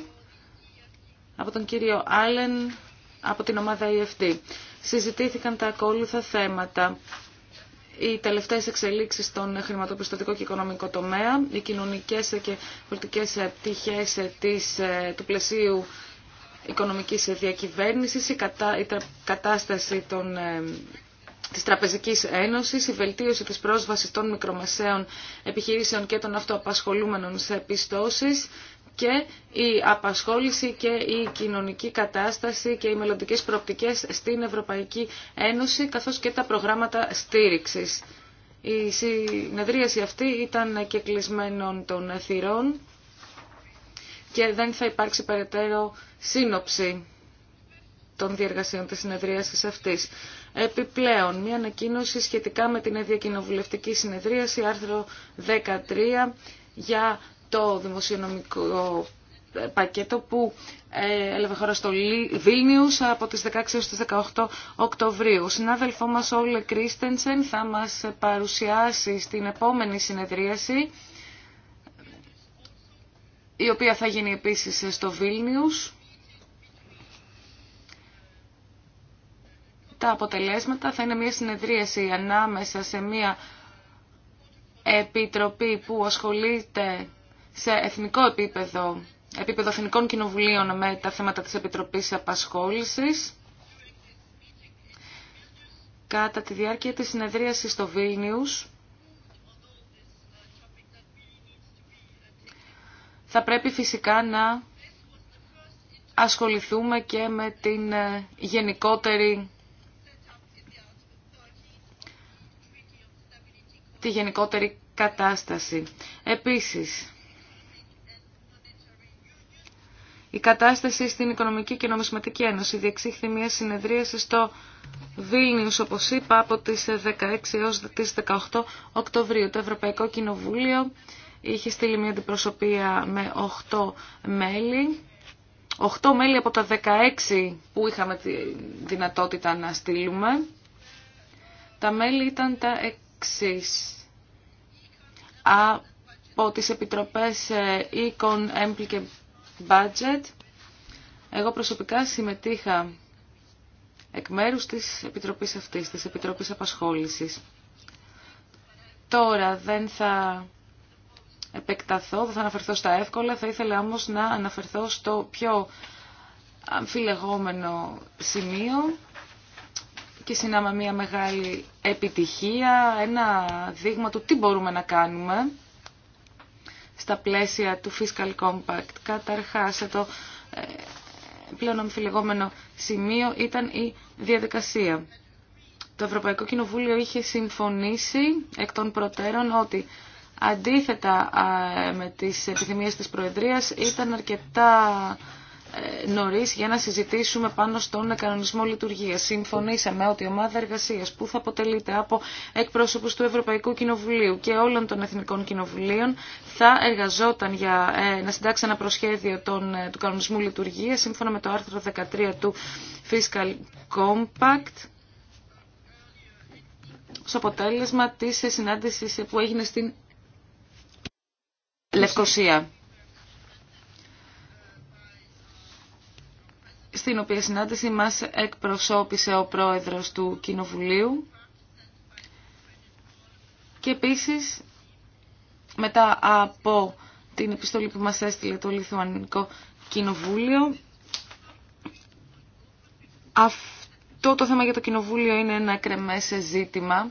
από τον κύριο Άλεν από την ομάδα EFD. Συζητήθηκαν τα ακόλουθα θέματα. Οι τελευταίε εξελίξει στον χρηματοπιστωτικό και οικονομικό τομέα, οι κοινωνικές και πολιτικέ πτυχέ ε, του πλαισίου οικονομική διακυβέρνησης, η, η κατάσταση των ε, της Τραπεζικής Ένωσης, η βελτίωση της πρόσβασης των μικρομεσαίων επιχειρήσεων και των αυτοαπασχολούμενων σε πιστώσεις, και η απασχόληση και η κοινωνική κατάσταση και οι μελλοντικές προοπτικές στην Ευρωπαϊκή Ένωση καθώς και τα προγράμματα στήριξης. Η συνεδρίαση αυτή ήταν και κλεισμένων των θυρών και δεν θα υπάρξει περαιτέρω σύνοψη των διεργασιών της συνεδρίασης αυτής. Επιπλέον, μια ανακοίνωση σχετικά με την ίδια κοινοβουλευτική συνεδρίαση, άρθρο 13, για το δημοσιονομικό πακέτο που ε, έλαβε χώρα στο Βίλνιους από τις 16 έως τις 18 Οκτωβρίου. Ο συνάδελφό μας Όλε Κρίστενσεν θα μας παρουσιάσει στην επόμενη συνεδρίαση η οποία θα γίνει επίσης στο Βίλνιους. Τα αποτελέσματα θα είναι μια συνεδρίαση ανάμεσα σε μια επιτροπή που ασχολείται σε εθνικό επίπεδο, επίπεδο εθνικών κοινοβουλίων με τα θέματα της Επιτροπής Απασχόλησης. Κατά τη διάρκεια της συνεδρίασης στο Βίλνιους, θα πρέπει φυσικά να ασχοληθούμε και με την ε, γενικότερη τη γενικότερη κατάσταση. Επίσης, η κατάσταση στην Οικονομική και Νομισματική Ένωση. Διεξήχθη μια συνεδρίαση στο Βίλνιους, όπως είπα, από τις 16 έως τις 18 Οκτωβρίου. Το Ευρωπαϊκό Κοινοβούλιο είχε στείλει μια αντιπροσωπεία με 8 μέλη. 8 μέλη από τα 16 που είχαμε τη δυνατότητα να στείλουμε. Τα μέλη ήταν τα εξής. Από τις επιτροπές ε, Econ, Empl και budget. Εγώ προσωπικά συμμετείχα εκ μέρους της Επιτροπής αυτής, της Επιτροπής Απασχόλησης. Τώρα δεν θα επεκταθώ, δεν θα αναφερθώ στα εύκολα, θα ήθελα όμως να αναφερθώ στο πιο αμφιλεγόμενο σημείο και συνάμα μια μεγάλη επιτυχία, ένα δείγμα του τι μπορούμε να κάνουμε στα πλαίσια του Fiscal Compact. Καταρχάς, το ε, πλέον αμφιλεγόμενο σημείο ήταν η διαδικασία. Το Ευρωπαϊκό Κοινοβούλιο είχε συμφωνήσει εκ των προτέρων ότι αντίθετα ε, με τις επιθυμίες της Προεδρίας ήταν αρκετά ε, νωρί για να συζητήσουμε πάνω στον κανονισμό λειτουργία. Συμφωνήσαμε ότι η ομάδα εργασία που θα αποτελείται από εκπρόσωπους του Ευρωπαϊκού Κοινοβουλίου και όλων των Εθνικών Κοινοβουλίων θα εργαζόταν για ε, να συντάξει ένα προσχέδιο των, ε, του κανονισμού λειτουργία σύμφωνα με το άρθρο 13 του Fiscal Compact στο αποτέλεσμα της συνάντησης που έγινε στην Λευκοσία. στην οποία συνάντηση μας εκπροσώπησε ο πρόεδρος του Κοινοβουλίου και επίσης μετά από την επιστολή που μας έστειλε το Λιθουανικό Κοινοβούλιο αυτό το θέμα για το Κοινοβούλιο είναι ένα κρεμές ζήτημα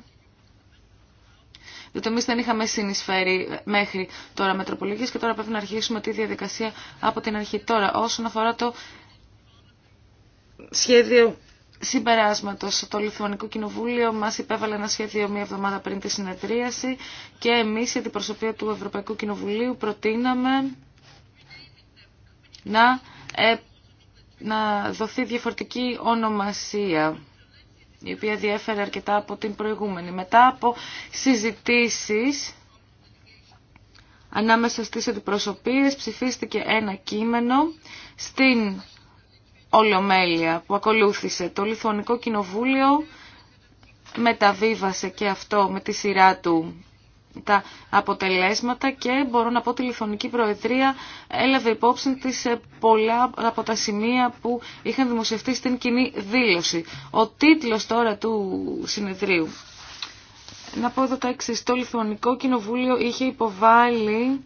διότι εμεί δεν είχαμε συνεισφέρει μέχρι τώρα μετροπολίτες και τώρα πρέπει να αρχίσουμε τη διαδικασία από την αρχή. Τώρα, όσον αφορά το σχέδιο συμπεράσματο Το Λιθουανικό Κοινοβούλιο μας υπέβαλε ένα σχέδιο μία εβδομάδα πριν τη συνεδρίαση και εμείς η αντιπροσωπεία του Ευρωπαϊκού Κοινοβουλίου προτείναμε να, ε, να δοθεί διαφορετική ονομασία η οποία διέφερε αρκετά από την προηγούμενη. Μετά από συζητήσεις ανάμεσα στις αντιπροσωπείες ψηφίστηκε ένα κείμενο στην ολομέλεια που ακολούθησε. Το Λιθουανικό Κοινοβούλιο μεταβίβασε και αυτό με τη σειρά του τα αποτελέσματα και μπορώ να πω ότι η Λιθουανική Προεδρία έλαβε υπόψη της ε, πολλά από τα σημεία που είχαν δημοσιευτεί στην κοινή δήλωση. Ο τίτλος τώρα του συνεδρίου. Να πω εδώ τα εξής. Το Λιθουανικό Κοινοβούλιο είχε υποβάλει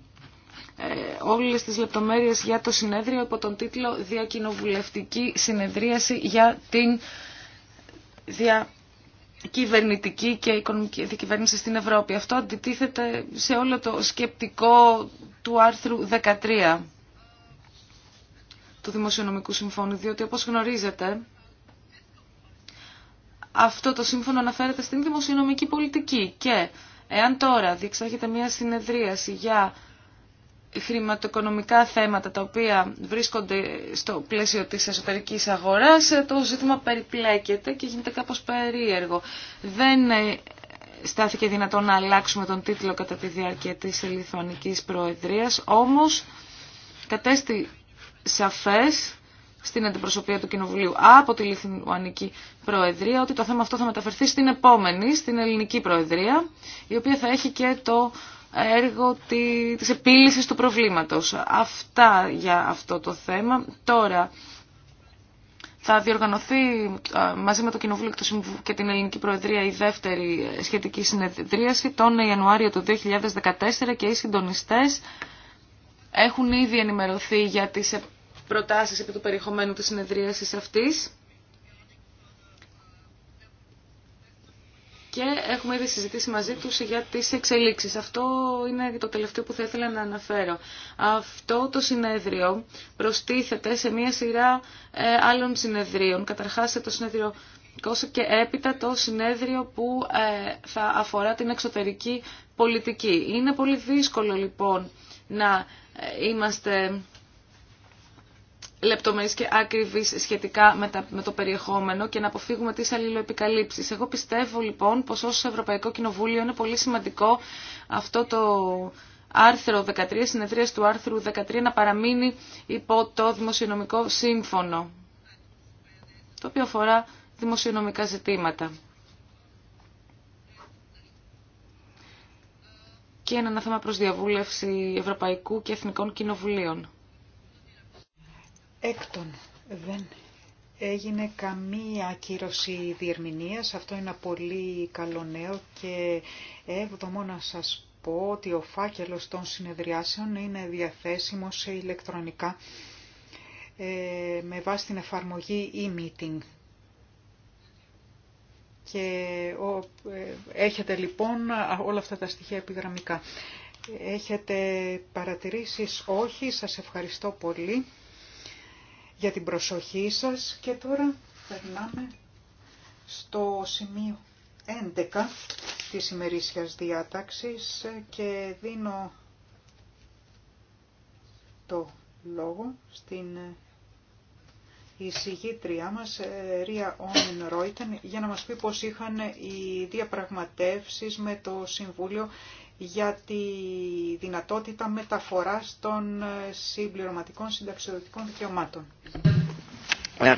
ε, όλες τις λεπτομέρειες για το συνέδριο υπό τον τίτλο «Διακοινοβουλευτική συνεδρίαση για την διακυβερνητική και οικονομική διακυβέρνηση στην Ευρώπη». Αυτό αντιτίθεται σε όλο το σκεπτικό του άρθρου 13 του Δημοσιονομικού Συμφώνου, διότι όπως γνωρίζετε αυτό το σύμφωνο αναφέρεται στην δημοσιονομική πολιτική και εάν τώρα διεξάγεται μια συνεδρίαση για χρηματοοικονομικά θέματα τα οποία βρίσκονται στο πλαίσιο της εσωτερικής αγοράς, το ζήτημα περιπλέκεται και γίνεται κάπως περίεργο. Δεν ε, στάθηκε δυνατόν να αλλάξουμε τον τίτλο κατά τη διάρκεια της Λιθουανικής Προεδρίας, όμως κατέστη σαφές στην αντιπροσωπεία του Κοινοβουλίου από τη Λιθουανική Προεδρία ότι το θέμα αυτό θα μεταφερθεί στην επόμενη, στην Ελληνική Προεδρία, η οποία θα έχει και το έργο της επίλυσης του προβλήματος. Αυτά για αυτό το θέμα. Τώρα θα διοργανωθεί μαζί με το Κοινοβούλιο και την Ελληνική Προεδρία η δεύτερη σχετική συνεδρίαση τον Ιανουάριο του 2014 και οι συντονιστές έχουν ήδη ενημερωθεί για τις προτάσεις επί του περιεχομένου της συνεδρίασης αυτής. και έχουμε ήδη συζητήσει μαζί του για τις εξελίξεις. Αυτό είναι το τελευταίο που θα ήθελα να αναφέρω. Αυτό το συνέδριο προστίθεται σε μία σειρά ε, άλλων συνεδρίων. Καταρχάς το συνέδριο και έπειτα το συνέδριο που ε, θα αφορά την εξωτερική πολιτική. Είναι πολύ δύσκολο λοιπόν να ε, είμαστε λεπτομερής και άκριβης σχετικά με, με το περιεχόμενο και να αποφύγουμε τις αλληλοεπικαλύψεις. Εγώ πιστεύω λοιπόν πως ως Ευρωπαϊκό Κοινοβούλιο είναι πολύ σημαντικό αυτό το άρθρο 13, συνεδρίες του άρθρου 13 να παραμείνει υπό το δημοσιονομικό σύμφωνο, το οποίο αφορά δημοσιονομικά ζητήματα. Και ένα θέμα προς διαβούλευση Ευρωπαϊκού και Εθνικών Κοινοβουλίων. Έκτον, δεν έγινε καμία ακύρωση διερμηνίας, αυτό είναι ένα πολύ καλό νέο και έβδομο να σας πω ότι ο φάκελος των συνεδριάσεων είναι διαθέσιμο σε ηλεκτρονικά ε, με βάση την εφαρμογή e-meeting. Και ε, έχετε λοιπόν όλα αυτά τα στοιχεία επιγραμμικά. Έχετε παρατηρήσεις όχι, σας ευχαριστώ πολύ για την προσοχή σας και τώρα περνάμε στο σημείο 11 της ημερήσιας διάταξης και δίνω το λόγο στην εισηγήτριά μας, ε, Ρία Όμιν Ρόιτεν, για να μας πει πώς είχαν οι διαπραγματεύσεις με το Συμβούλιο για τη δυνατότητα μεταφοράς των ε, συμπληρωματικών συνταξιδοτικών δικαιωμάτων. Ε,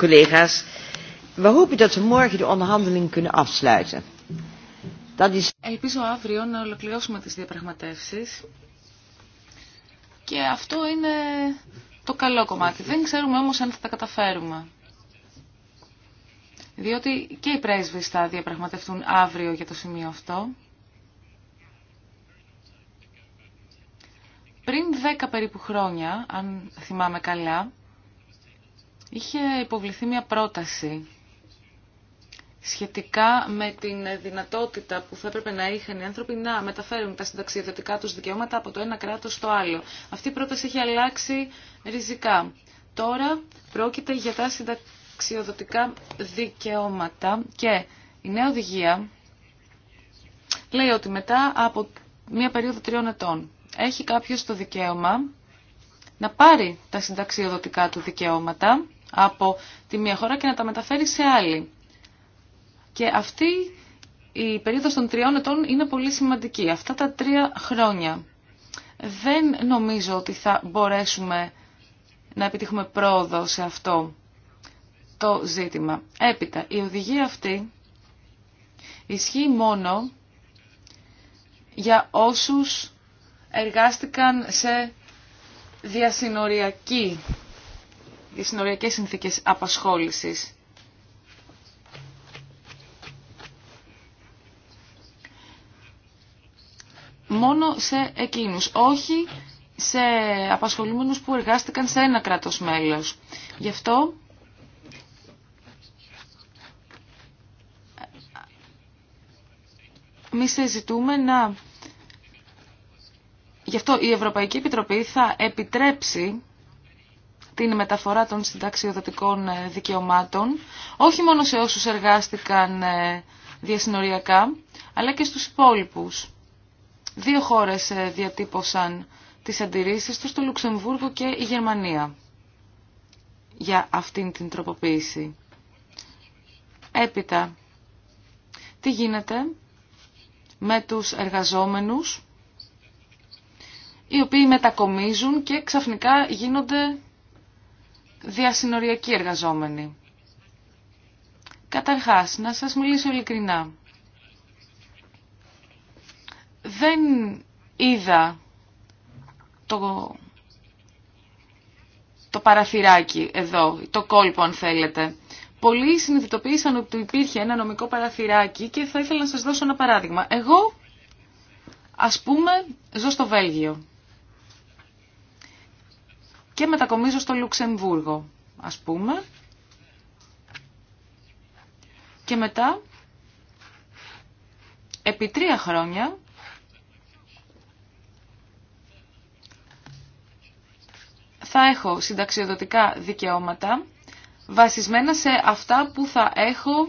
collega's, we hopen dat we morgen de onderhandeling kunnen afsluiten. Ελπίζω αύριο να ολοκληρώσουμε τις διαπραγματεύσεις και αυτό είναι το καλό κομμάτι. Δεν ξέρουμε όμως αν θα τα καταφέρουμε. Διότι και οι πρέσβεις θα διαπραγματευτούν αύριο για το σημείο αυτό. Πριν 10 περίπου χρόνια, αν θυμάμαι καλά, είχε υποβληθεί μια πρόταση σχετικά με την δυνατότητα που θα έπρεπε να είχαν οι άνθρωποι να μεταφέρουν τα συνταξιοδοτικά τους δικαιώματα από το ένα κράτος στο άλλο. Αυτή η πρόταση έχει αλλάξει ριζικά. Τώρα πρόκειται για τα συνταξιοδοτικά δικαιώματα και η νέα οδηγία λέει ότι μετά από μία περίοδο τριών ετών έχει κάποιος το δικαίωμα να πάρει τα συνταξιοδοτικά του δικαιώματα από τη μία χώρα και να τα μεταφέρει σε άλλη. Και αυτή η περίοδος των τριών ετών είναι πολύ σημαντική. Αυτά τα τρία χρόνια δεν νομίζω ότι θα μπορέσουμε να επιτύχουμε πρόοδο σε αυτό το ζήτημα. Έπειτα, η οδηγία αυτή ισχύει μόνο για όσους εργάστηκαν σε διασυνοριακή, διασυνοριακές συνθήκες απασχόλησης. Μόνο σε εκείνους, όχι σε απασχολούμενους που εργάστηκαν σε ένα κράτος μέλος. Γι' αυτό εμεί ζητούμε να Γι' αυτό η Ευρωπαϊκή Επιτροπή θα επιτρέψει την μεταφορά των συνταξιοδοτικών ε, δικαιωμάτων, όχι μόνο σε όσους εργάστηκαν ε, διασυνοριακά, αλλά και στους υπόλοιπους. Δύο χώρες ε, διατύπωσαν τις αντιρρήσεις τους, το Λουξεμβούργο και η Γερμανία, για αυτήν την τροποποίηση. Έπειτα, τι γίνεται με τους εργαζόμενους οι οποίοι μετακομίζουν και ξαφνικά γίνονται διασυνοριακοί εργαζόμενοι. Καταρχάς, να σας μιλήσω ειλικρινά. Δεν είδα το, το παραθυράκι εδώ, το κόλπο αν θέλετε. Πολλοί συνειδητοποίησαν ότι υπήρχε ένα νομικό παραθυράκι και θα ήθελα να σας δώσω ένα παράδειγμα. Εγώ, ας πούμε, ζω στο Βέλγιο και μετακομίζω στο Λουξεμβούργο, ας πούμε. Και μετά, επί τρία χρόνια, θα έχω συνταξιοδοτικά δικαιώματα βασισμένα σε αυτά που θα έχω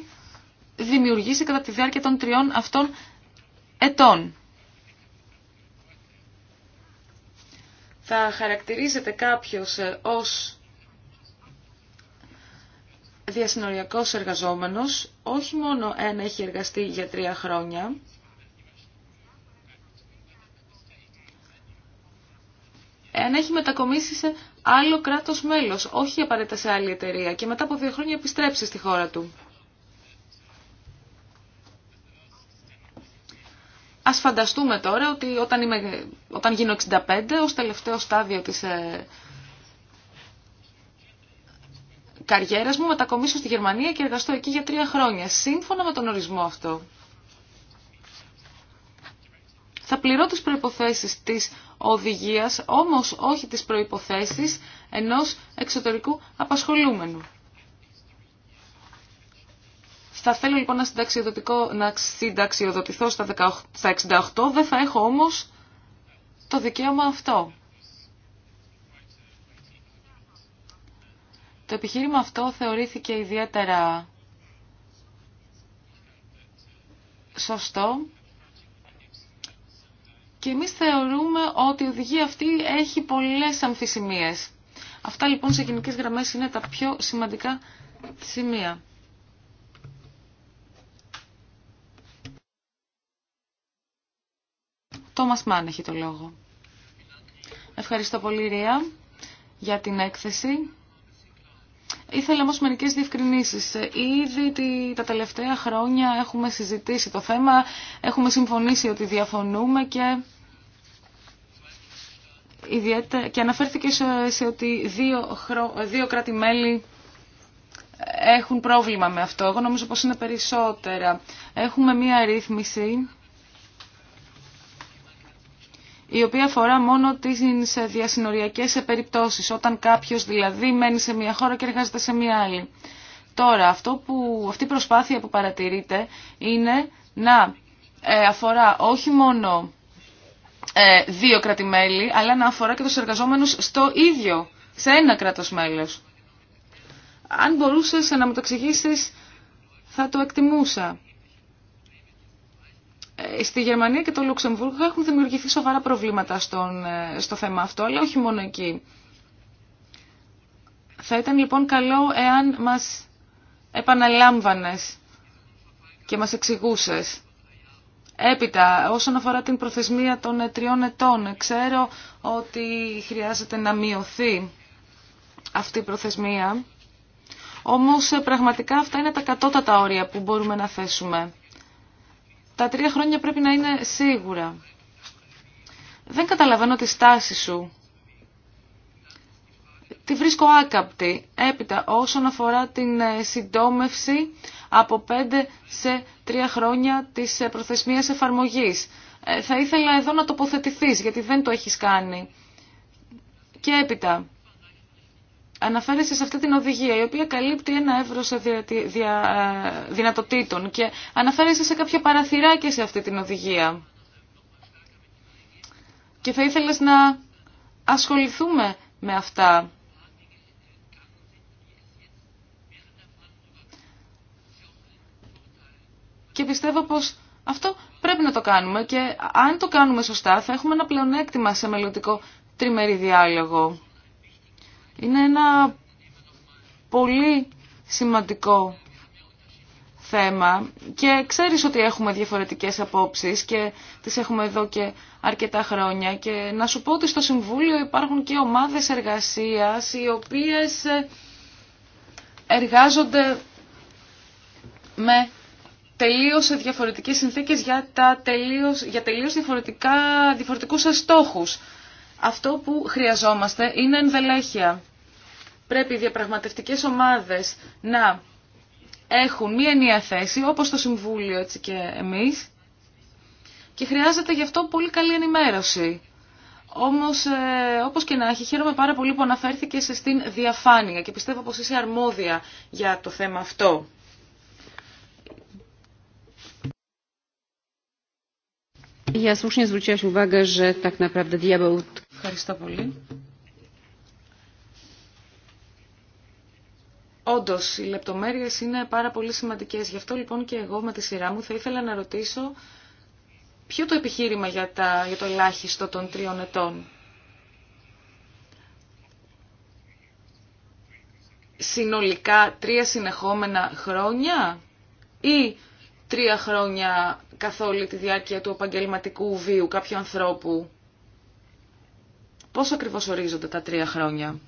δημιουργήσει κατά τη διάρκεια των τριών αυτών ετών. θα χαρακτηρίζεται κάποιος ε, ως διασυνοριακός εργαζόμενος, όχι μόνο ένα έχει εργαστεί για τρία χρόνια, εάν έχει μετακομίσει σε άλλο κράτος μέλος, όχι απαραίτητα σε άλλη εταιρεία και μετά από δύο χρόνια επιστρέψει στη χώρα του. Ας φανταστούμε τώρα ότι όταν, είμαι, όταν γίνω 65, ως τελευταίο στάδιο της ε, καριέρας μου, μετακομίσω στη Γερμανία και εργαστώ εκεί για τρία χρόνια. Σύμφωνα με τον ορισμό αυτό. Θα πληρώ τις προϋποθέσεις της οδηγίας, όμως όχι τις προϋποθέσεις ενός εξωτερικού απασχολούμενου. Θα θέλω λοιπόν να, να συνταξιοδοτηθώ στα 68, δεν θα έχω όμως το δικαίωμα αυτό. Το επιχείρημα αυτό θεωρήθηκε ιδιαίτερα σωστό και εμείς θεωρούμε ότι η οδηγία αυτή έχει πολλές αμφισημίες. Αυτά λοιπόν σε γενικές γραμμές είναι τα πιο σημαντικά σημεία. Τόμας Μάν έχει το λόγο. Ευχαριστώ πολύ, Ρία, για την έκθεση. Ήθελα όμως μερικές διευκρινήσεις. Ήδη τα τελευταία χρόνια έχουμε συζητήσει το θέμα, έχουμε συμφωνήσει ότι διαφωνούμε και... Και αναφέρθηκε σε ότι δύο, δύο κράτη-μέλη έχουν πρόβλημα με αυτό. Εγώ νομίζω πως είναι περισσότερα. Έχουμε μία ρύθμιση η οποία αφορά μόνο τις διασυνοριακές περιπτώσεις, όταν κάποιος δηλαδή μένει σε μια χώρα και εργάζεται σε μια άλλη. Τώρα, αυτό που, αυτή η προσπάθεια που παρατηρείται είναι να ε, αφορά όχι μόνο ε, δύο κρατημέλη, αλλά να αφορά και τους εργαζόμενους στο ίδιο, σε ένα κράτος μέλος. Αν μπορούσες να μου το εξηγήσει, θα το εκτιμούσα στη Γερμανία και το Λουξεμβούργο έχουν δημιουργηθεί σοβαρά προβλήματα στον, ε, στο θέμα αυτό, αλλά όχι μόνο εκεί. Θα ήταν λοιπόν καλό εάν μας επαναλάμβανες και μας εξηγούσες. Έπειτα, όσον αφορά την προθεσμία των ε, τριών ετών, ξέρω ότι χρειάζεται να μειωθεί αυτή η προθεσμία. Όμως ε, πραγματικά αυτά είναι τα κατώτατα όρια που μπορούμε να θέσουμε τα τρία χρόνια πρέπει να είναι σίγουρα. Δεν καταλαβαίνω τη στάση σου. Τη βρίσκω άκαπτη. Έπειτα, όσον αφορά την ε, συντόμευση από πέντε σε τρία χρόνια της ε, προθεσμίας εφαρμογής. Ε, θα ήθελα εδώ να τοποθετηθείς, γιατί δεν το έχεις κάνει. Και έπειτα, αναφέρεσαι σε αυτή την οδηγία η οποία καλύπτει ένα εύρος δυνατοτήτων και αναφέρεσαι σε κάποια παραθυράκια σε αυτή την οδηγία. Και θα ήθελες να ασχοληθούμε με αυτά. Και πιστεύω πως αυτό πρέπει να το κάνουμε και αν το κάνουμε σωστά θα έχουμε ένα πλεονέκτημα σε μελλοντικό τριμερή διάλογο είναι ένα πολύ σημαντικό θέμα και ξέρεις ότι έχουμε διαφορετικές απόψεις και τις έχουμε εδώ και αρκετά χρόνια και να σου πω ότι στο Συμβούλιο υπάρχουν και ομάδες εργασίας οι οποίες ε, εργάζονται με τελείως διαφορετικές συνθήκες για, τα τελείως, για τελείως διαφορετικά, διαφορετικούς στόχους αυτό που χρειαζόμαστε είναι ενδελέχεια. Πρέπει οι διαπραγματευτικές ομάδες να έχουν μία ενιαία θέση, όπως το Συμβούλιο έτσι και εμείς, και χρειάζεται γι' αυτό πολύ καλή ενημέρωση. Όμως, ε, όπως και να έχει, χαίρομαι πάρα πολύ που αναφέρθηκε σε στην διαφάνεια και πιστεύω πως είσαι αρμόδια για το θέμα αυτό. Ja słusznie zwróciłaś uwagę, że tak naprawdę diabeł Ευχαριστώ πολύ. Όντω, οι λεπτομέρειε είναι πάρα πολύ σημαντικέ. Γι' αυτό λοιπόν και εγώ με τη σειρά μου θα ήθελα να ρωτήσω ποιο το επιχείρημα για, τα, για το ελάχιστο των τριών ετών. Συνολικά τρία συνεχόμενα χρόνια ή τρία χρόνια καθ' όλη τη διάρκεια του επαγγελματικού βίου κάποιου ανθρώπου. Πώς ακριβώς ορίζονται τα τρία χρόνια.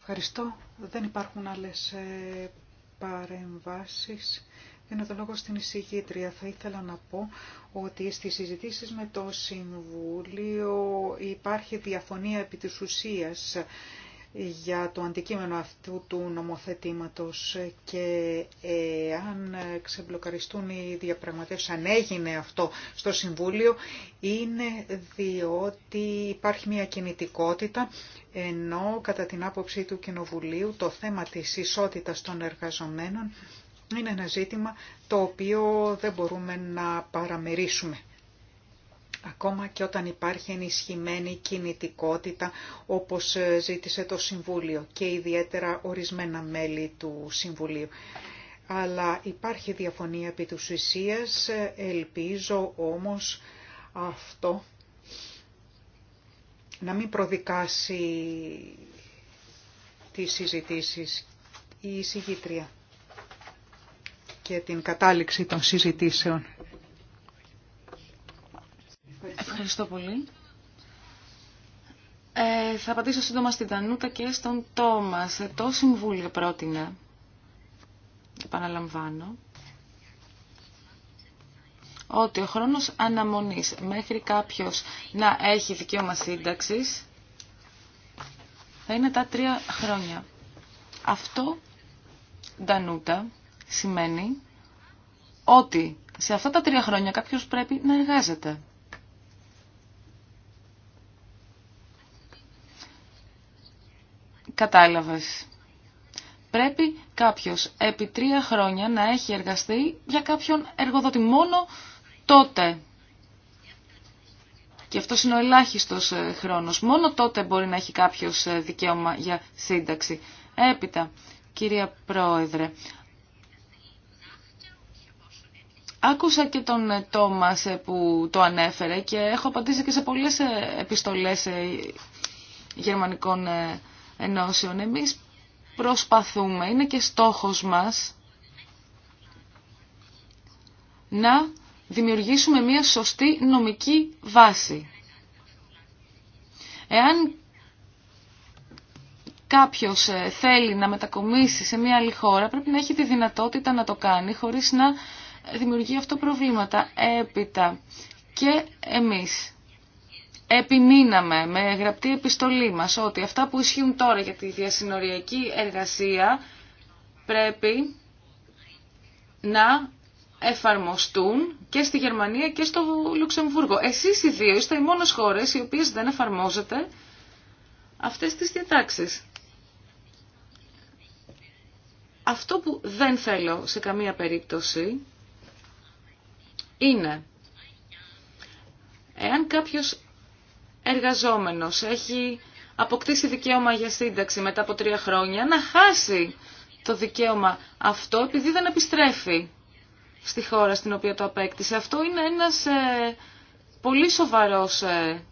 Ευχαριστώ. Δεν υπάρχουν άλλες ε, παρεμβάσεις. Δίνω το λόγο στην εισηγήτρια. Θα ήθελα να πω ότι στις συζητήσεις με το Συμβούλιο υπάρχει διαφωνία επί της ουσίας για το αντικείμενο αυτού του νομοθετήματος και αν ξεμπλοκαριστούν οι διαπραγματεύσεις, αν έγινε αυτό στο Συμβούλιο, είναι διότι υπάρχει μια κινητικότητα ενώ κατά την άποψη του Κοινοβουλίου το θέμα της ισότητας των εργαζομένων είναι ένα ζήτημα το οποίο δεν μπορούμε να παραμερίσουμε ακόμα και όταν υπάρχει ενισχυμένη κινητικότητα όπως ε, ζήτησε το Συμβούλιο και ιδιαίτερα ορισμένα μέλη του Συμβουλίου. Αλλά υπάρχει διαφωνία επί του ουσίας, ε, ελπίζω όμως αυτό να μην προδικάσει τις συζητήσεις η εισηγήτρια και την κατάληξη των συζητήσεων. Ευχαριστώ πολύ. Ε, θα απαντήσω σύντομα στην Τανούτα και στον Τόμας. Ε, το Συμβούλιο πρότεινε, επαναλαμβάνω, ότι ο χρόνος αναμονής μέχρι κάποιος να έχει δικαίωμα σύνταξης θα είναι τα τρία χρόνια. Αυτό, Τανούτα σημαίνει ότι σε αυτά τα τρία χρόνια κάποιος πρέπει να εργάζεται. Κατάλαβες. Πρέπει κάποιος επί τρία χρόνια να έχει εργαστεί για κάποιον εργοδότη μόνο τότε. Και αυτό είναι ο ελάχιστο ε, χρόνος. Μόνο τότε μπορεί να έχει κάποιος ε, δικαίωμα για σύνταξη. Έπειτα, κυρία Πρόεδρε, Άκουσα και τον ε, Τόμας που το ανέφερε και έχω απαντήσει και σε πολλές επιστολές γερμανικών ενώσεων. Εμείς προσπαθούμε, είναι και στόχος μας, να δημιουργήσουμε μια σωστή νομική βάση. Εάν κάποιος ε, θέλει να μετακομίσει σε μια άλλη χώρα, πρέπει να έχει τη δυνατότητα να το κάνει χωρίς να δημιουργεί αυτό προβλήματα έπειτα. Και εμείς επιμείναμε με γραπτή επιστολή μας ότι αυτά που ισχύουν τώρα για τη διασυνοριακή εργασία πρέπει να εφαρμοστούν και στη Γερμανία και στο Λουξεμβούργο. Εσείς οι δύο είστε οι μόνες χώρες οι οποίες δεν εφαρμόζετε αυτές τις διατάξεις. Αυτό που δεν θέλω σε καμία περίπτωση είναι εάν κάποιος εργαζόμενος, έχει αποκτήσει δικαίωμα για σύνταξη μετά από τρία χρόνια, να χάσει το δικαίωμα αυτό επειδή δεν επιστρέφει στη χώρα στην οποία το απέκτησε. Αυτό είναι ένας ε, πολύ σοβαρός ε,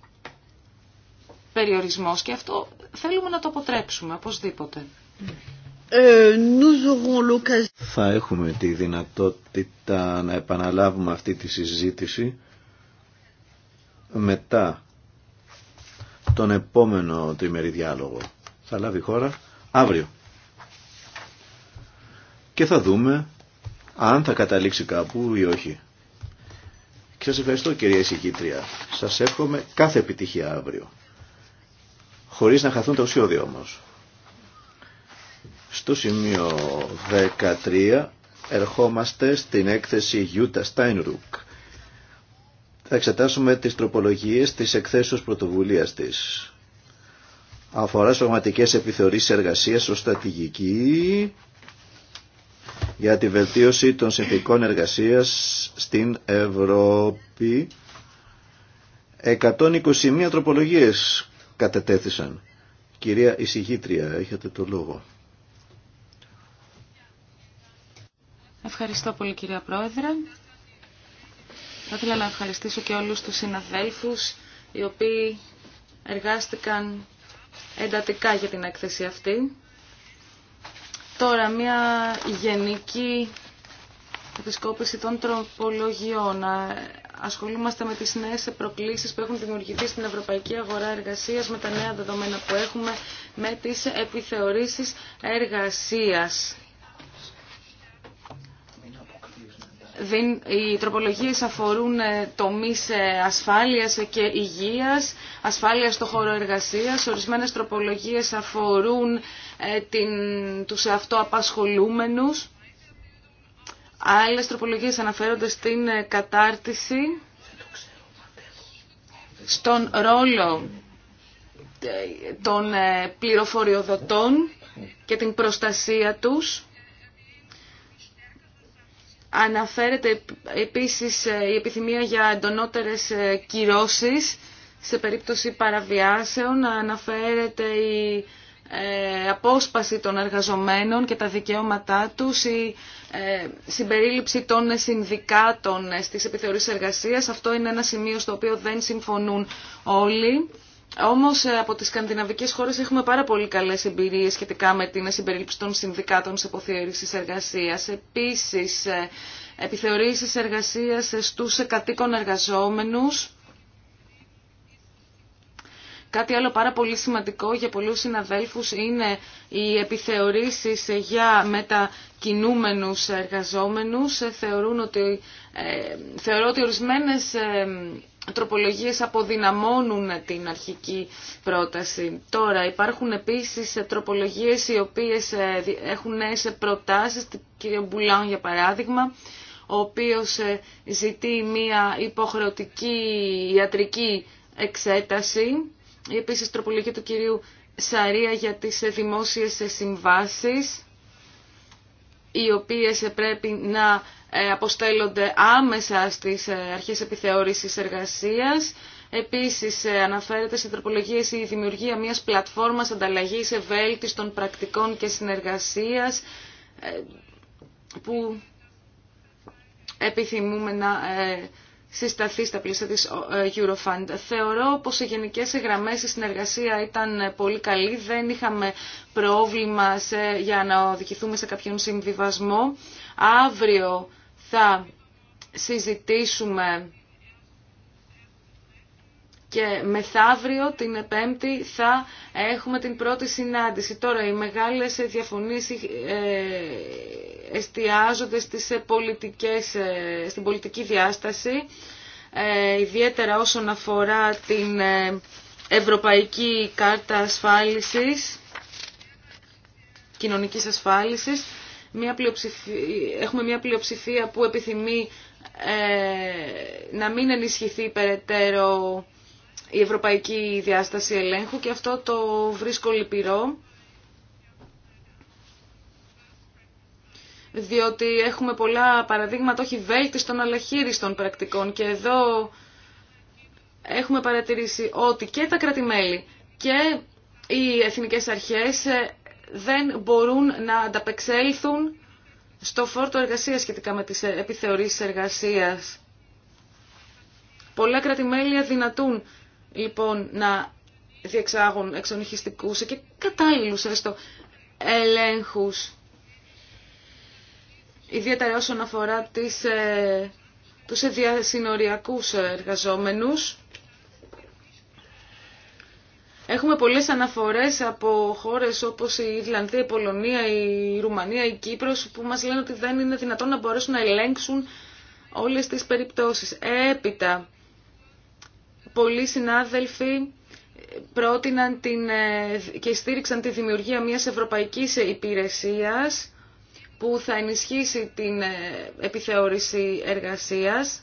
περιορισμός και αυτό θέλουμε να το αποτρέψουμε οπωσδήποτε. Ε, Θα έχουμε τη δυνατότητα να επαναλάβουμε αυτή τη συζήτηση μετά τον επόμενο τριμερή διάλογο. Θα λάβει χώρα αύριο. Και θα δούμε αν θα καταλήξει κάπου ή όχι. Και σας ευχαριστώ κυρία εισηγήτρια. Σας εύχομαι κάθε επιτυχία αύριο. Χωρίς να χαθούν τα ουσιώδη όμως. Στο σημείο 13 ερχόμαστε στην έκθεση Γιούτα Στάινρουκ θα εξετάσουμε τις τροπολογίες της εκθέσεως πρωτοβουλίας της. Αφορά σωματικές επιθεωρήσεις εργασίας ως στρατηγική για τη βελτίωση των συνθηκών εργασίας στην Ευρώπη. 121 τροπολογίες κατετέθησαν. Κυρία Ισηγήτρια, έχετε το λόγο. Ευχαριστώ πολύ κυρία Πρόεδρε. Θα ήθελα να ευχαριστήσω και όλους τους συναδέλφους οι οποίοι εργάστηκαν εντατικά για την έκθεση αυτή. Τώρα μια γενική επισκόπηση των τροπολογιών. Ασχολούμαστε με τις νέες προκλήσεις που έχουν δημιουργηθεί στην ευρωπαϊκή αγορά εργασίας, με τα νέα δεδομένα που έχουμε, με τις επιθεωρήσεις εργασίας. Οι τροπολογίες αφορούν ε, τομείς ε, ασφάλειας και υγείας, ασφάλειας στο χώρο εργασίας. Ορισμένες τροπολογίες αφορούν ε, την, τους αυτοαπασχολούμενους. Άλλες τροπολογίες αναφέρονται στην κατάρτιση, στον ρόλο των πληροφοριοδοτών και την προστασία τους. Αναφέρεται επίσης ε, η επιθυμία για εντονότερες ε, κυρώσεις σε περίπτωση παραβιάσεων. Αναφέρεται η ε, απόσπαση των εργαζομένων και τα δικαιώματά τους, η συμπερίληψη των συνδικάτων στις επιθεωρήσεις εργασίας. Αυτό είναι ένα σημείο στο οποίο δεν συμφωνούν όλοι. Όμως ε, από τις σκανδιναβικές χώρες έχουμε πάρα πολύ καλές εμπειρίες σχετικά με την συμπερίληψη των συνδικάτων σε αποθεωρήσεις εργασίας. Επίσης, ε, επιθεωρήσεις εργασίας στους κατοίκων εργαζόμενους. Κάτι άλλο πάρα πολύ σημαντικό για πολλούς συναδέλφους είναι οι επιθεωρήσεις για μετακινούμενους εργαζόμενους. Ε, θεωρώ ότι ορισμένες τροπολογίες αποδυναμώνουν την αρχική πρόταση. Τώρα υπάρχουν επίσης τροπολογίες οι οποίες ε, έχουν νέες προτάσεις, κ. Μπουλάν για παράδειγμα, ο οποίος ε, ζητεί μία υποχρεωτική ιατρική εξέταση, η επίσης τροπολογία του κυρίου Σαρία για τις ε, δημόσιες συμβάσεις, οι οποίες πρέπει να ε, αποστέλλονται άμεσα στις ε, αρχές επιθεώρησης εργασίας. Επίσης ε, αναφέρεται σε τροπολογίες η δημιουργία μιας πλατφόρμας ανταλλαγής των πρακτικών και συνεργασίας που επιθυμούμε να συσταθεί στα πλαίσια της ε, Eurofund. Θεωρώ πως οι γενικές γραμμές η συνεργασία ήταν ε, πολύ καλή, δεν είχαμε πρόβλημα σε, για να οδηγηθούμε σε κάποιον συμβιβασμό. Αύριο θα συζητήσουμε και μεθαύριο την Πέμπτη θα έχουμε την πρώτη συνάντηση. Τώρα οι μεγάλες διαφωνίες ε, εστιάζονται στις ε, πολιτικές, ε, στην πολιτική διάσταση, ιδιαίτερα όσον αφορά την Ευρωπαϊκή Κάρτα Ασφάλισης, Κοινωνικής Ασφάλισης. Μια έχουμε μια πλειοψηφία που επιθυμεί να μην ενισχυθεί περαιτέρω η ευρωπαϊκή διάσταση ελέγχου και αυτό το βρίσκω λυπηρό. διότι έχουμε πολλά παραδείγματα όχι βέλτιστων αλλά χείριστων πρακτικών και εδώ έχουμε παρατηρήσει ότι και τα κρατημέλη και οι εθνικές αρχές δεν μπορούν να ανταπεξέλθουν στο φόρτο εργασίας σχετικά με τις επιθεωρήσεις εργασίας. Πολλά κρατημέλη αδυνατούν λοιπόν να διεξάγουν εξονυχιστικούς και κατάλληλους έστω ελέγχους ιδιαίτερα όσον αφορά τις, ε, τους διασυνοριακούς εργαζόμενους. Έχουμε πολλές αναφορές από χώρες όπως η Ιρλανδία, η Πολωνία, η Ρουμανία, η Κύπρος που μας λένε ότι δεν είναι δυνατόν να μπορέσουν να ελέγξουν όλες τις περιπτώσεις. Έπειτα, πολλοί συνάδελφοι πρότειναν την, ε, και στήριξαν τη δημιουργία μιας ευρωπαϊκής υπηρεσίας που θα ενισχύσει την ε, επιθεώρηση εργασίας.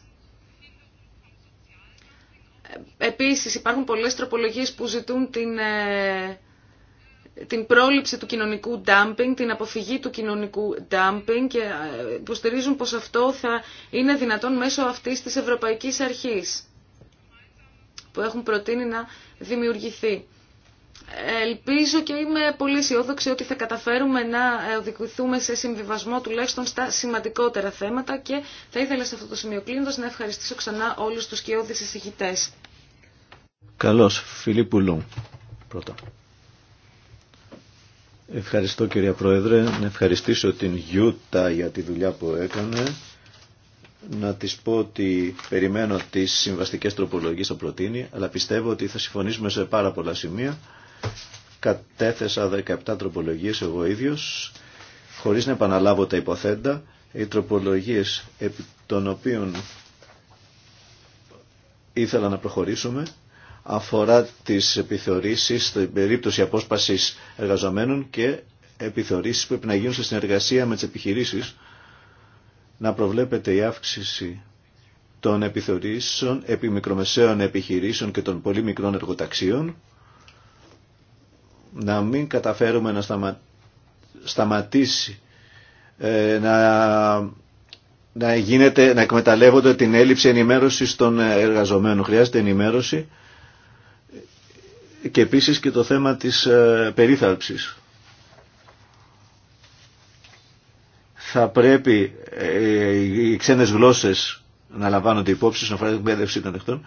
Επίσης υπάρχουν πολλές τροπολογίες που ζητούν την, ε, την πρόληψη του κοινωνικού ντάμπινγκ, την αποφυγή του κοινωνικού ντάμπινγκ και υποστηρίζουν πως αυτό θα είναι δυνατόν μέσω αυτής της Ευρωπαϊκής Αρχής που έχουν προτείνει να δημιουργηθεί. Ελπίζω και είμαι πολύ αισιόδοξη ότι θα καταφέρουμε να οδηγηθούμε σε συμβιβασμό τουλάχιστον στα σημαντικότερα θέματα και θα ήθελα σε αυτό το σημείο κλείνοντα να ευχαριστήσω ξανά όλους τους κοιόδης εισηγητές. Καλώς, Φιλίππουλου, πρώτα. Ευχαριστώ κυρία Πρόεδρε, να ευχαριστήσω την Γιούτα για τη δουλειά που έκανε να της πω ότι περιμένω τις συμβαστικές τροπολογίες που προτείνει, αλλά πιστεύω ότι θα συμφωνήσουμε σε πάρα πολλά σημεία. Κατέθεσα 17 τροπολογίες εγώ ίδιος, χωρίς να επαναλάβω τα υποθέντα, οι τροπολογίες επί των οποίων ήθελα να προχωρήσουμε αφορά τις επιθεωρήσεις στην περίπτωση απόσπασης εργαζομένων και επιθεωρήσεις που πρέπει να γίνουν σε συνεργασία με τις επιχειρήσεις να προβλέπεται η αύξηση των επιθεωρήσεων επί μικρομεσαίων επιχειρήσεων και των πολύ μικρών εργοταξίων, να μην καταφέρουμε να σταματήσει, ε, να... Να, να εκμεταλλεύονται την έλλειψη ενημέρωσης των εργαζομένων. Χρειάζεται ενημέρωση και επίσης και το θέμα της ε, περίθαλψης θα πρέπει ε, οι ξένες γλώσσες να λαμβάνονται υπόψη στον αφορά την εκπαίδευση των δεχτών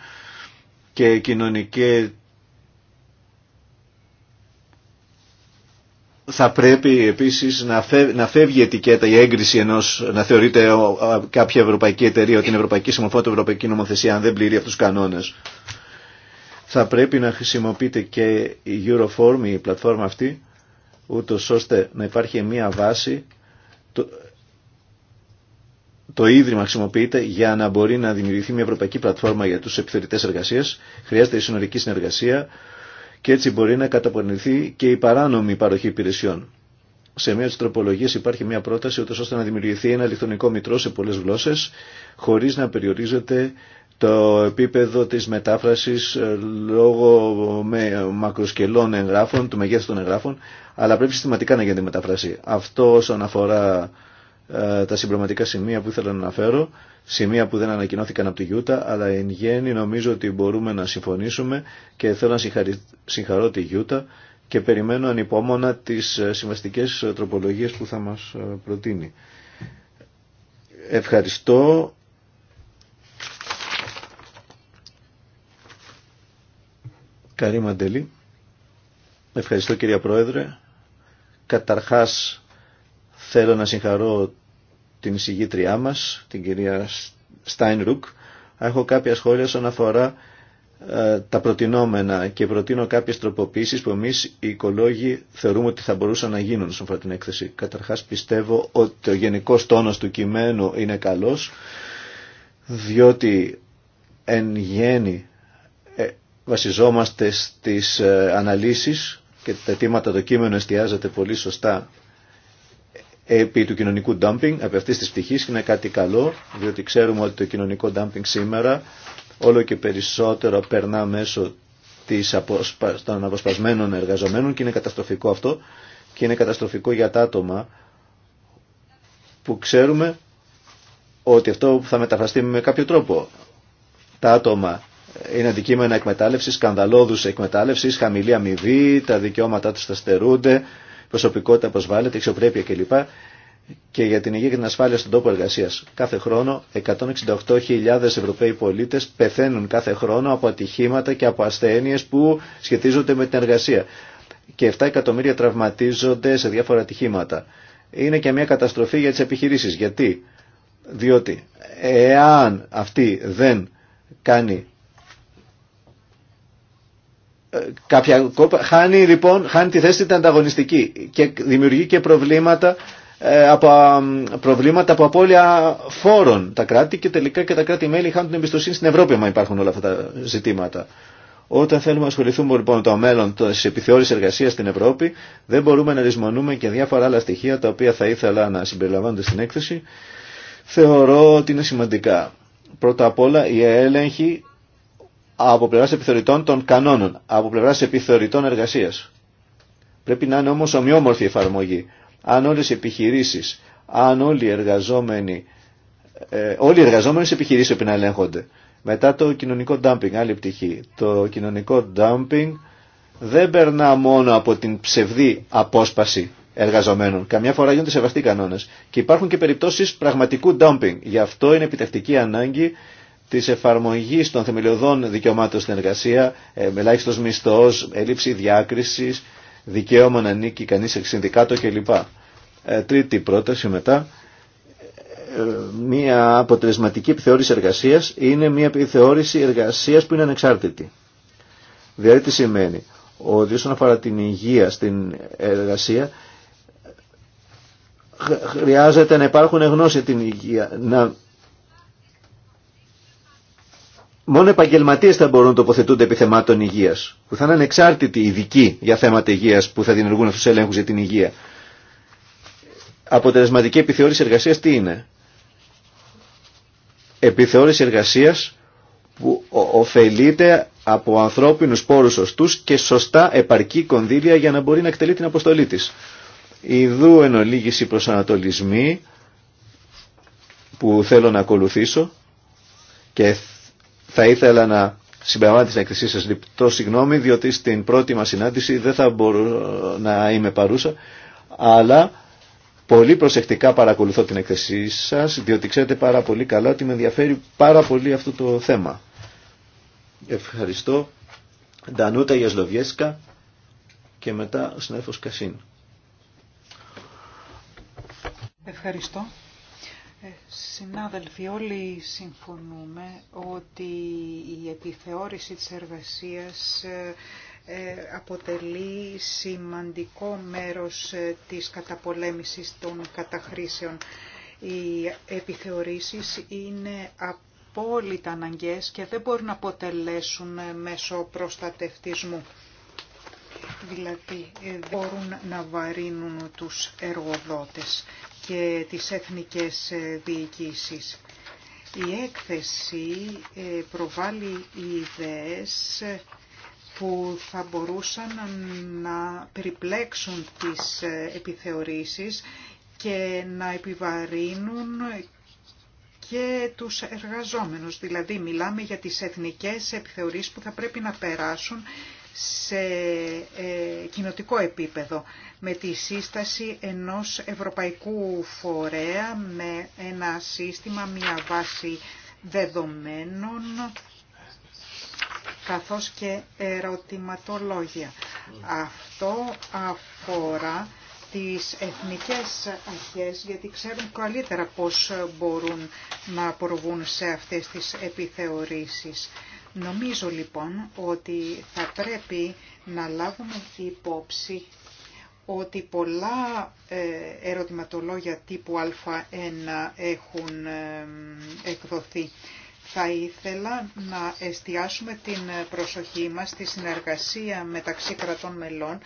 και κοινωνικέ θα πρέπει επίσης να, φεύγει, να φεύγει η ετικέτα η έγκριση ενός, να θεωρείται κάποια ευρωπαϊκή εταιρεία ότι είναι ευρωπαϊκή συμμορφότητα, ευρωπαϊκή νομοθεσία αν δεν πληρεί αυτούς τους κανόνες. Θα πρέπει να χρησιμοποιείται και η Euroform, η πλατφόρμα αυτή, ούτως ώστε να υπάρχει μια βάση το Ίδρυμα χρησιμοποιείται για να μπορεί να δημιουργηθεί μια ευρωπαϊκή πλατφόρμα για τους επιθεωρητές εργασίας. Χρειάζεται η συνολική συνεργασία και έτσι μπορεί να καταπονηθεί και η παράνομη παροχή υπηρεσιών. Σε μια τη τροπολογία υπάρχει μια πρόταση ώστε να δημιουργηθεί ένα ηλεκτρονικό μητρό σε πολλέ γλώσσε, χωρί να περιορίζεται το επίπεδο της μετάφρασης ε, λόγω με μακροσκελών εγγράφων, του μεγέθους των εγγράφων, αλλά πρέπει συστηματικά να γίνεται μετάφραση. Αυτό όσον αφορά ε, τα συμπληρωματικά σημεία που ήθελα να αναφέρω, σημεία που δεν ανακοινώθηκαν από τη Γιούτα, αλλά εν γέννη νομίζω ότι μπορούμε να συμφωνήσουμε και θέλω να συγχαρώ τη Γιούτα και περιμένω ανυπόμονα τις ε, συμβαστικές ε, τροπολογίες που θα μας προτείνει. Ευχαριστώ. Καρή Μαντελή. Ευχαριστώ κυρία Πρόεδρε. Καταρχάς θέλω να συγχαρώ την εισηγήτριά μας, την κυρία Στάινρουκ. Έχω κάποια σχόλια όσον αφορά ε, τα προτινόμενα και προτείνω κάποιες τροποποίησεις που εμείς οι οικολόγοι θεωρούμε ότι θα μπορούσαν να γίνουν στον αφορά την έκθεση. Καταρχάς πιστεύω ότι ο γενικός τόνος του κειμένου είναι καλός διότι εν γέννη ε, βασιζόμαστε στις ε, αναλύσεις και τα αιτήματα το κείμενο εστιάζεται πολύ σωστά επί του κοινωνικού ντάμπινγκ, από αυτής τη πτυχής είναι κάτι καλό, διότι ξέρουμε ότι το κοινωνικό dumping σήμερα όλο και περισσότερο περνά μέσω της αποσπα... των αποσπασμένων εργαζομένων και είναι καταστροφικό αυτό και είναι καταστροφικό για τα άτομα που ξέρουμε ότι αυτό θα μεταφραστεί με κάποιο τρόπο. Τα άτομα είναι αντικείμενα εκμετάλλευσης, σκανδαλώδους εκμετάλλευσης, χαμηλή αμοιβή, τα δικαιώματά τους θα στερούνται, προσωπικότητα προσβάλλεται, εξωπρέπεια κλπ. και για την υγεία και την ασφάλεια στον τόπο εργασία. Κάθε χρόνο 168.000 Ευρωπαίοι πολίτε πεθαίνουν κάθε χρόνο από ατυχήματα και από ασθένειε που σχετίζονται με την εργασία. Και 7 εκατομμύρια τραυματίζονται σε διάφορα ατυχήματα. Είναι και μια καταστροφή για τι επιχειρήσει. Γιατί? Διότι εάν αυτή δεν κάνει κάποια κόπα, χάνει λοιπόν χάνει τη θέση την ανταγωνιστική και δημιουργεί και προβλήματα ε, από προβλήματα από απώλεια φόρων τα κράτη και τελικά και τα κράτη-μέλη χάνουν την εμπιστοσύνη στην Ευρώπη μα υπάρχουν όλα αυτά τα ζητήματα. Όταν θέλουμε να ασχοληθούμε λοιπόν το μέλλον τη επιθεώρηση εργασία στην Ευρώπη, δεν μπορούμε να ρισμονούμε και διάφορα άλλα στοιχεία τα οποία θα ήθελα να συμπεριλαμβάνονται στην έκθεση. Θεωρώ ότι είναι σημαντικά. Πρώτα απ' όλα η έλεγχη από πλευρά επιθεωρητών των κανόνων, από πλευρά επιθεωρητών εργασία. Πρέπει να είναι όμω ομοιόμορφη η εφαρμογή. Αν όλε οι επιχειρήσει, αν όλοι οι εργαζόμενοι, ε, όλοι οι εργαζόμενοι σε επιχειρήσει πρέπει να ελέγχονται. Μετά το κοινωνικό dumping, άλλη πτυχή. Το κοινωνικό dumping δεν περνά μόνο από την ψευδή απόσπαση εργαζομένων. Καμιά φορά γίνονται σεβαστοί κανόνε. Και υπάρχουν και περιπτώσει πραγματικού dumping. Γι' αυτό είναι επιτακτική ανάγκη της εφαρμογής των θεμελιωδών δικαιωμάτων στην εργασία, ε, μελάχιστος μισθός, έλλειψη διάκρισης, δικαίωμα να νίκει κανείς σε συνδικάτο κλπ. Ε, τρίτη πρόταση μετά, ε, μια αποτελεσματική επιθεώρηση εργασίας είναι μια επιθεώρηση εργασίας που είναι ανεξάρτητη. Δηλαδή τι σημαίνει, ότι όσον αφορά την υγεία στην εργασία, χρειάζεται να υπάρχουν γνώση την υγεία, να μόνο επαγγελματίε θα μπορούν να τοποθετούνται θεμάτων υγεία, που θα είναι ανεξάρτητοι ειδικοί για θέματα υγεία που θα δημιουργούν αυτού του έλεγχου για την υγεία. Αποτελεσματική επιθεώρηση εργασία τι είναι. Επιθεώρηση εργασία που ωφελείται από ανθρώπινους πόρους σωστού και σωστά επαρκή κονδύλια για να μπορεί να εκτελεί την αποστολή τη. Ιδού εν ολίγηση προσανατολισμοί που θέλω να ακολουθήσω και θα ήθελα να συμπεριλαμβάνω την έκθεσή σας λοιπόν, συγγνώμη διότι στην πρώτη μας συνάντηση δεν θα μπορώ να είμαι παρούσα αλλά πολύ προσεκτικά παρακολουθώ την έκθεσή σας διότι ξέρετε πάρα πολύ καλά ότι με ενδιαφέρει πάρα πολύ αυτό το θέμα. Ευχαριστώ. Ντανούτα Γιασλοβιέσκα και μετά ο συνέφος Κασίν. Ευχαριστώ. Ε, συνάδελφοι, όλοι συμφωνούμε ότι η επιθεώρηση της εργασίας ε, ε, αποτελεί σημαντικό μέρος της καταπολέμησης των καταχρήσεων. Οι επιθεωρήσεις είναι απόλυτα αναγκαίες και δεν μπορούν να αποτελέσουν μέσω προστατευτισμού. Δηλαδή, μπορούν να βαρύνουν τους εργοδότες και τις εθνικές ε, διοικήσεις. Η έκθεση ε, προβάλλει ιδέες ε, που θα μπορούσαν να περιπλέξουν τις επιθεωρήσεις και να επιβαρύνουν και τους εργαζόμενους. Δηλαδή μιλάμε για τις εθνικές επιθεωρήσεις που θα πρέπει να περάσουν σε ε, κοινοτικό επίπεδο με τη σύσταση ενός ευρωπαϊκού φορέα με ένα σύστημα, μια βάση δεδομένων καθώς και ερωτηματολόγια. Αυτό αφορά τις εθνικές αρχές γιατί ξέρουν καλύτερα πώς μπορούν να προβούν σε αυτές τις επιθεωρήσεις. Νομίζω λοιπόν ότι θα πρέπει να λάβουμε υπόψη ότι πολλά ε, ερωτηματολόγια τύπου Α1 έχουν ε, εκδοθεί. Θα ήθελα να εστιάσουμε την προσοχή μας στη συνεργασία μεταξύ κρατών μελών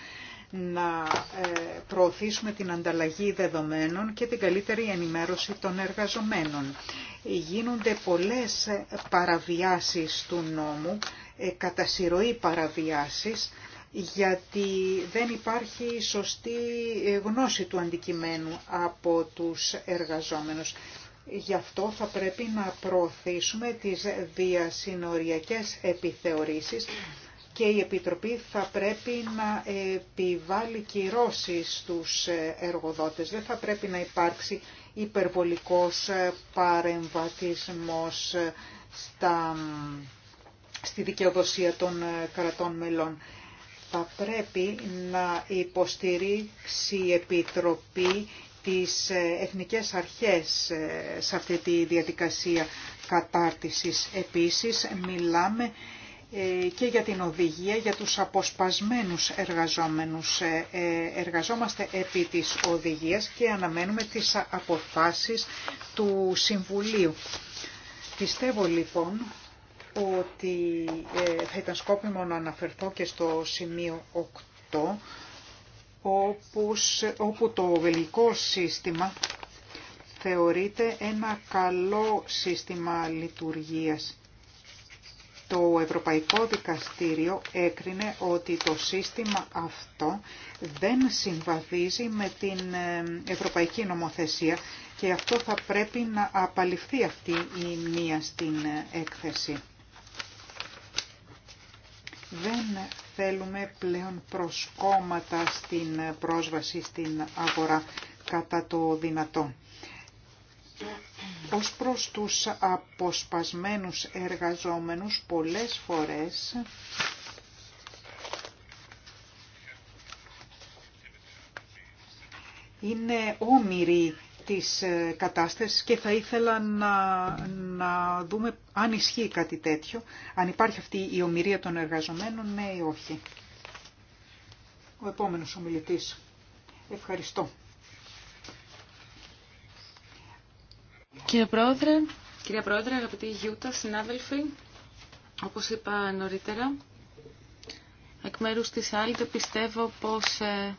να ε, προωθήσουμε την ανταλλαγή δεδομένων και την καλύτερη ενημέρωση των εργαζομένων. Γίνονται πολλές παραβιάσεις του νόμου, ε, κατά συρροή παραβιάσεις, γιατί δεν υπάρχει σωστή ε, γνώση του αντικειμένου από τους εργαζόμενους. Γι' αυτό θα πρέπει να προωθήσουμε τις διασυνοριακές επιθεωρήσεις και η Επιτροπή θα πρέπει να επιβάλλει κυρώσεις στους εργοδότες. Δεν θα πρέπει να υπάρξει υπερβολικός παρεμβατισμός στα, στη δικαιοδοσία των κρατών μελών. Θα πρέπει να υποστηρίξει η Επιτροπή τις εθνικές αρχές σε αυτή τη διαδικασία κατάρτισης. Επίσης, μιλάμε ε, και για την οδηγία για τους αποσπασμένους εργαζόμενους. Ε, ε, εργαζόμαστε επί της οδηγίας και αναμένουμε τις αποφάσεις του Συμβουλίου. Πιστεύω λοιπόν ότι θα ήταν σκόπιμο να αναφερθώ και στο σημείο 8 όπου το βελικό σύστημα θεωρείται ένα καλό σύστημα λειτουργίας το Ευρωπαϊκό Δικαστήριο έκρινε ότι το σύστημα αυτό δεν συμβαδίζει με την ε, Ευρωπαϊκή Νομοθεσία και αυτό θα πρέπει να απαλληφθεί αυτή η μία στην ε, έκθεση. Δεν θέλουμε πλέον προσκόμματα στην ε, πρόσβαση στην αγορά κατά το δυνατόν. Ως προς τους αποσπασμένους εργαζόμενους πολλές φορές είναι όμοιροι της ε, κατάστασης και θα ήθελα να, να δούμε αν ισχύει κάτι τέτοιο, αν υπάρχει αυτή η ομοιρία των εργαζομένων, ναι ή όχι. Ο επόμενος ομιλητής. Ευχαριστώ. Κύριε Πρόεδρε, κυρία Πρόεδρε, αγαπητοί Γιούτα, συνάδελφοι, όπως είπα νωρίτερα, εκ μέρους της Άλτε πιστεύω πως ε,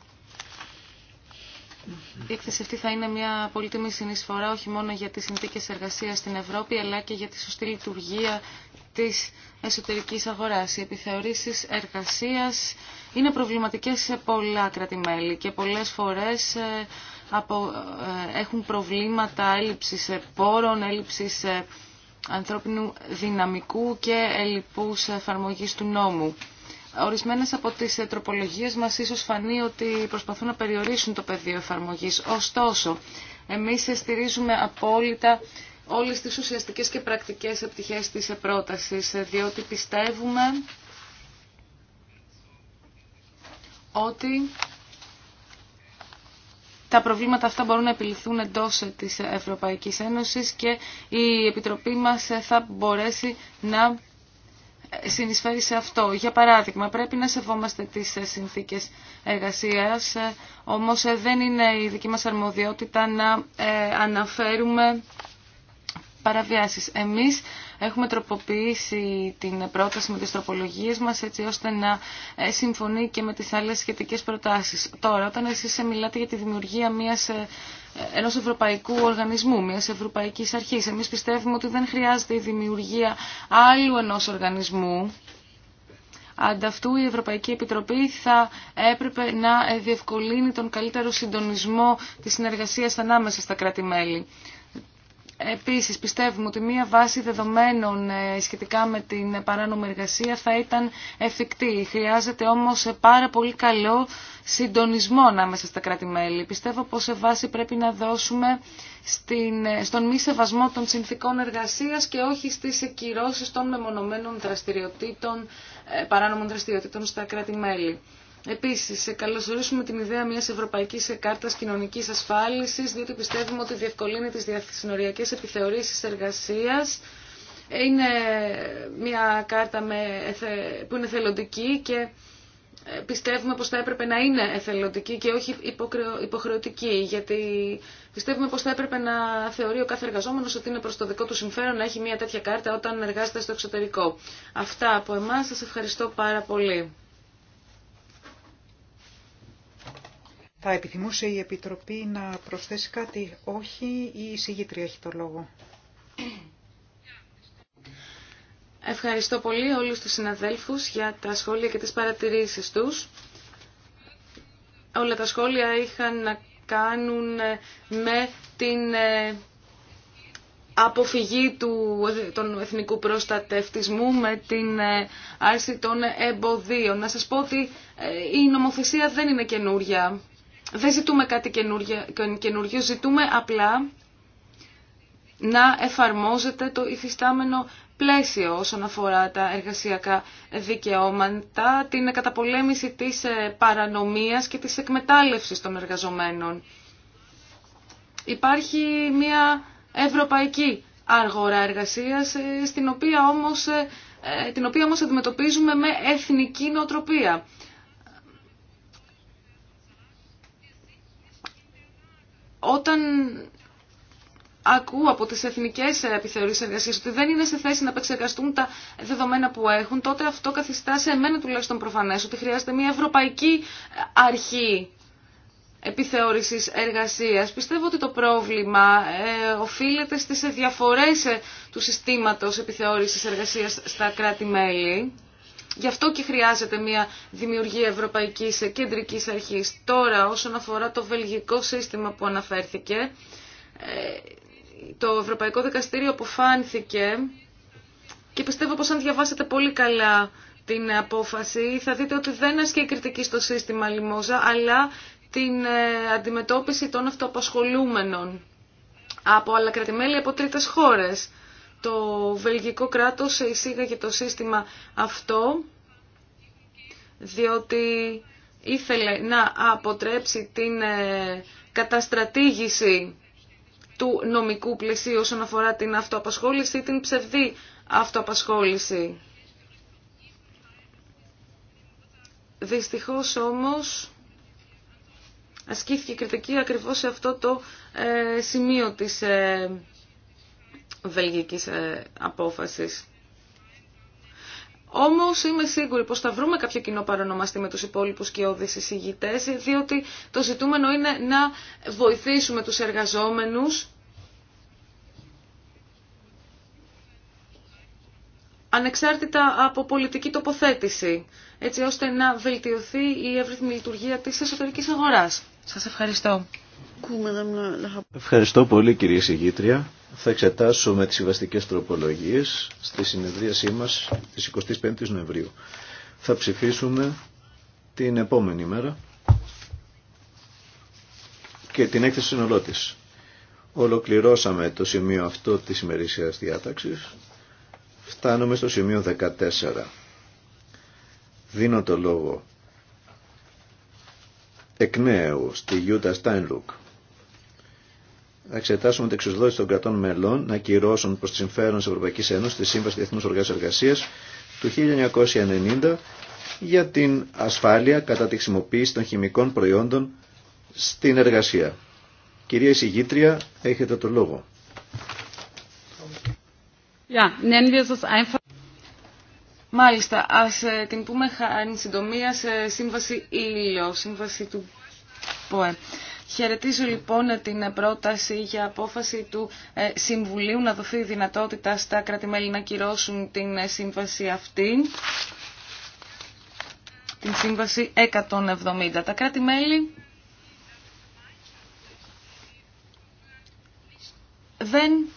η έκθεση αυτή θα είναι μια πολύτιμη συνεισφορά όχι μόνο για τις συνθήκες εργασία στην Ευρώπη αλλά και για τη σωστή λειτουργία της εσωτερικής αγοράς. Οι επιθεωρήσεις εργασίας είναι προβληματικές σε πολλά κράτη-μέλη και πολλές φορές ε, από, ε, έχουν προβλήματα έλλειψης ε, πόρων, έλλειψης ε, ανθρώπινου δυναμικού και ελλειπούς εφαρμογής του νόμου. Ορισμένες από τις τροπολογίες μας ίσως φανεί ότι προσπαθούν να περιορίσουν το πεδίο εφαρμογής. Ωστόσο, εμείς στηρίζουμε απόλυτα όλες τις ουσιαστικές και πρακτικές επιτυχίες της πρότασης, διότι πιστεύουμε ότι τα προβλήματα αυτά μπορούν να επιληθούν εντός ε, της Ευρωπαϊκής Ένωσης και η Επιτροπή μας ε, θα μπορέσει να ε, συνεισφέρει σε αυτό. Για παράδειγμα, πρέπει να σεβόμαστε τις συνθήκες εργασίας, όμως δεν είναι η δική μας αρμοδιότητα να αναφέρουμε παραβιάσεις. Εμείς έχουμε τροποποιήσει την πρόταση με τις τροπολογίες μας έτσι ώστε να ε, συμφωνεί και με τις άλλες σχετικές προτάσεις. Τώρα, όταν εσείς ε, μιλάτε για τη δημιουργία μιας ε, ενό ευρωπαϊκού οργανισμού, μια ευρωπαϊκή αρχή. Εμεί πιστεύουμε ότι δεν χρειάζεται η δημιουργία άλλου ενό οργανισμού. Ανταυτού η Ευρωπαϊκή Επιτροπή θα έπρεπε να διευκολύνει τον καλύτερο συντονισμό της συνεργασίας ανάμεσα στα κράτη-μέλη. Επίσης πιστεύουμε ότι μία βάση δεδομένων ε, σχετικά με την παράνομη εργασία θα ήταν εφικτή. Χρειάζεται όμως πάρα πολύ καλό συντονισμό ανάμεσα στα κράτη-μέλη. Πιστεύω πως σε βάση πρέπει να δώσουμε στην, στον μη σεβασμό των συνθήκων εργασίας και όχι στις εκκυρώσεις των μεμονωμένων δραστηριοτήτων, ε, παράνομων δραστηριοτήτων στα κράτη-μέλη. Επίσης, καλωσορίσουμε την ιδέα μιας Ευρωπαϊκής Κάρτας Κοινωνικής Ασφάλισης, διότι πιστεύουμε ότι διευκολύνει τις διασυνοριακές επιθεωρήσεις εργασίας. Είναι μια κάρτα με, που είναι θελοντική και ε, πιστεύουμε πως θα έπρεπε να είναι εθελοντική και όχι υποχρεωτική, γιατί πιστεύουμε πως θα έπρεπε να θεωρεί ο κάθε εργαζόμενος ότι είναι προς το δικό του συμφέρον να έχει μια τέτοια κάρτα όταν εργάζεται στο εξωτερικό. Αυτά από εμάς. Σας ευχαριστώ πάρα πολύ. Θα επιθυμούσε η Επιτροπή να προσθέσει κάτι, όχι, ή η η έχει το λόγο. Ευχαριστώ πολύ όλους τους συναδέλφους για τα σχόλια και τις παρατηρήσεις τους. Όλα τα σχόλια είχαν να κάνουν ε, με την ε, αποφυγή του, των εθνικού προστατευτισμού με την ε, άρση των εμποδίων. Να σας πω ότι η νομοθεσία δεν είναι καινούρια. Δεν ζητούμε κάτι καινούργιο, ζητούμε απλά να εφαρμόζεται το υφιστάμενο πλαίσιο όσον αφορά τα εργασιακά δικαιώματα, την καταπολέμηση της ε, παρανομίας και της εκμετάλλευσης των εργαζομένων. Υπάρχει μια ευρωπαϊκή αργορά εργασίας, ε, στην οποία όμως, ε, την οποία όμως αντιμετωπίζουμε με εθνική νοοτροπία. όταν ακούω από τις εθνικές επιθεωρήσεις εργασίας ότι δεν είναι σε θέση να επεξεργαστούν τα δεδομένα που έχουν, τότε αυτό καθιστά σε εμένα τουλάχιστον προφανές ότι χρειάζεται μια ευρωπαϊκή αρχή επιθεώρησης εργασίας. Πιστεύω ότι το πρόβλημα ε, οφείλεται στις διαφορές ε, του συστήματος επιθεώρησης εργασίας στα κράτη-μέλη. Γι' αυτό και χρειάζεται μια δημιουργία ευρωπαϊκής Κεντρική Αρχή Τώρα, όσον αφορά το βελγικό σύστημα που αναφέρθηκε, ε, το Ευρωπαϊκό Δικαστήριο αποφάνθηκε και πιστεύω πως αν διαβάσετε πολύ καλά την απόφαση θα δείτε ότι δεν ασκεί κριτική στο σύστημα λιμόζα αλλά την ε, αντιμετώπιση των αυτοαπασχολούμενων από άλλα κρατημέλη από τρίτες χώρες. Το βελγικό κράτος εισήγαγε το σύστημα αυτό διότι ήθελε να αποτρέψει την ε, καταστρατήγηση του νομικού πλαισίου όσον αφορά την αυτοαπασχόληση ή την ψευδή αυτοαπασχόληση. Δυστυχώς όμως ασκήθηκε κριτική ακριβώς σε αυτό το ε, σημείο της ε, βελγικής ε, απόφασης. Όμως είμαι σίγουρη πως θα βρούμε κάποιο κοινό παρονομαστή με του υπόλοιπου κοιόδη εισηγητέ, διότι το ζητούμενο είναι να βοηθήσουμε τους εργαζόμενου. ανεξάρτητα από πολιτική τοποθέτηση, έτσι ώστε να βελτιωθεί η εύρυθμη λειτουργία της εσωτερικής αγοράς. Σας ευχαριστώ. Ευχαριστώ πολύ κυρία εισηγήτρια θα εξετάσουμε τις συμβαστικές τροπολογίες στη συνεδρίασή μας της 25ης Νοεμβρίου. Θα ψηφίσουμε την επόμενη μέρα και την έκθεση συνολότης. Ολοκληρώσαμε το σημείο αυτό της ημερήσιας διάταξης. Φτάνουμε στο σημείο 14. Δίνω το λόγο εκ νέου στη Γιούτα Στάινλουκ να εξετάσουμε την εξουσδότηση των κρατών μελών να κυρώσουν προ τη συμφέρον τη Ευρωπαϊκή Ένωση τη Σύμβαση Διεθνού Οργάνωση Εργασία του 1990 για την ασφάλεια κατά τη χρησιμοποίηση των χημικών προϊόντων στην εργασία. Κυρία εισηγήτρια, έχετε το λόγο. Μάλιστα, α ε, την πούμε εν συντομία σε σύμβαση ήλιο, σύμβαση του ΠΟΕ. Χαιρετίζω λοιπόν την πρόταση για απόφαση του ε, Συμβουλίου να δοθεί δυνατότητα στα κρατη να κυρώσουν την ε, σύμβαση αυτή, την σύμβαση 170. Τα κράτη-μέλη δεν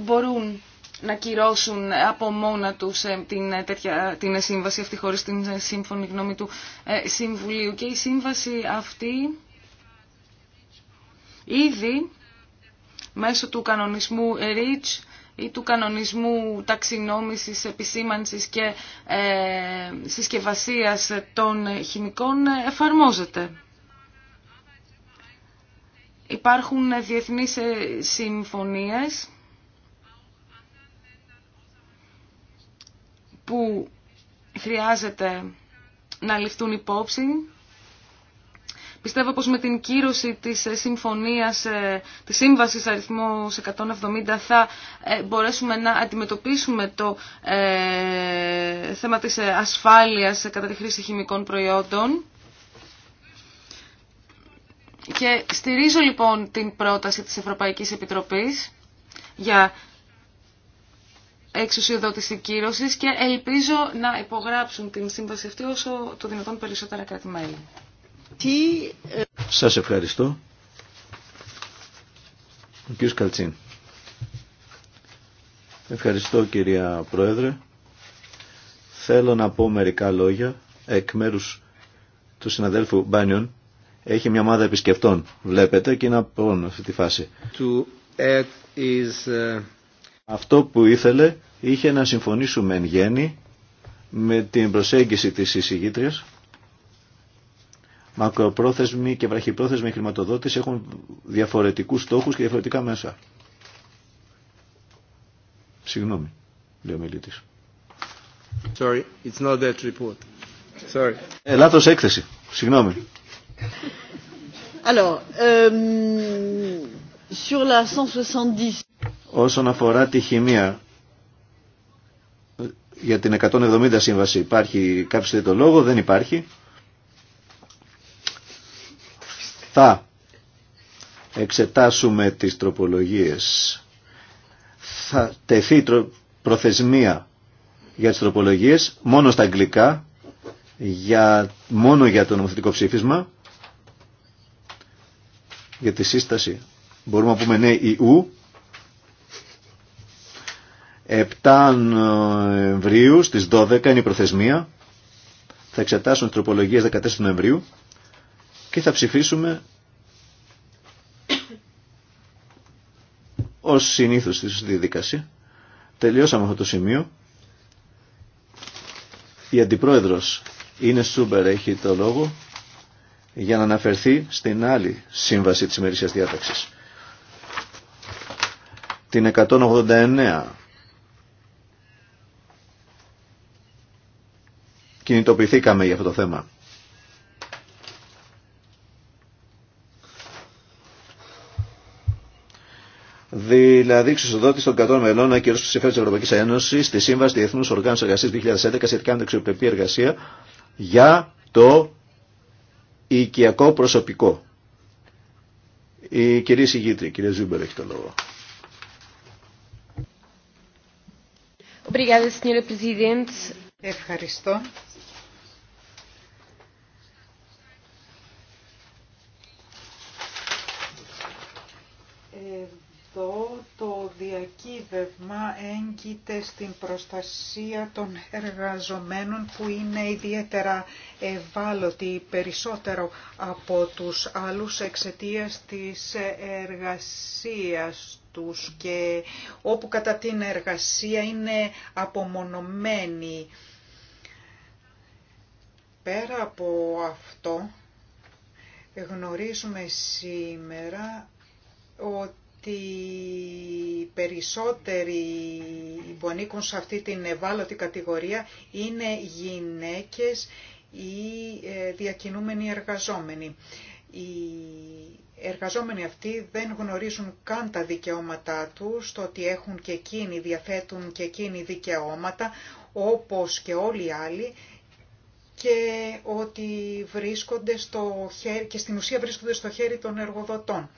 μπορούν να κυρώσουν από μόνα τους ε, την, ε, την σύμβαση αυτή χωρίς την ε, σύμφωνη γνώμη του Συμβουλίου. Και η σύμβαση αυτή ήδη μέσω του κανονισμού REACH ή του κανονισμού ταξινόμησης, επισήμανσης και ε, συσκευασίας των χημικών εφαρμόζεται. Υπάρχουν διεθνείς συμφωνίες που χρειάζεται να ληφθούν υπόψη. Πιστεύω πως με την κύρωση της ε, συμφωνίας, ε, της σύμβασης αριθμός 170 θα ε, μπορέσουμε να αντιμετωπίσουμε το θέμα της ασφάλειας κατά τη χρήση χημικών προϊόντων. Και στηρίζω λοιπόν την πρόταση της Ευρωπαϊκής Επιτροπής για εξουσιοδότηση κύρωση και ελπίζω να υπογράψουν την σύμβαση αυτή όσο το δυνατόν περισσότερα κράτη-μέλη. Ε, Σας ευχαριστώ. Ο κ. Καλτσίν. Ευχαριστώ κυρία Πρόεδρε. Θέλω να πω μερικά λόγια εκ μέρους του συναδέλφου Μπάνιον. Έχει μια ομάδα επισκεπτών, βλέπετε, και είναι από αυτή τη φάση. To add is, ε, αυτό που ήθελε είχε να συμφωνήσουμε εν γέννη με την προσέγγιση της εισηγήτριας. Μακροπρόθεσμοι και βραχυπρόθεσμοι χρηματοδότης έχουν διαφορετικούς στόχους και διαφορετικά μέσα. Συγγνώμη, λέει ο μιλήτης. Sorry, it's not that report. Sorry. Ε, έκθεση. Συγγνώμη. Alors, euh, sur la 170 όσον αφορά τη χημεία. Για την 170 σύμβαση υπάρχει κάποιος το λόγο, δεν υπάρχει. Θα εξετάσουμε τις τροπολογίες. Θα τεθεί προθεσμία για τις τροπολογίες μόνο στα αγγλικά, για, μόνο για το νομοθετικό ψήφισμα, για τη σύσταση. Μπορούμε να πούμε ναι ή ου, 7 Νοεμβρίου στις 12 είναι η προθεσμία. Θα εξετάσουν τις τροπολογίες 14 Νοεμβρίου και θα ψηφίσουμε ως συνήθως στη διαδικασία. Τελειώσαμε αυτό το σημείο. Η Αντιπρόεδρος είναι Σούμπερ, έχει το λόγο για να αναφερθεί στην άλλη σύμβαση της ημερήσιας διάταξης. Την 189 κινητοποιηθήκαμε για αυτό το θέμα. Δηλαδή, εξουσιοδότηση των κατών μελών ακυρώ του συμφέροντο τη Ευρωπαϊκή Ένωση στη Σύμβαση Διεθνού Οργάνωση Εργασία 2011 σχετικά με την αξιοπρεπή εργασία για το οικιακό προσωπικό. Η κυρία Σιγήτρη, κυρία Ζούμπερ έχει το λόγο. Ευχαριστώ. κύβευμα έγκυται στην προστασία των εργαζομένων που είναι ιδιαίτερα ευάλωτοι περισσότερο από τους άλλους εξαιτίας της εργασίας τους και όπου κατά την εργασία είναι απομονωμένοι. Πέρα από αυτό γνωρίζουμε σήμερα ότι ότι περισσότεροι που ανήκουν σε αυτή την ευάλωτη κατηγορία είναι γυναίκες ή ε, διακινούμενοι εργαζόμενοι. Οι εργαζόμενοι αυτοί δεν γνωρίζουν καν τα δικαιώματά τους, το ότι έχουν και εκείνοι, διαθέτουν και εκείνοι δικαιώματα, όπως και όλοι οι άλλοι, και ότι βρίσκονται στο και στην ουσία βρίσκονται στο χέρι των εργοδοτών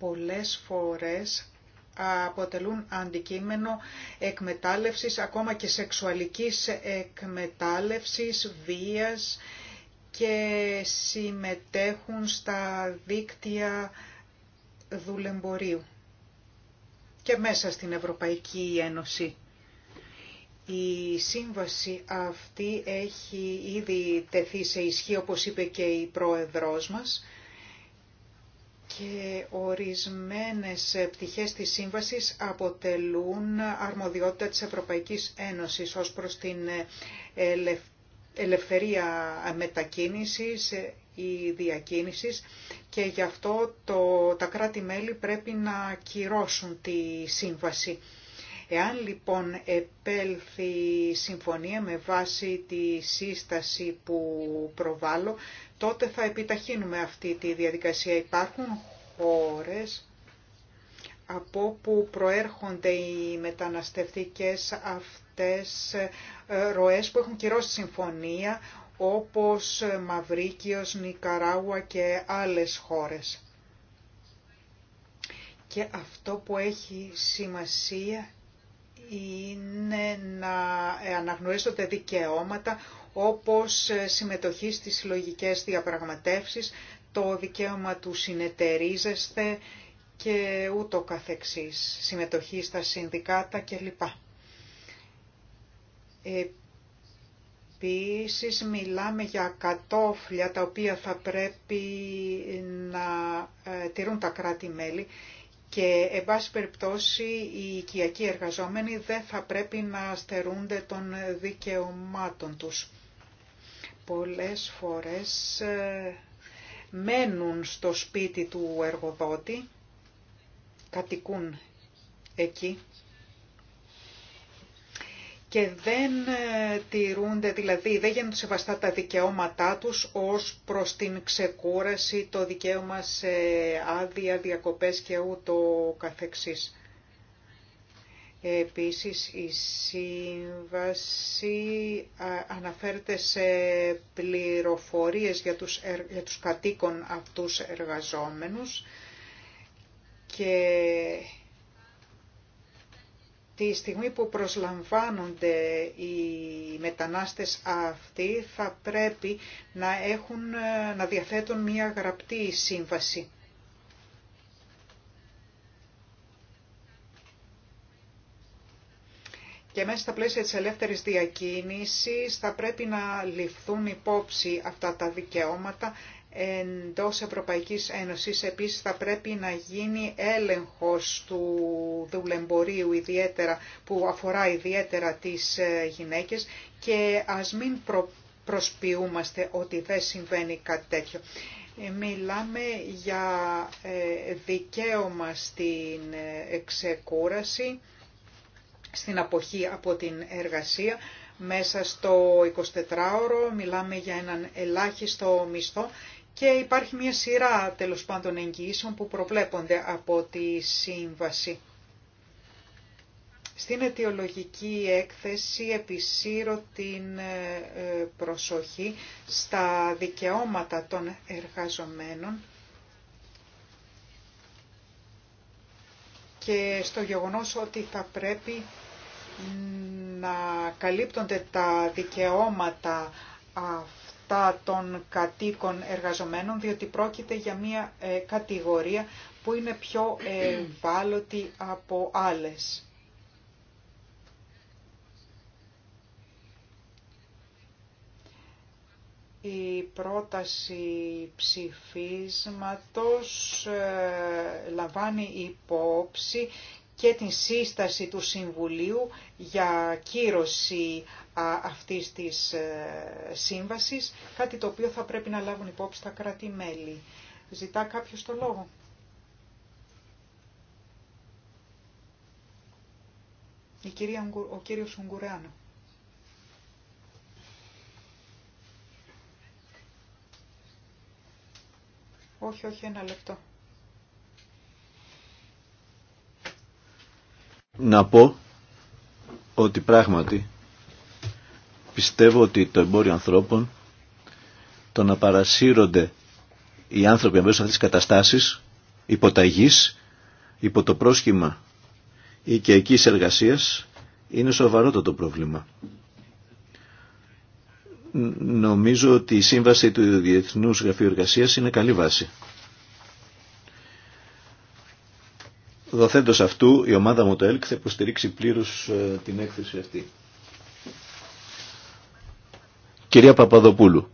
πολλές φορές αποτελούν αντικείμενο εκμετάλλευσης, ακόμα και σεξουαλικής εκμετάλλευσης, βίας και συμμετέχουν στα δίκτυα δουλεμπορίου και μέσα στην Ευρωπαϊκή Ένωση. Η σύμβαση αυτή έχει ήδη τεθεί σε ισχύ, όπως είπε και η πρόεδρός μας, και ορισμένες πτυχές της σύμβασης αποτελούν αρμοδιότητα της Ευρωπαϊκής Ένωσης ως προς την ελευθερία μετακίνησης ή διακίνησης και γι' αυτό το, τα κράτη-μέλη πρέπει να κυρώσουν τη σύμβαση. Εάν λοιπόν επέλθει συμφωνία με βάση τη σύσταση που προβάλλω, τότε θα επιταχύνουμε αυτή τη διαδικασία. Υπάρχουν χώρες από όπου προέρχονται οι μεταναστευτικές αυτές ε, ροές που έχουν κυρώσει συμφωνία όπως Μαυρίκιος, Νικαράγουα και άλλες χώρες. Και αυτό που έχει σημασία αναγνωρίζονται δικαιώματα όπως ε, συμμετοχή στις συλλογικέ διαπραγματεύσεις, το δικαίωμα του συνεταιρίζεστε και ούτω καθεξής, συμμετοχή στα συνδικάτα κλπ. Επίσης μιλάμε για κατόφλια τα οποία θα πρέπει να ε, τηρούν τα κράτη-μέλη και, εν πάση περιπτώσει, οι οικιακοί εργαζόμενοι δεν θα πρέπει να στερούνται των δικαιωμάτων τους. Πολλές φορές ε, μένουν στο σπίτι του εργοδότη, κατοικούν εκεί και δεν ε, τηρούνται, δηλαδή δεν γίνονται σεβαστά τα δικαιώματά τους ως προς την ξεκούραση, το δικαίωμα σε άδεια, διακοπές και ούτω καθεξής. Επίσης η σύμβαση αναφέρεται σε πληροφορίες για τους, για κατοίκων αυτούς εργαζόμενους και Τη στιγμή που προσλαμβάνονται οι μετανάστες αυτοί θα πρέπει να, έχουν, να διαθέτουν μια γραπτή σύμβαση. Και μέσα στα πλαίσια της ελεύθερης διακίνησης θα πρέπει να ληφθούν υπόψη αυτά τα δικαιώματα εντός Ευρωπαϊκής Ένωσης. Επίσης θα πρέπει να γίνει έλεγχος του δουλεμπορίου ιδιαίτερα, που αφορά ιδιαίτερα τις ε, γυναίκες και ας μην προσποιούμαστε ότι δεν συμβαίνει κάτι τέτοιο. Ε, μιλάμε για ε, δικαίωμα στην εξεκούραση, στην αποχή από την εργασία, μέσα στο 24ωρο, μιλάμε για έναν ελάχιστο μισθό και υπάρχει μια σειρά τέλος πάντων εγγυήσεων που προβλέπονται από τη σύμβαση. Στην αιτιολογική έκθεση επισύρω την ε, ε, προσοχή στα δικαιώματα των εργαζομένων και στο γεγονός ότι θα πρέπει να καλύπτονται τα δικαιώματα των κατοίκων εργαζομένων, διότι πρόκειται για μια ε, κατηγορία που είναι πιο ευάλωτη από άλλες. Η πρόταση ψηφίσματος ε, λαμβάνει υπόψη και την σύσταση του Συμβουλίου για κύρωση αυτής της ε, σύμβασης, κάτι το οποίο θα πρέπει να λάβουν υπόψη τα κράτη-μέλη. Ζητά κάποιος το λόγο. ο κύριος Ουγγουράνο. Όχι, όχι, ένα λεπτό. Να πω ότι πράγματι Πιστεύω ότι το εμπόριο ανθρώπων, το να παρασύρονται οι άνθρωποι μέσω αυτής της καταστάσεις, υποταγής, υπό το πρόσχημα οικιακής εργασίας, είναι σοβαρότατο πρόβλημα. Νομίζω ότι η σύμβαση του Διεθνούς Γραφείου Εργασίας είναι καλή βάση. Δοθέντως αυτού, η ομάδα μου το ΕΛΚ θα υποστηρίξει πλήρως ε, την έκθεση αυτή. Κυρία Παπαδοπούλου.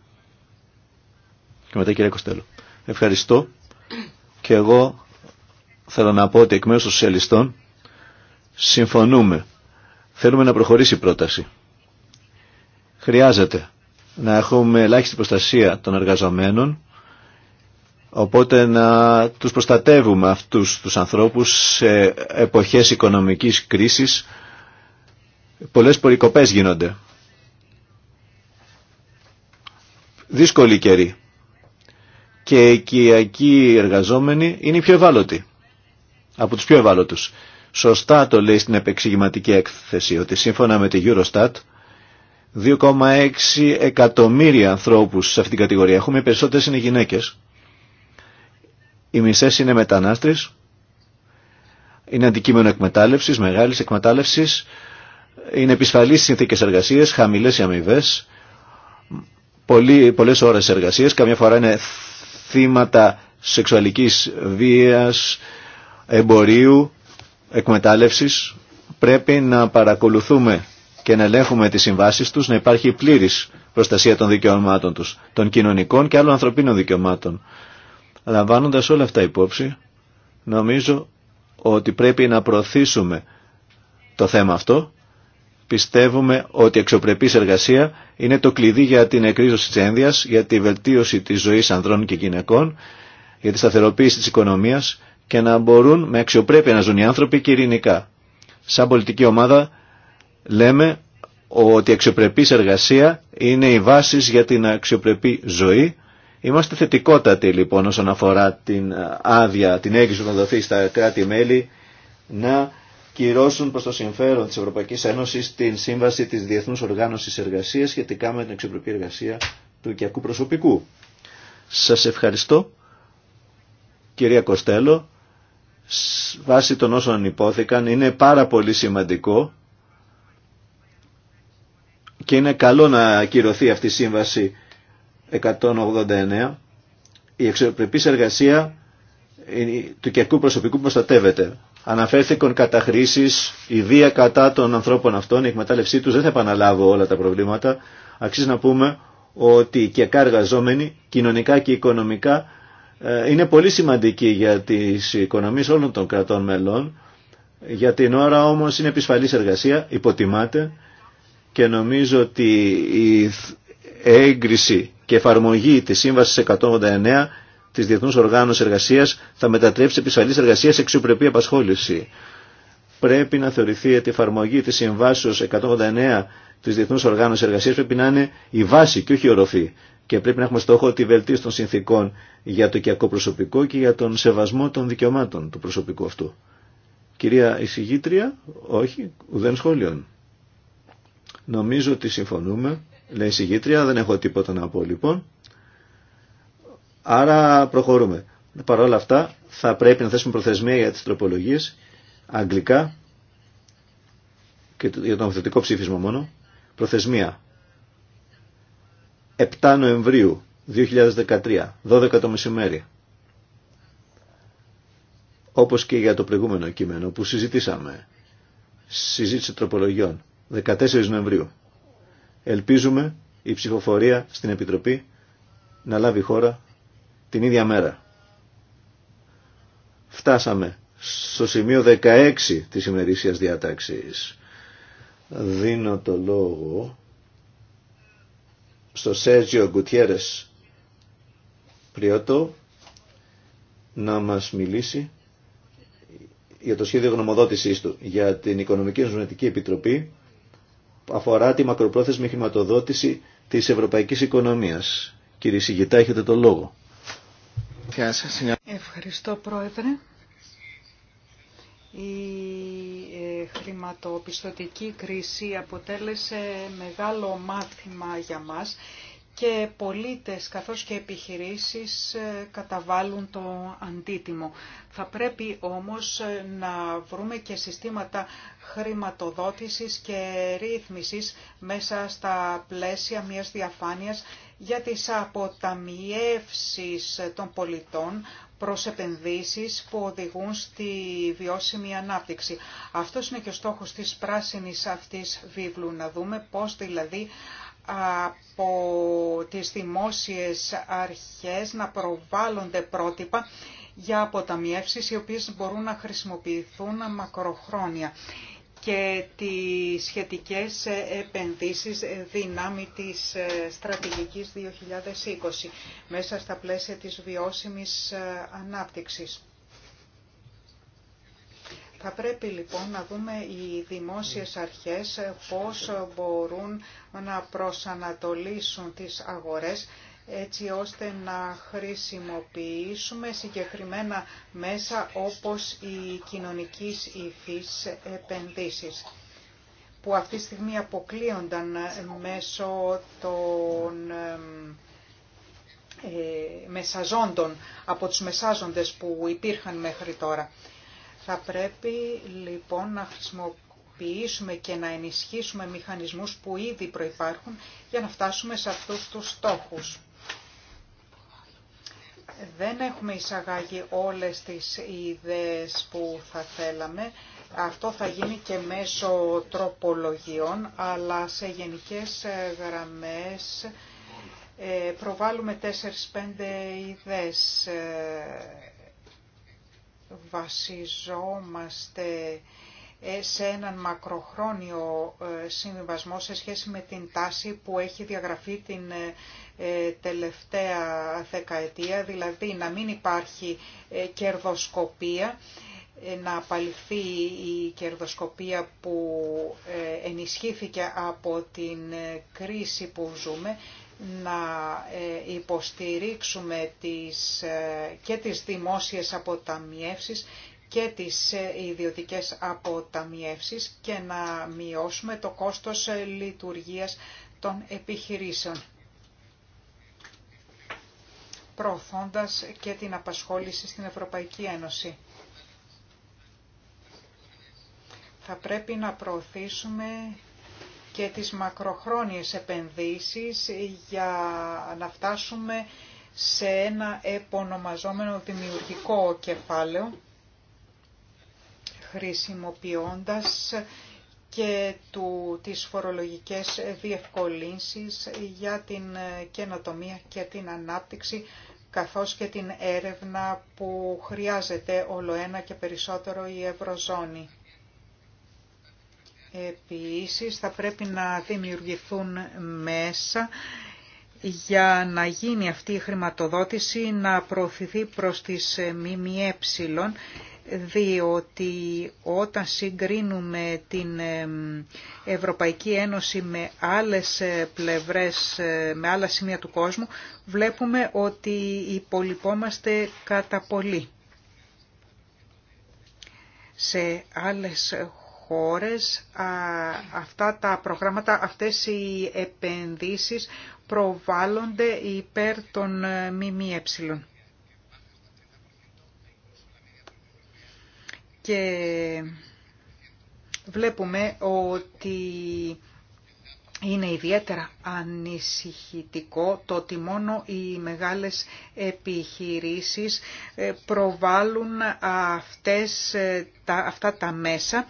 Και μετά κυρία Κοστέλο. Ευχαριστώ. Και εγώ θέλω να πω ότι εκ μέρους των σοσιαλιστών συμφωνούμε. Θέλουμε να προχωρήσει η πρόταση. Χρειάζεται να έχουμε ελάχιστη προστασία των εργαζομένων οπότε να τους προστατεύουμε αυτούς τους ανθρώπους σε εποχές οικονομικής κρίσης. Πολλές περικοπές γίνονται δύσκολη καιρή και οι οικιακοί εργαζόμενοι είναι οι πιο ευάλωτοι, από τους πιο ευάλωτους. Σωστά το λέει στην επεξηγηματική έκθεση ότι σύμφωνα με τη Eurostat 2,6 εκατομμύρια ανθρώπους σε αυτήν την κατηγορία έχουμε, οι περισσότερες είναι γυναίκες. Οι μισές είναι μετανάστρες, είναι αντικείμενο εκμετάλλευσης, μεγάλης εκμετάλλευσης, είναι επισφαλείς συνθήκες εργασίας, χαμηλές οι αμοιβές, Πολλέ πολλές ώρες εργασίας, καμιά φορά είναι θύματα σεξουαλικής βίας, εμπορίου, εκμετάλλευσης. Πρέπει να παρακολουθούμε και να ελέγχουμε τις συμβάσεις τους, να υπάρχει πλήρης προστασία των δικαιωμάτων τους, των κοινωνικών και άλλων ανθρωπίνων δικαιωμάτων. Λαμβάνοντας όλα αυτά υπόψη, νομίζω ότι πρέπει να προωθήσουμε το θέμα αυτό Πιστεύουμε ότι η αξιοπρεπή εργασία είναι το κλειδί για την εκρίζωση της ένδειας, για τη βελτίωση της ζωής ανδρών και γυναικών, για τη σταθεροποίηση της οικονομίας και να μπορούν με αξιοπρέπεια να ζουν οι άνθρωποι και ειρηνικά. Σαν πολιτική ομάδα λέμε ότι η αξιοπρεπή εργασία είναι η βάση για την αξιοπρεπή ζωή. Είμαστε θετικότατοι λοιπόν όσον αφορά την άδεια, την έγκριση που θα δοθεί στα κράτη-μέλη να κυρώσουν προς το συμφέρον της Ευρωπαϊκής Ένωσης την σύμβαση της Διεθνούς Οργάνωσης Εργασίας σχετικά με την εξωπρεπή εργασία του οικιακού προσωπικού. Σας ευχαριστώ, κυρία Κοστέλο. Βάσει των όσων υπόθηκαν, είναι πάρα πολύ σημαντικό και είναι καλό να ακυρωθεί αυτή η σύμβαση 189. Η εξωπρεπής εργασία ε, του οικιακού προσωπικού προστατεύεται αναφέρθηκαν καταχρήσεις, η βία κατά των ανθρώπων αυτών, η εκμετάλλευσή τους, δεν θα επαναλάβω όλα τα προβλήματα. Αξίζει να πούμε ότι και καργαζόμενοι κοινωνικά και οικονομικά, ε, είναι πολύ σημαντικοί για τις οικονομίες όλων των κρατών μελών. Για την ώρα όμως είναι επισφαλής εργασία, υποτιμάται και νομίζω ότι η έγκριση και εφαρμογή της Σύμβασης 189 τη Διεθνού Οργάνωση Εργασία θα μετατρέψει επισφαλή εργασία σε αξιοπρεπή απασχόληση. Πρέπει να θεωρηθεί ότι η εφαρμογή τη Συμβάσεω 189 τη Διεθνού Οργάνωση Εργασία πρέπει να είναι η βάση και όχι η οροφή. Και πρέπει να έχουμε στόχο τη βελτίωση των συνθήκων για το οικιακό προσωπικό και για τον σεβασμό των δικαιωμάτων του προσωπικού αυτού. Κυρία εισηγήτρια, όχι, ουδέν σχόλιον. Νομίζω ότι συμφωνούμε. Λέει εισηγήτρια, δεν έχω τίποτα να πω λοιπόν. Άρα προχωρούμε. Παρ' όλα αυτά θα πρέπει να θέσουμε προθεσμία για τις τροπολογίες αγγλικά και για το νομοθετικό ψήφισμα μόνο. Προθεσμία 7 Νοεμβρίου 2013, 12 το μεσημέρι. Όπως και για το προηγούμενο κείμενο που συζητήσαμε. Συζήτηση τροπολογιών. 14 Νοεμβρίου. Ελπίζουμε η ψηφοφορία στην Επιτροπή να λάβει χώρα την ίδια μέρα. Φτάσαμε στο σημείο 16 της ημερήσιας διάταξης. Δίνω το λόγο στο Σέργιο Γκουτιέρες Πριότο να μας μιλήσει για το σχέδιο γνωμοδότησής του για την Οικονομική Ζωνετική Επιτροπή που αφορά τη μακροπρόθεσμη χρηματοδότηση της ευρωπαϊκής οικονομίας. Κύριε Σιγητά, έχετε το λόγο. Ευχαριστώ Πρόεδρε. Η ε, χρηματοπιστωτική κρίση αποτέλεσε μεγάλο μάθημα για μας και πολίτες καθώς και επιχειρήσεις ε, καταβάλουν το αντίτιμο. Θα πρέπει όμως ε, να βρούμε και συστήματα χρηματοδότησης και ρύθμισης μέσα στα πλαίσια μιας διαφάνειας για τις αποταμιεύσεις των πολιτών προς επενδύσεις που οδηγούν στη βιώσιμη ανάπτυξη. Αυτός είναι και ο στόχος της πράσινης αυτής βίβλου, να δούμε πώς δηλαδή από τις δημόσιες αρχές να προβάλλονται πρότυπα για αποταμιεύσεις οι οποίες μπορούν να χρησιμοποιηθούν μακροχρόνια και τις σχετικές επενδύσεις δυνάμει της ε, στρατηγικής 2020 μέσα στα πλαίσια της βιώσιμης ε, ανάπτυξης. Θα πρέπει λοιπόν να δούμε οι δημόσιες αρχές πώς μπορούν να προσανατολίσουν τις αγορές έτσι ώστε να χρησιμοποιήσουμε συγκεκριμένα μέσα όπως η κοινωνικής υφής επενδύσεις που αυτή τη στιγμή αποκλείονταν μέσω των ε, ε, μεσαζόντων από τους μεσάζοντες που υπήρχαν μέχρι τώρα. Θα πρέπει λοιπόν να χρησιμοποιήσουμε και να ενισχύσουμε μηχανισμούς που ήδη προϋπάρχουν για να φτάσουμε σε αυτούς τους στόχους δεν έχουμε εισαγάγει όλες τις ιδέες που θα θέλαμε. Αυτό θα γίνει και μέσω τροπολογιών, αλλά σε γενικές ε, γραμμές ε, προβάλλουμε 4-5 ιδέες. Ε, βασιζόμαστε σε έναν μακροχρόνιο συμβιβασμό σε σχέση με την τάση που έχει διαγραφεί την ε, τελευταία δεκαετία, δηλαδή να μην υπάρχει ε, κερδοσκοπία, ε, να απαλληφθεί η κερδοσκοπία που ενισχύθηκε από την κρίση που ζούμε, να υποστηρίξουμε τις, και τις δημόσιες αποταμιεύσεις και τις ιδιωτικές αποταμιεύσεις και να μειώσουμε το κόστος λειτουργίας των επιχειρήσεων προωθώντας και την απασχόληση στην Ευρωπαϊκή Ένωση. Θα πρέπει να προωθήσουμε και τις μακροχρόνιες επενδύσεις για να φτάσουμε σε ένα επωνομαζόμενο δημιουργικό κεφάλαιο, χρησιμοποιώντας και του, τις φορολογικές διευκολύνσεις για την ε, καινοτομία και την ανάπτυξη καθώς και την έρευνα που χρειάζεται όλο ένα και περισσότερο η Ευρωζώνη. Επίσης θα πρέπει να δημιουργηθούν μέσα για να γίνει αυτή η χρηματοδότηση να προωθηθεί προς τις ε, ΜΜΕ διότι όταν συγκρίνουμε την Ευρωπαϊκή Ένωση με άλλες ε, πλευρές, ε, με άλλα σημεία του κόσμου, βλέπουμε ότι υπολοιπόμαστε κατά πολύ. Σε άλλες χώρες αυτά τα προγράμματα, αυτές οι επενδύσεις προβάλλονται υπέρ των ε, ΜΜΕ. και βλέπουμε ότι είναι ιδιαίτερα ανησυχητικό το ότι μόνο οι μεγάλες επιχειρήσεις ε, προβάλλουν αυτές, ε, τα, αυτά τα μέσα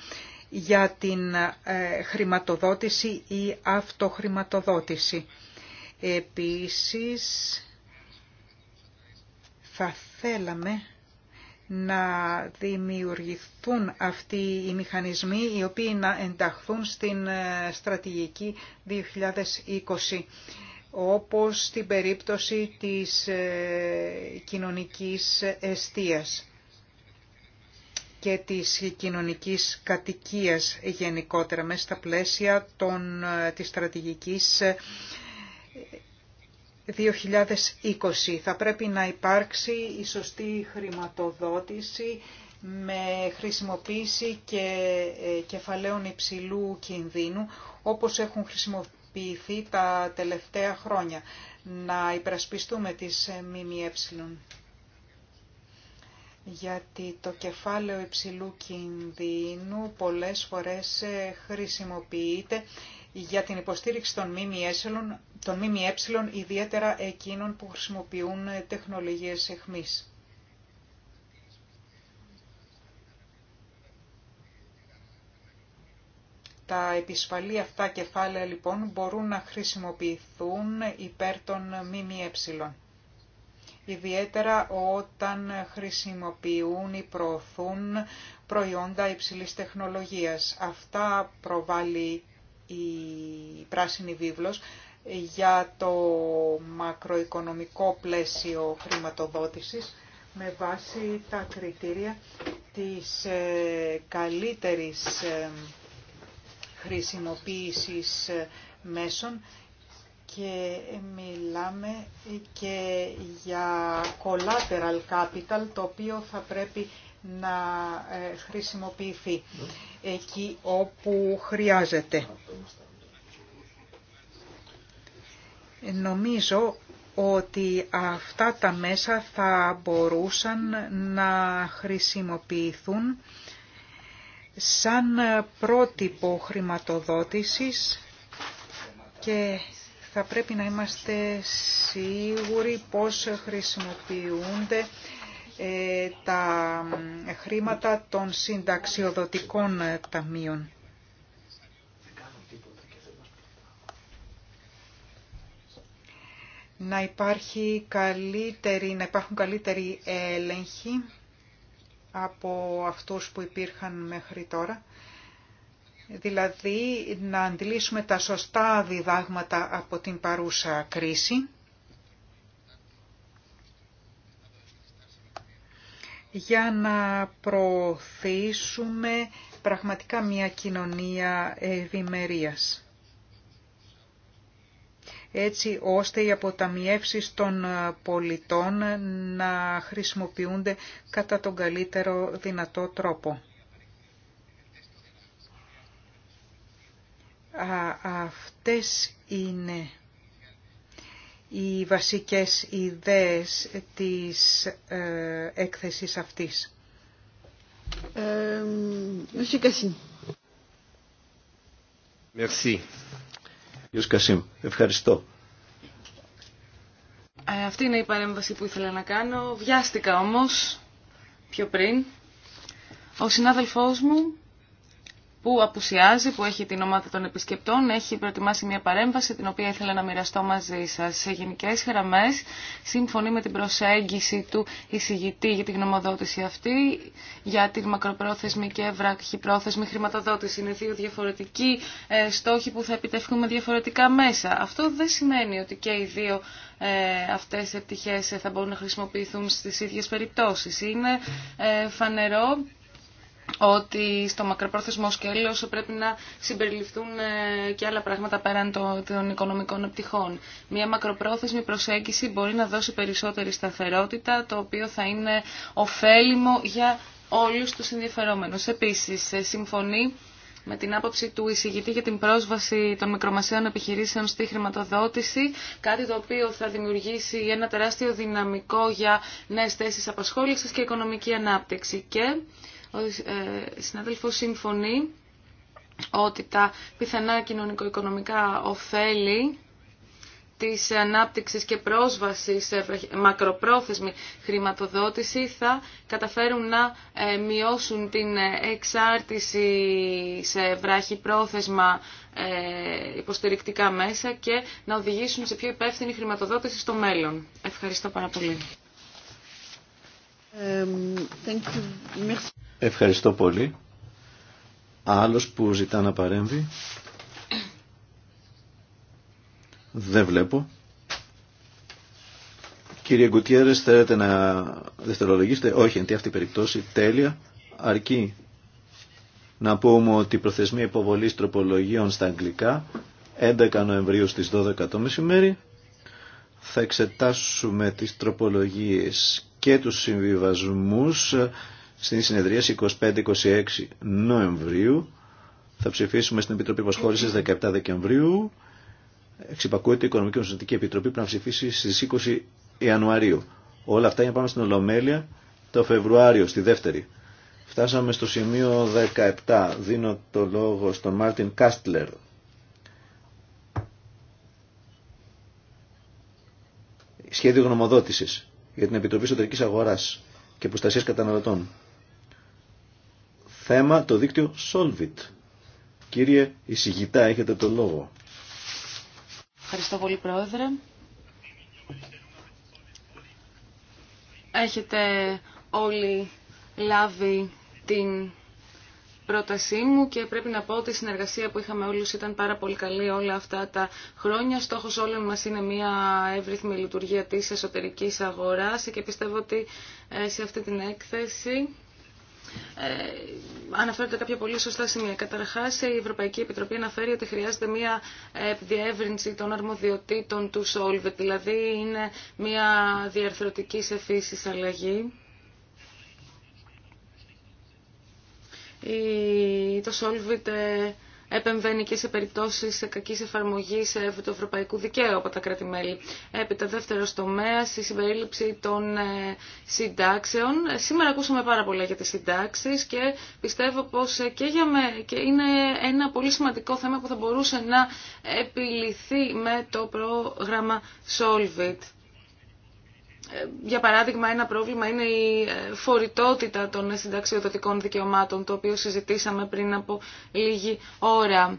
για την ε, χρηματοδότηση ή αυτοχρηματοδότηση. Επίσης, θα θέλαμε να δημιουργηθούν αυτοί οι μηχανισμοί οι οποίοι να ενταχθούν στην ε, στρατηγική 2020 όπως στην περίπτωση της ε, κοινωνικής εστίας και της κοινωνικής κατοικίας γενικότερα μέσα στα πλαίσια των, ε, της στρατηγικής 2020. Θα πρέπει να υπάρξει η σωστή χρηματοδότηση με χρησιμοποίηση και ε, κεφαλαίων υψηλού κινδύνου, όπως έχουν χρησιμοποιηθεί τα τελευταία χρόνια. Να υπερασπιστούμε τις ε, ΜΜΕ. Γιατί το κεφάλαιο υψηλού κινδύνου πολλές φορές ε, χρησιμοποιείται για την υποστήριξη των ΜΜΕ, των ιδιαίτερα εκείνων που χρησιμοποιούν τεχνολογίες εχμής. Τα επισφαλή αυτά κεφάλαια λοιπόν μπορούν να χρησιμοποιηθούν υπέρ των ΜΜΕ. Ιδιαίτερα όταν χρησιμοποιούν ή προωθούν προϊόντα υψηλής τεχνολογίας. Αυτά προβάλλει η πράσινη βίβλος για το μακροοικονομικό πλαίσιο χρηματοδότησης με βάση τα κριτήρια της ε, καλύτερης ε, χρησιμοποίησης ε, μέσων και μιλάμε και για collateral capital το οποίο θα πρέπει να χρησιμοποιηθεί εκεί όπου χρειάζεται. Νομίζω ότι αυτά τα μέσα θα μπορούσαν να χρησιμοποιηθούν σαν πρότυπο χρηματοδότησης και θα πρέπει να είμαστε σίγουροι πώς χρησιμοποιούνται ε, τα ε, χρήματα των συνταξιοδοτικών ε, ταμείων. Να, υπάρχει καλύτερη, να υπάρχουν καλύτεροι έλεγχοι από αυτούς που υπήρχαν μέχρι τώρα. Δηλαδή να αντιλήσουμε τα σωστά διδάγματα από την παρούσα κρίση για να προωθήσουμε πραγματικά μια κοινωνία ευημερίας, έτσι ώστε οι αποταμιεύσεις των πολιτών να χρησιμοποιούνται κατά τον καλύτερο δυνατό τρόπο. Α, αυτές είναι οι βασικές ιδέες της ε, έκθεσης αυτής. Ε, Κασίμ, ευχαριστώ. Ε, αυτή είναι η παρέμβαση που ήθελα να κάνω. Βιάστηκα όμως πιο πριν. Ο συνάδελφός μου που απουσιάζει, που έχει την ομάδα των επισκεπτών, έχει προετοιμάσει μια παρέμβαση την οποία ήθελα να μοιραστώ μαζί σα Σε γενικέ γραμμέ, σύμφωνοι με την προσέγγιση του εισηγητή για τη γνωμοδότηση αυτή, για τη μακροπρόθεσμη και βραχυπρόθεσμη χρηματοδότηση. Είναι δύο διαφορετικοί ε, στόχοι που θα με διαφορετικά μέσα. Αυτό δεν σημαίνει ότι και οι δύο ε, αυτές οι επιτυχίες θα μπορούν να χρησιμοποιηθούν στι ίδιε περιπτώσει. Είναι ε, φανερό ότι στο μακροπρόθεσμο σκέλος πρέπει να συμπεριληφθούν ε, και άλλα πράγματα πέραν των οικονομικών επιτυχών. Μια μακροπρόθεσμη προσέγγιση μπορεί να δώσει περισσότερη σταθερότητα, το οποίο θα είναι ωφέλιμο για όλους τους ενδιαφερόμενους. Επίσης, ε, συμφωνεί με την άποψη του εισηγητή για την πρόσβαση των μικρομεσαίων επιχειρήσεων στη χρηματοδότηση, κάτι το οποίο θα δημιουργήσει ένα τεράστιο δυναμικό για νέες θέσεις απασχόλησης και οικονομική ανάπτυξη. Και ο ε, συνάδελφος συμφωνεί ότι τα πιθανά κοινωνικο-οικονομικά ωφέλη της ανάπτυξης και πρόσβασης σε μακροπρόθεσμη χρηματοδότηση θα καταφέρουν να ε, μειώσουν την εξάρτηση σε βράχη πρόθεσμα ε, υποστηρικτικά μέσα και να οδηγήσουν σε πιο υπεύθυνη χρηματοδότηση στο μέλλον. Ευχαριστώ πάρα πολύ. Ευχαριστώ πολύ. Άλλος που ζητά να παρέμβει. Δεν βλέπω. Κύριε Γκουτιέρες, θέλετε να δευτερολογήσετε. Όχι, εν αυτή η περιπτώση. Τέλεια. Αρκεί να πούμε ότι η προθεσμία υποβολής τροπολογίων στα αγγλικά 11 Νοεμβρίου στις 12 το μεσημέρι θα εξετάσουμε τις τροπολογίες και τους συμβιβασμούς ε, στην συνεδρία 25-26 Νοεμβρίου. Θα ψηφίσουμε στην Επιτροπή Προσχώρησης 17 Δεκεμβρίου. Εξυπακούεται η Οικονομική Ομοσπονδιακή Επιτροπή που να ψηφίσει στις 20 Ιανουαρίου. Όλα αυτά για να πάμε στην Ολομέλεια το Φεβρουάριο, στη δεύτερη. Φτάσαμε στο σημείο 17. Δίνω το λόγο στον Μάρτιν Κάστλερ. Σχέδιο γνωμοδότησης για την Επιτροπή Εσωτερικής Αγοράς και Προστασίας Καταναλωτών. Θέμα το δίκτυο Solvit. Κύριε Ισηγητά, έχετε το λόγο. Ευχαριστώ πολύ, Πρόεδρε. Έχετε όλοι λάβει την πρότασή μου και πρέπει να πω ότι η συνεργασία που είχαμε όλους ήταν πάρα πολύ καλή όλα αυτά τα χρόνια. Στόχος όλων μας είναι μια εύρυθμη λειτουργία της εσωτερικής αγοράς και πιστεύω ότι ε, σε αυτή την έκθεση ε, αναφέρονται κάποια πολύ σωστά σημεία. Καταρχά, η Ευρωπαϊκή Επιτροπή αναφέρει ότι χρειάζεται μια ε, διεύρυνση των αρμοδιοτήτων του Solvit, δηλαδή είναι μια διαρθρωτική σε φύση αλλαγή. το Solvit ε, επεμβαίνει και σε περιπτώσεις κακής εφαρμογής ε, του ευρωπαϊκού δικαίου από τα κράτη-μέλη. Έπειτα δεύτερο τομέα, η συμπερίληψη των ε, συντάξεων. Σήμερα ακούσαμε πάρα πολλά για τις συντάξεις και πιστεύω πως και, και είναι ένα πολύ σημαντικό θέμα που θα μπορούσε να επιληθεί με το πρόγραμμα Solvit. Ε, για παράδειγμα, ένα πρόβλημα είναι η ε, φορητότητα των συνταξιοδοτικών δικαιωμάτων, το οποίο συζητήσαμε πριν από λίγη ώρα.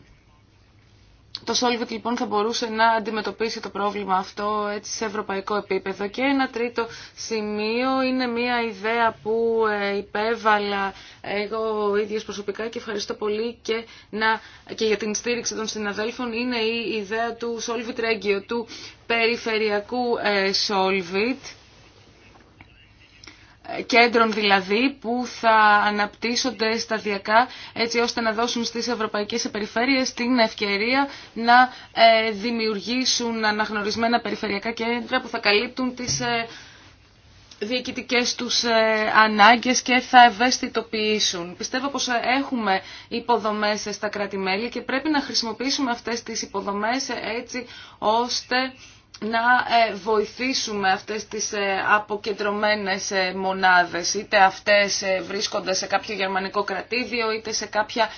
Το Solvit λοιπόν θα μπορούσε να αντιμετωπίσει το πρόβλημα αυτό έτσι σε ευρωπαϊκό επίπεδο. Και ένα τρίτο σημείο είναι μια ιδέα που ε, υπέβαλα εγώ ίδιος προσωπικά και ευχαριστώ πολύ και, και για την στήριξη των συναδέλφων είναι η ιδέα του Solvit Regio, του περιφερειακού Solvit κέντρων δηλαδή που θα αναπτύσσονται σταδιακά έτσι ώστε να δώσουν στις ευρωπαϊκές περιφέρειες την ευκαιρία να ε, δημιουργήσουν αναγνωρισμένα περιφερειακά κέντρα που θα καλύπτουν τις ε, διοικητικές τους ε, ανάγκες και θα ευαισθητοποιήσουν. Πιστεύω πως έχουμε υποδομές στα κράτη-μέλη και πρέπει να χρησιμοποιήσουμε αυτές τις υποδομές έτσι ώστε να ε, βοηθήσουμε αυτές τις ε, αποκεντρωμένες ε, μονάδες, είτε αυτές βρίσκονται σε κάποιο γερμανικό κρατήδιο, είτε σε κάποια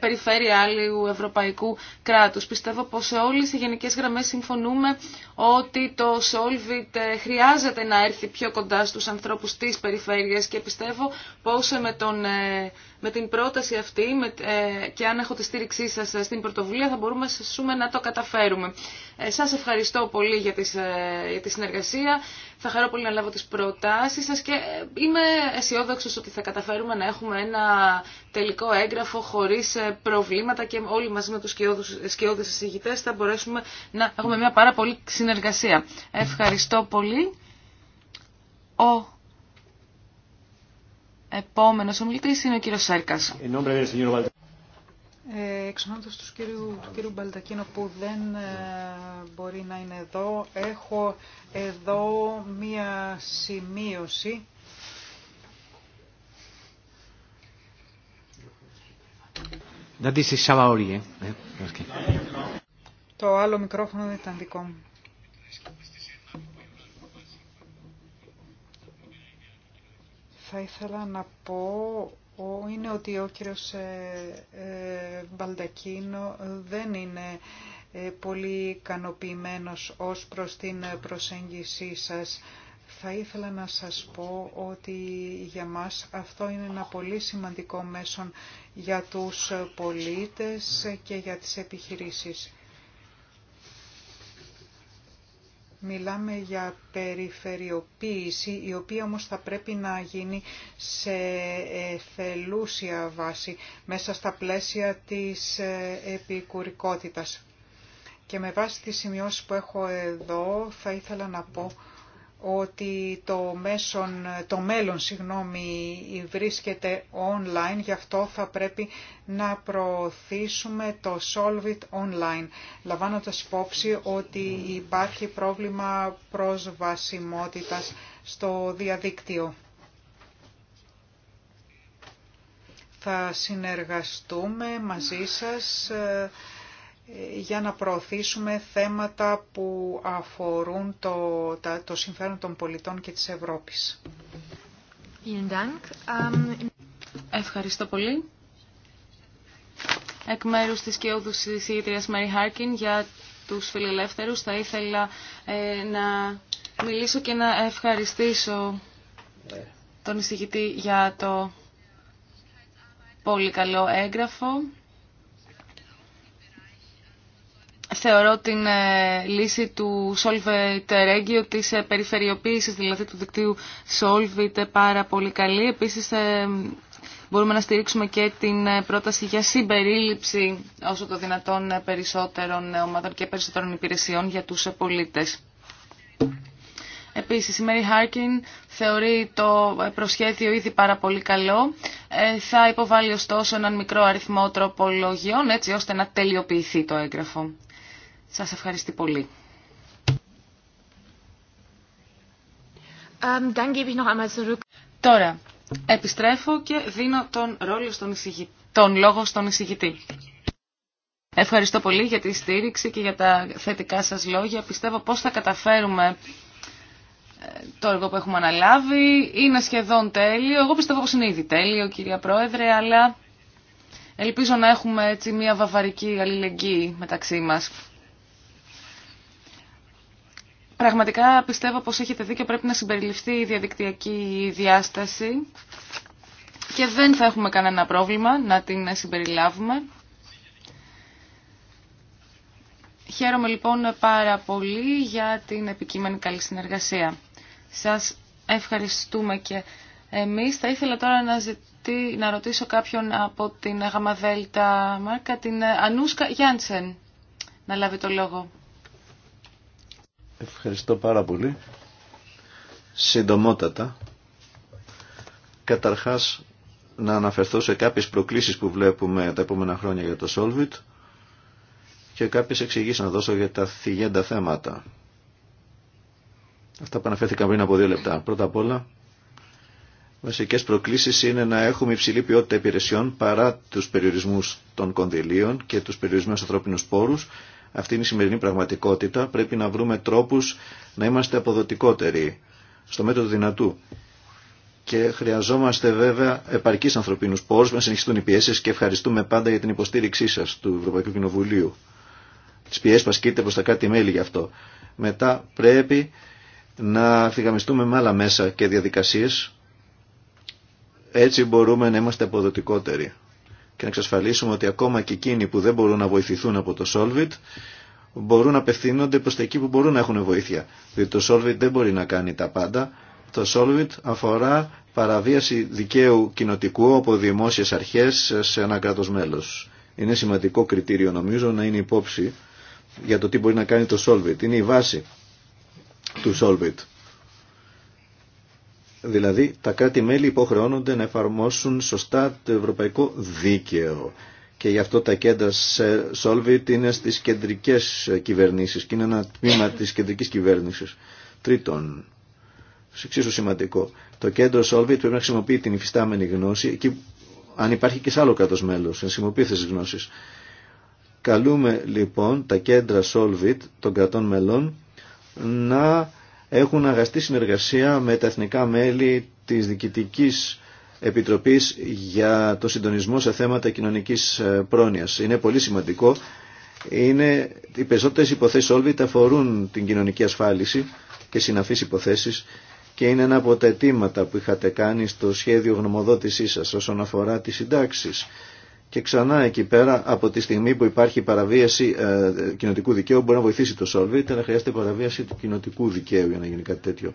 περιφέρεια άλλου ευρωπαϊκού κράτους. Πιστεύω πως σε όλες οι γενικές γραμμές συμφωνούμε ότι το Solvit χρειάζεται να έρθει πιο κοντά στους ανθρώπους της περιφέρειας και πιστεύω πως με τον με την πρόταση αυτή με, ε, και αν έχω τη στήριξή σας ε, στην πρωτοβουλία θα μπορούμε να το καταφέρουμε. Ε, σας ευχαριστώ πολύ για, τις, ε, για τη συνεργασία. Θα χαρώ πολύ να λάβω τις προτάσεις σας και είμαι αισιόδοξο ότι θα καταφέρουμε να έχουμε ένα τελικό έγγραφο χωρίς προβλήματα και όλοι μαζί με τους σκιώδους εισηγητές θα μπορέσουμε να έχουμε μια πάρα πολύ συνεργασία. Ευχαριστώ πολύ. Ο Επόμενος ομιλητής είναι ο κύριος Σέρκας. Ε, εξ του κύριου, του κύριου Μπαλτακίνο που δεν ε, μπορεί να είναι εδώ, έχω εδώ μία σημείωση. Eh? Το άλλο μικρόφωνο δεν ήταν δικό μου. θα ήθελα να πω είναι ότι ο κύριος ε, ε, Μπαλτακίνο δεν είναι ε, πολύ ικανοποιημένο ως προς την προσέγγισή σας. Θα ήθελα να σας πω ότι για μας αυτό είναι ένα πολύ σημαντικό μέσο για τους πολίτες και για τις επιχειρήσεις. Μιλάμε για περιφερειοποίηση, η οποία όμως θα πρέπει να γίνει σε θελούσια βάση, μέσα στα πλαίσια της ε, επικουρικότητας. Και με βάση τις σημειώσεις που έχω εδώ, θα ήθελα να πω ότι το, μέσον, το μέλλον συγγνώμη, βρίσκεται online, γι' αυτό θα πρέπει να προωθήσουμε το Solve It online, λαμβάνοντας υπόψη ότι υπάρχει πρόβλημα προσβασιμότητας στο διαδίκτυο. Θα συνεργαστούμε μαζί σας ε, για να προωθήσουμε θέματα που αφορούν το, το συμφέρον των πολιτών και της Ευρώπης. Ευχαριστώ πολύ. Εκ μέρους της Κιόδους της Μέρι Χάρκιν για τους φιλελεύθερους θα ήθελα ε, να μιλήσω και να ευχαριστήσω τον εισηγητή για το πολύ καλό έγγραφο. θεωρώ την ε, λύση του Solvit Regio της ε, περιφερειοποίησης, δηλαδή του δικτύου Solvit, πάρα πολύ καλή. Επίσης ε, μπορούμε να στηρίξουμε και την πρόταση για συμπερίληψη όσο το δυνατόν περισσότερων ομάδων και περισσότερων υπηρεσιών για τους πολίτες. Επίσης, η Mary Harkin θεωρεί το προσχέδιο ήδη πάρα πολύ καλό. θα υποβάλει ωστόσο έναν μικρό αριθμό τροπολογιών έτσι ώστε να τελειοποιηθεί το έγγραφο. Σας ευχαριστώ πολύ. Τώρα, επιστρέφω και δίνω τον, ρόλο στον τον λόγο στον εισηγητή. Ευχαριστώ πολύ για τη στήριξη και για τα θετικά σας λόγια. Πιστεύω πώς θα καταφέρουμε ε, το έργο που έχουμε αναλάβει. Είναι σχεδόν τέλειο. Εγώ πιστεύω πως είναι ήδη τέλειο, κυρία Πρόεδρε, αλλά ελπίζω να έχουμε έτσι μια βαβαρική αλληλεγγύη μεταξύ μας. Πραγματικά πιστεύω πως έχετε δίκιο, πρέπει να συμπεριληφθεί η διαδικτυακή διάσταση και δεν θα έχουμε κανένα πρόβλημα να την συμπεριλάβουμε. Χαίρομαι λοιπόν πάρα πολύ για την επικείμενη καλή συνεργασία. Σας ευχαριστούμε και εμείς. Θα ήθελα τώρα να, ζητή, να ρωτήσω κάποιον από την ΓΔ Μάρκα, την Ανούσκα Γιάντσεν, να λάβει το λόγο. Ευχαριστώ πάρα πολύ. Συντομότατα, καταρχάς να αναφερθώ σε κάποιες προκλήσεις που βλέπουμε τα επόμενα χρόνια για το Solvit και κάποιες εξηγήσεις να δώσω για τα θυγέντα θέματα. Αυτά που αναφέρθηκαν πριν από δύο λεπτά. Πρώτα απ' όλα, βασικές προκλήσεις είναι να έχουμε υψηλή ποιότητα υπηρεσιών παρά τους περιορισμούς των κονδυλίων και τους περιορισμούς ανθρώπινους πόρους αυτή είναι η σημερινή πραγματικότητα. Πρέπει να βρούμε τρόπους να είμαστε αποδοτικότεροι στο μέτρο του δυνατού. Και χρειαζόμαστε βέβαια επαρκείς ανθρωπίνους πόρους να συνεχιστούν οι πιέσεις και ευχαριστούμε πάντα για την υποστήριξή σας του Ευρωπαϊκού Κοινοβουλίου. Τις πιέσεις που ασκείτε προς τα κάτι μέλη γι' αυτό. Μετά πρέπει να θυγαμιστούμε με άλλα μέσα και διαδικασίες. Έτσι μπορούμε να είμαστε αποδοτικότεροι και να εξασφαλίσουμε ότι ακόμα και εκείνοι που δεν μπορούν να βοηθηθούν από το Solvit μπορούν να απευθύνονται προς τα εκεί που μπορούν να έχουν βοήθεια. Διότι δηλαδή, το Solvit δεν μπορεί να κάνει τα πάντα. Το Solvit αφορά παραβίαση δικαίου κοινοτικού από δημόσιες αρχές σε ένα κράτος μέλος. Είναι σημαντικό κριτήριο νομίζω να είναι υπόψη για το τι μπορεί να κάνει το Solvit. Είναι η βάση του Solvit. Δηλαδή τα κράτη-μέλη υποχρεώνονται να εφαρμόσουν σωστά το ευρωπαϊκό δίκαιο και γι' αυτό τα κέντρα Solvit είναι στις κεντρικές κυβερνήσεις και είναι ένα τμήμα της κεντρικής κυβέρνησης. Τρίτον, εξίσου σημαντικό, το κέντρο Solvit πρέπει να χρησιμοποιεί την υφιστάμενη γνώση, εκεί, αν υπάρχει και σε άλλο κράτος μέλος, να χρησιμοποιεί αυτές τις γνώσεις. Καλούμε λοιπόν τα κέντρα Solvit των κρατών μελών να έχουν αγαστή συνεργασία με τα εθνικά μέλη της Διοικητικής Επιτροπής για το συντονισμό σε θέματα κοινωνικής ε, πρόνοιας. Είναι πολύ σημαντικό. Είναι, οι περισσότερες υποθέσεις τα αφορούν την κοινωνική ασφάλιση και συναφείς υποθέσεις και είναι ένα από τα αιτήματα που είχατε κάνει στο σχέδιο γνωμοδότησής σας όσον αφορά τις συντάξεις και ξανά εκεί πέρα, από τη στιγμή που υπάρχει παραβίαση ε, κοινοτικού δικαίου, μπορεί να βοηθήσει το Solvit, αλλά χρειάζεται παραβίαση του κοινοτικού δικαίου για να γίνει κάτι τέτοιο.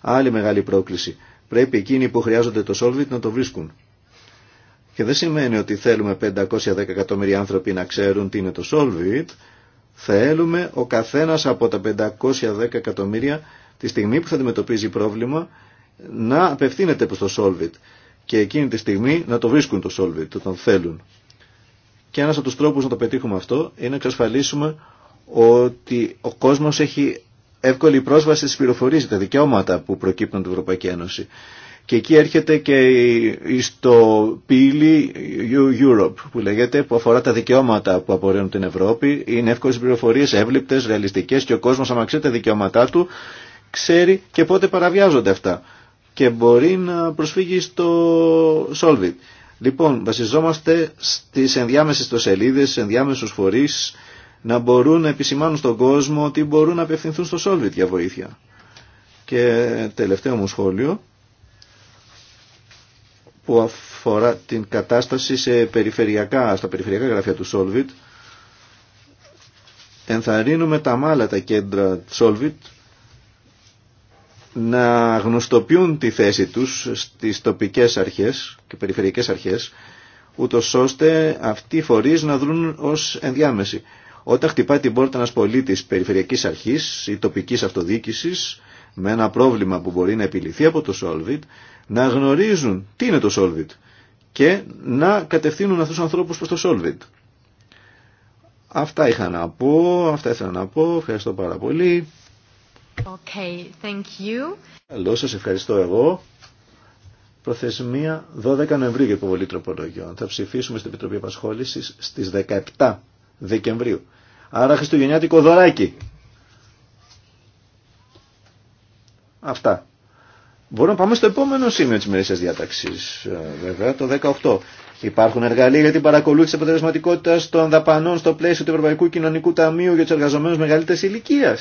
Άλλη μεγάλη πρόκληση. Πρέπει εκείνοι που χρειάζονται το Solvit να το βρίσκουν. Και δεν σημαίνει ότι θέλουμε 510 εκατομμύρια άνθρωποι να ξέρουν τι είναι το Solvit. Θέλουμε ο καθένας από τα 510 εκατομμύρια τη στιγμή που θα αντιμετωπίζει πρόβλημα να απευθύνεται προς το Solvit και εκείνη τη στιγμή να το βρίσκουν το Solvit όταν θέλουν. Και ένας από τους τρόπους να το πετύχουμε αυτό είναι να εξασφαλίσουμε ότι ο κόσμος έχει εύκολη πρόσβαση στις πληροφορίες, τα δικαιώματα που προκύπτουν την Ευρωπαϊκή Ένωση. Και εκεί έρχεται και στο πύλη Europe που λέγεται που αφορά τα δικαιώματα που απορρέουν την Ευρώπη. Είναι εύκολε πληροφορίε, εύληπτες, ρεαλιστικές και ο κόσμος άμα ξέρει τα δικαιώματά του ξέρει και πότε παραβιάζονται αυτά και μπορεί να προσφύγει στο Solvit. Λοιπόν, βασιζόμαστε στις ενδιάμεσες τοσελίδες, στις ενδιάμεσους φορείς, να μπορούν να επισημάνουν στον κόσμο ότι μπορούν να απευθυνθούν στο Solvit για βοήθεια. Και τελευταίο μου σχόλιο, που αφορά την κατάσταση σε περιφερειακά, στα περιφερειακά γραφεία του Solvit, ενθαρρύνουμε τα μάλα τα κέντρα Solvit να γνωστοποιούν τη θέση τους στις τοπικές αρχές και περιφερειακές αρχές, ούτω ώστε αυτοί οι φορείς να δρουν ως ενδιάμεση. Όταν χτυπάει την πόρτα ένας πολίτης περιφερειακής αρχής ή τοπικής αυτοδιοίκησης, με ένα πρόβλημα που μπορεί να επιληθεί από το Solvit, να γνωρίζουν τι είναι το Solvit και να κατευθύνουν αυτούς τους ανθρώπους προς το Solvit. Αυτά είχα να πω, αυτά ήθελα να πω, ευχαριστώ πάρα πολύ. Okay, thank you. Καλώ, σας ευχαριστώ εγώ. Προθεσμία 12 Νοεμβρίου για υποβολή τροπολογιών. Θα ψηφίσουμε στην Επιτροπή Επασχόλησης στις 17 Δεκεμβρίου. Άρα χριστουγεννιάτικο δωράκι. Αυτά. Μπορούμε να πάμε στο επόμενο σημείο της μερίσιας διάταξης, ε, βέβαια, το 18. Υπάρχουν εργαλεία για την παρακολούθηση αποτελεσματικότητα των δαπανών στο πλαίσιο του Ευρωπαϊκού Κοινωνικού Ταμείου για του εργαζομένου μεγαλύτερη ηλικία.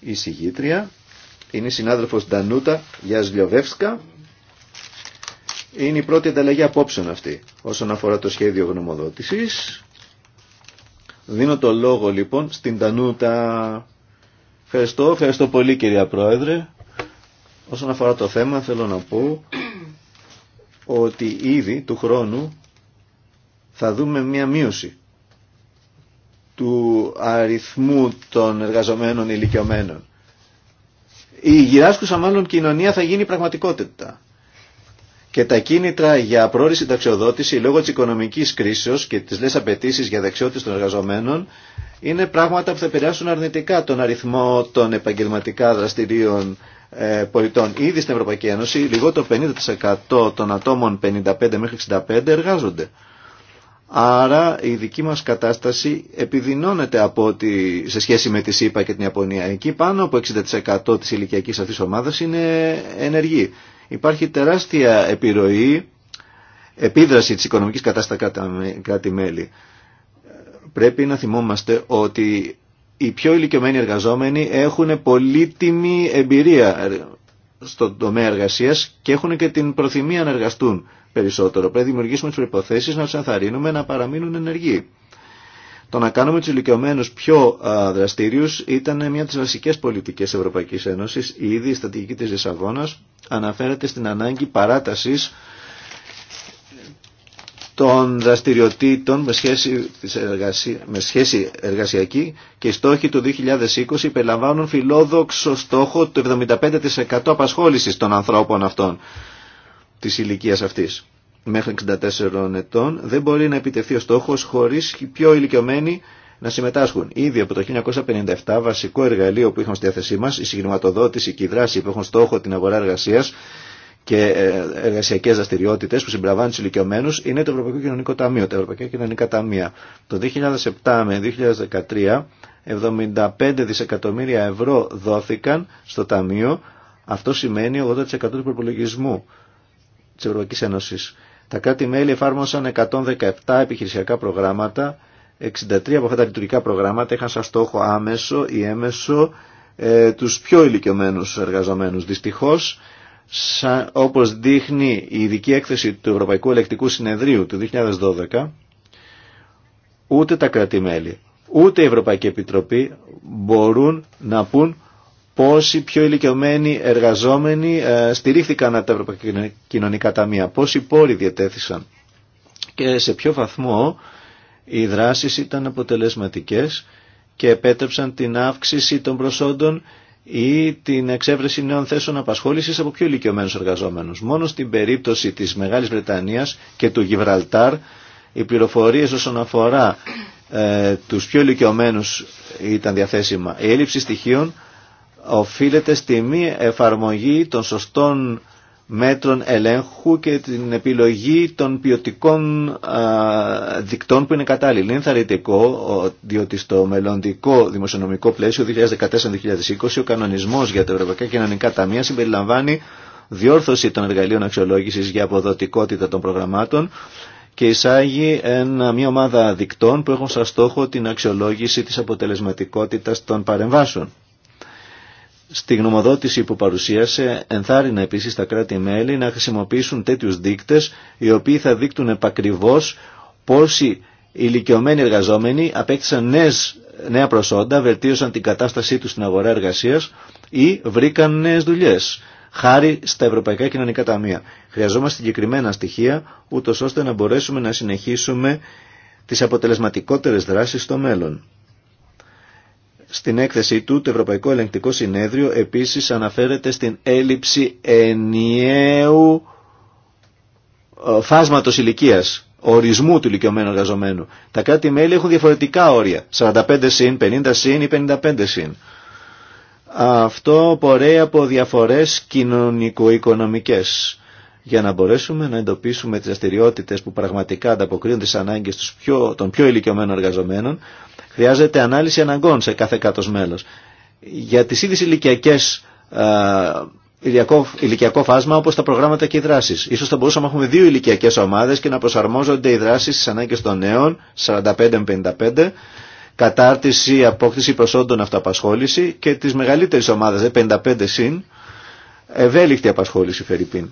Η συγγήτρια είναι η συνάδελφος Ντανούτα Γιασλιοβεύσκα. Είναι η πρώτη ανταλλαγή απόψεων αυτή όσον αφορά το σχέδιο γνωμοδότησης. Δίνω το λόγο λοιπόν στην Ντανούτα. Ευχαριστώ, ευχαριστώ πολύ κυρία Πρόεδρε. Όσον αφορά το θέμα θέλω να πω ότι ήδη του χρόνου θα δούμε μια μείωση του αριθμού των εργαζομένων ηλικιωμένων. Η γυράσκουσα μάλλον κοινωνία θα γίνει πραγματικότητα. Και τα κίνητρα για πρόρηση ταξιοδότηση λόγω της οικονομικής κρίσεως και της λες απαιτήσει για δεξιότητες των εργαζομένων είναι πράγματα που θα επηρεάσουν αρνητικά τον αριθμό των επαγγελματικά δραστηρίων ε, πολιτών. Ήδη στην Ευρωπαϊκή Ένωση λιγότερο 50% των ατόμων 55 μέχρι 65 εργάζονται. Άρα η δική μας κατάσταση επιδεινώνεται από ότι σε σχέση με τη ΣΥΠΑ και την Ιαπωνία. Εκεί πάνω από 60% της ηλικιακής αυτής ομάδας είναι ενεργή. Υπάρχει τεράστια επιρροή, επίδραση της οικονομικής κατάστασης κράτη-μέλη. Πρέπει να θυμόμαστε ότι οι πιο ηλικιωμένοι εργαζόμενοι έχουν πολύτιμη εμπειρία στον τομέα εργασίας και έχουν και την προθυμία να εργαστούν περισσότερο. Πρέπει να δημιουργήσουμε τι προποθέσει να του ενθαρρύνουμε να παραμείνουν ενεργοί. Το να κάνουμε του ηλικιωμένου πιο δραστήριου ήταν μια από τι βασικέ πολιτικέ Ευρωπαϊκή Ένωση. Ήδη η στρατηγική τη Λισαβόνα αναφέρεται στην ανάγκη παράταση των δραστηριοτήτων με σχέση, με σχέση εργασιακή και οι στόχοι του 2020 περιλαμβάνουν φιλόδοξο στόχο του 75% απασχόλησης των ανθρώπων αυτών της ηλικίας αυτής μέχρι 64 ετών δεν μπορεί να επιτευχθεί ο στόχος χωρίς οι πιο ηλικιωμένοι να συμμετάσχουν. Ήδη από το 1957 βασικό εργαλείο που είχαμε στη διάθεσή μας, η συγκριματοδότηση και η δράση που έχουν στόχο την αγορά εργασίας και ε, εργασιακές δραστηριότητες που συμπραβάνουν τους ηλικιωμένους είναι το Ευρωπαϊκό Κοινωνικό Ταμείο, τα Ευρωπαϊκά Κοινωνικά Ταμεία. Το 2007 με 2013 75 δισεκατομμύρια ευρώ δόθηκαν στο Ταμείο, αυτό σημαίνει 80% του προπολογισμού της Ευρωπαϊκής Ένωσης. Τα κράτη-μέλη εφάρμοσαν 117 επιχειρησιακά προγράμματα, 63 από αυτά τα λειτουργικά προγράμματα είχαν σαν στόχο άμεσο ή έμεσο ε, τους πιο ηλικιωμένους εργαζομένους. Δυστυχώς, σαν, όπως δείχνει η ειδική έκθεση του Ευρωπαϊκού Ελεκτικού Συνεδρίου του 2012, ούτε τα κράτη-μέλη, ούτε η Ευρωπαϊκή Επιτροπή μπορούν να πούν πόσοι πιο ηλικιωμένοι εργαζόμενοι ε, στηρίχθηκαν από τα Ευρωπαϊκά Κοινωνικά Ταμεία, πόσοι πόροι διατέθησαν και σε ποιο βαθμό οι δράσεις ήταν αποτελεσματικές και επέτρεψαν την αύξηση των προσόντων ή την εξέβρεση νέων θέσεων απασχόλησης από πιο ηλικιωμένους εργαζόμενους. Μόνο στην περίπτωση της Μεγάλης Βρετανίας και του Γιβραλτάρ οι πληροφορίες όσον αφορά ε, τους πιο ηλικιωμένους ήταν διαθέσιμα. Η έλλειψη στοιχείων οφείλεται στη μη εφαρμογή των σωστών μέτρων ελέγχου και την επιλογή των ποιοτικών α, δικτών που είναι κατάλληλοι. Είναι θαρρυντικό διότι στο μελλοντικό δημοσιονομικό πλαίσιο 2014-2020 ο κανονισμός για τα Ευρωπαϊκά Κοινωνικά Ταμεία συμπεριλαμβάνει διόρθωση των εργαλείων αξιολόγησης για αποδοτικότητα των προγραμμάτων και εισάγει ένα, μια ομάδα δικτών που έχουν σαν στόχο την αξιολόγηση της αποτελεσματικότητας των παρεμβάσεων. Στη γνωμοδότηση που παρουσίασε ενθάρρυνα επίσης τα κράτη-μέλη να χρησιμοποιήσουν τέτοιους δείκτες οι οποίοι θα δείκτουν επακριβώς πόσοι ηλικιωμένοι εργαζόμενοι απέκτησαν νέες, νέα προσόντα, βελτίωσαν την κατάστασή τους στην αγορά εργασίας ή βρήκαν νέες δουλειές χάρη στα Ευρωπαϊκά Κοινωνικά Ταμεία. Χρειαζόμαστε συγκεκριμένα στοιχεία ούτως ώστε να μπορέσουμε να συνεχίσουμε τις αποτελεσματικότερες δράσεις στο μέλλον. Στην έκθεσή του, το Ευρωπαϊκό Ελεγκτικό Συνέδριο επίσης αναφέρεται στην έλλειψη ενιαίου ε, φάσματος ηλικίας, ορισμού του ηλικιωμένου εργαζομένου. Τα κράτη-μέλη έχουν διαφορετικά όρια, 45 συν, 50 συν ή 55 συν. Αυτό πορεύει από διαφορές κοινωνικο-οικονομικές. Για να μπορέσουμε να εντοπίσουμε τις δραστηριότητε που πραγματικά ανταποκρίνουν τις ανάγκες πιο, των πιο ηλικιωμένων εργαζομένων, Χρειάζεται ανάλυση αναγκών σε κάθε κάτω μέλο Για τις ίδιε ηλικιακέ ε, ηλικιακό, φάσμα όπως τα προγράμματα και οι δράσεις. Ίσως θα μπορούσαμε να έχουμε δύο ηλικιακές ομάδες και να προσαρμόζονται οι δράσεις στις ανάγκες των νέων, 45-55, κατάρτιση, απόκτηση προσόντων αυτοαπασχόληση και τις μεγαλύτερες ομάδες, 55 συν, ευέλικτη απασχόληση Φερρυπίν.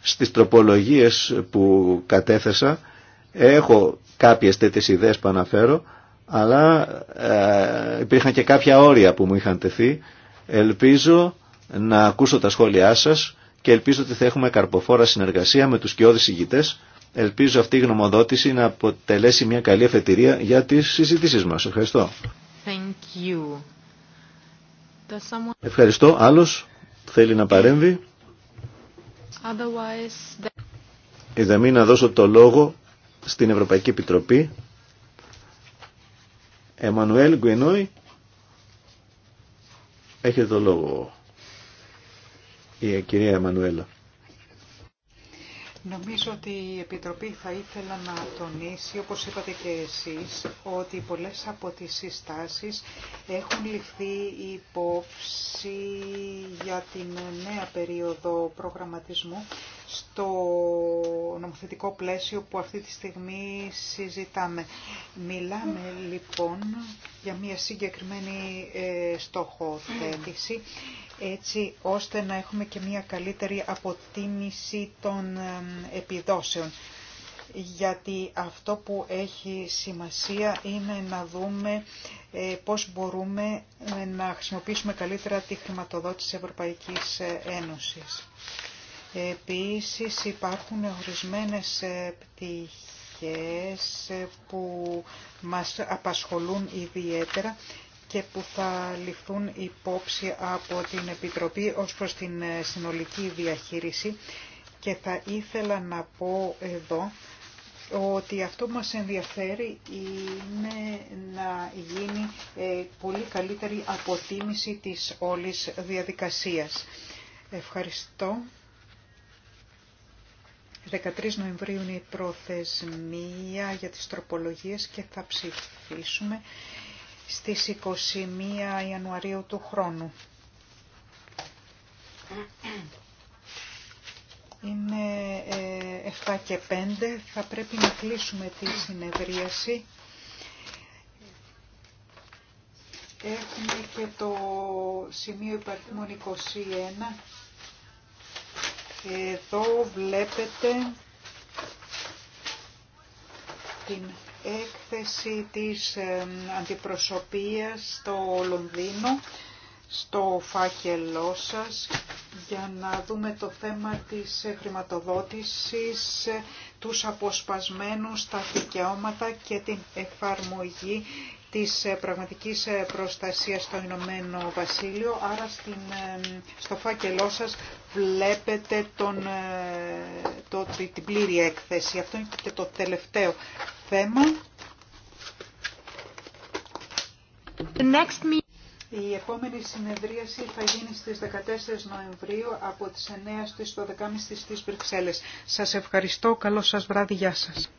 Στις τροπολογίες που κατέθεσα έχω κάποιες τέτοιες ιδέες που αναφέρω, αλλά ε, υπήρχαν και κάποια όρια που μου είχαν τεθεί. Ελπίζω να ακούσω τα σχόλιά σας και ελπίζω ότι θα έχουμε καρποφόρα συνεργασία με τους κοιόδης ηγητές. Ελπίζω αυτή η γνωμοδότηση να αποτελέσει μια καλή εφετηρία για τις συζητήσεις μας. Ευχαριστώ. Thank you. Ευχαριστώ. Άλλος θέλει να παρέμβει. Otherwise... να δώσω το λόγο στην Ευρωπαϊκή Επιτροπή Εμμανουέλ Γκουενόη έχει το λόγο η κυρία Εμμανουέλα. Νομίζω ότι η Επιτροπή θα ήθελα να τονίσει, όπως είπατε και εσείς, ότι πολλές από τις συστάσεις έχουν ληφθεί υπόψη για την νέα περίοδο προγραμματισμού στο νομοθετικό πλαίσιο που αυτή τη στιγμή συζητάμε. Μιλάμε λοιπόν για μια συγκεκριμένη ε, στοχοθέτηση έτσι ώστε να έχουμε και μια καλύτερη αποτίμηση των επιδόσεων γιατί αυτό που έχει σημασία είναι να δούμε ε, πώς μπορούμε ε, να χρησιμοποιήσουμε καλύτερα τη χρηματοδότηση της Ευρωπαϊκής Ένωσης. Επίσης υπάρχουν ορισμένες πτυχές που μας απασχολούν ιδιαίτερα και που θα ληφθούν υπόψη από την Επιτροπή ως προς την συνολική διαχείριση και θα ήθελα να πω εδώ ότι αυτό που μας ενδιαφέρει είναι να γίνει ε, πολύ καλύτερη αποτίμηση της όλης διαδικασίας. Ευχαριστώ. 13 Νοεμβρίου είναι η προθεσμία για τις τροπολογίες και θα ψηφίσουμε στις 21 Ιανουαρίου του χρόνου. Είναι 7 ε, και 5. Θα πρέπει να κλείσουμε τη συνεδρίαση. Έχουμε και το σημείο υπαριθμών 21 εδώ βλέπετε την έκθεση της αντιπροσωπείας στο Λονδίνο, στο φάκελό σας, για να δούμε το θέμα της χρηματοδότησης, ε, τους αποσπασμένους, τα δικαιώματα και την εφαρμογή της ε, πραγματικής ε, προστασίας στο Ηνωμένο Βασίλειο. Άρα στην, ε, στο φάκελό σας βλέπετε τον, την πλήρη έκθεση. Αυτό είναι και το τελευταίο θέμα. The next... Η επόμενη συνεδρίαση θα γίνει στις 14 Νοεμβρίου από τις 9 στις 12.30 στις Βρυξέλλες. Σας ευχαριστώ. Καλό σας βράδυ. Γεια σας.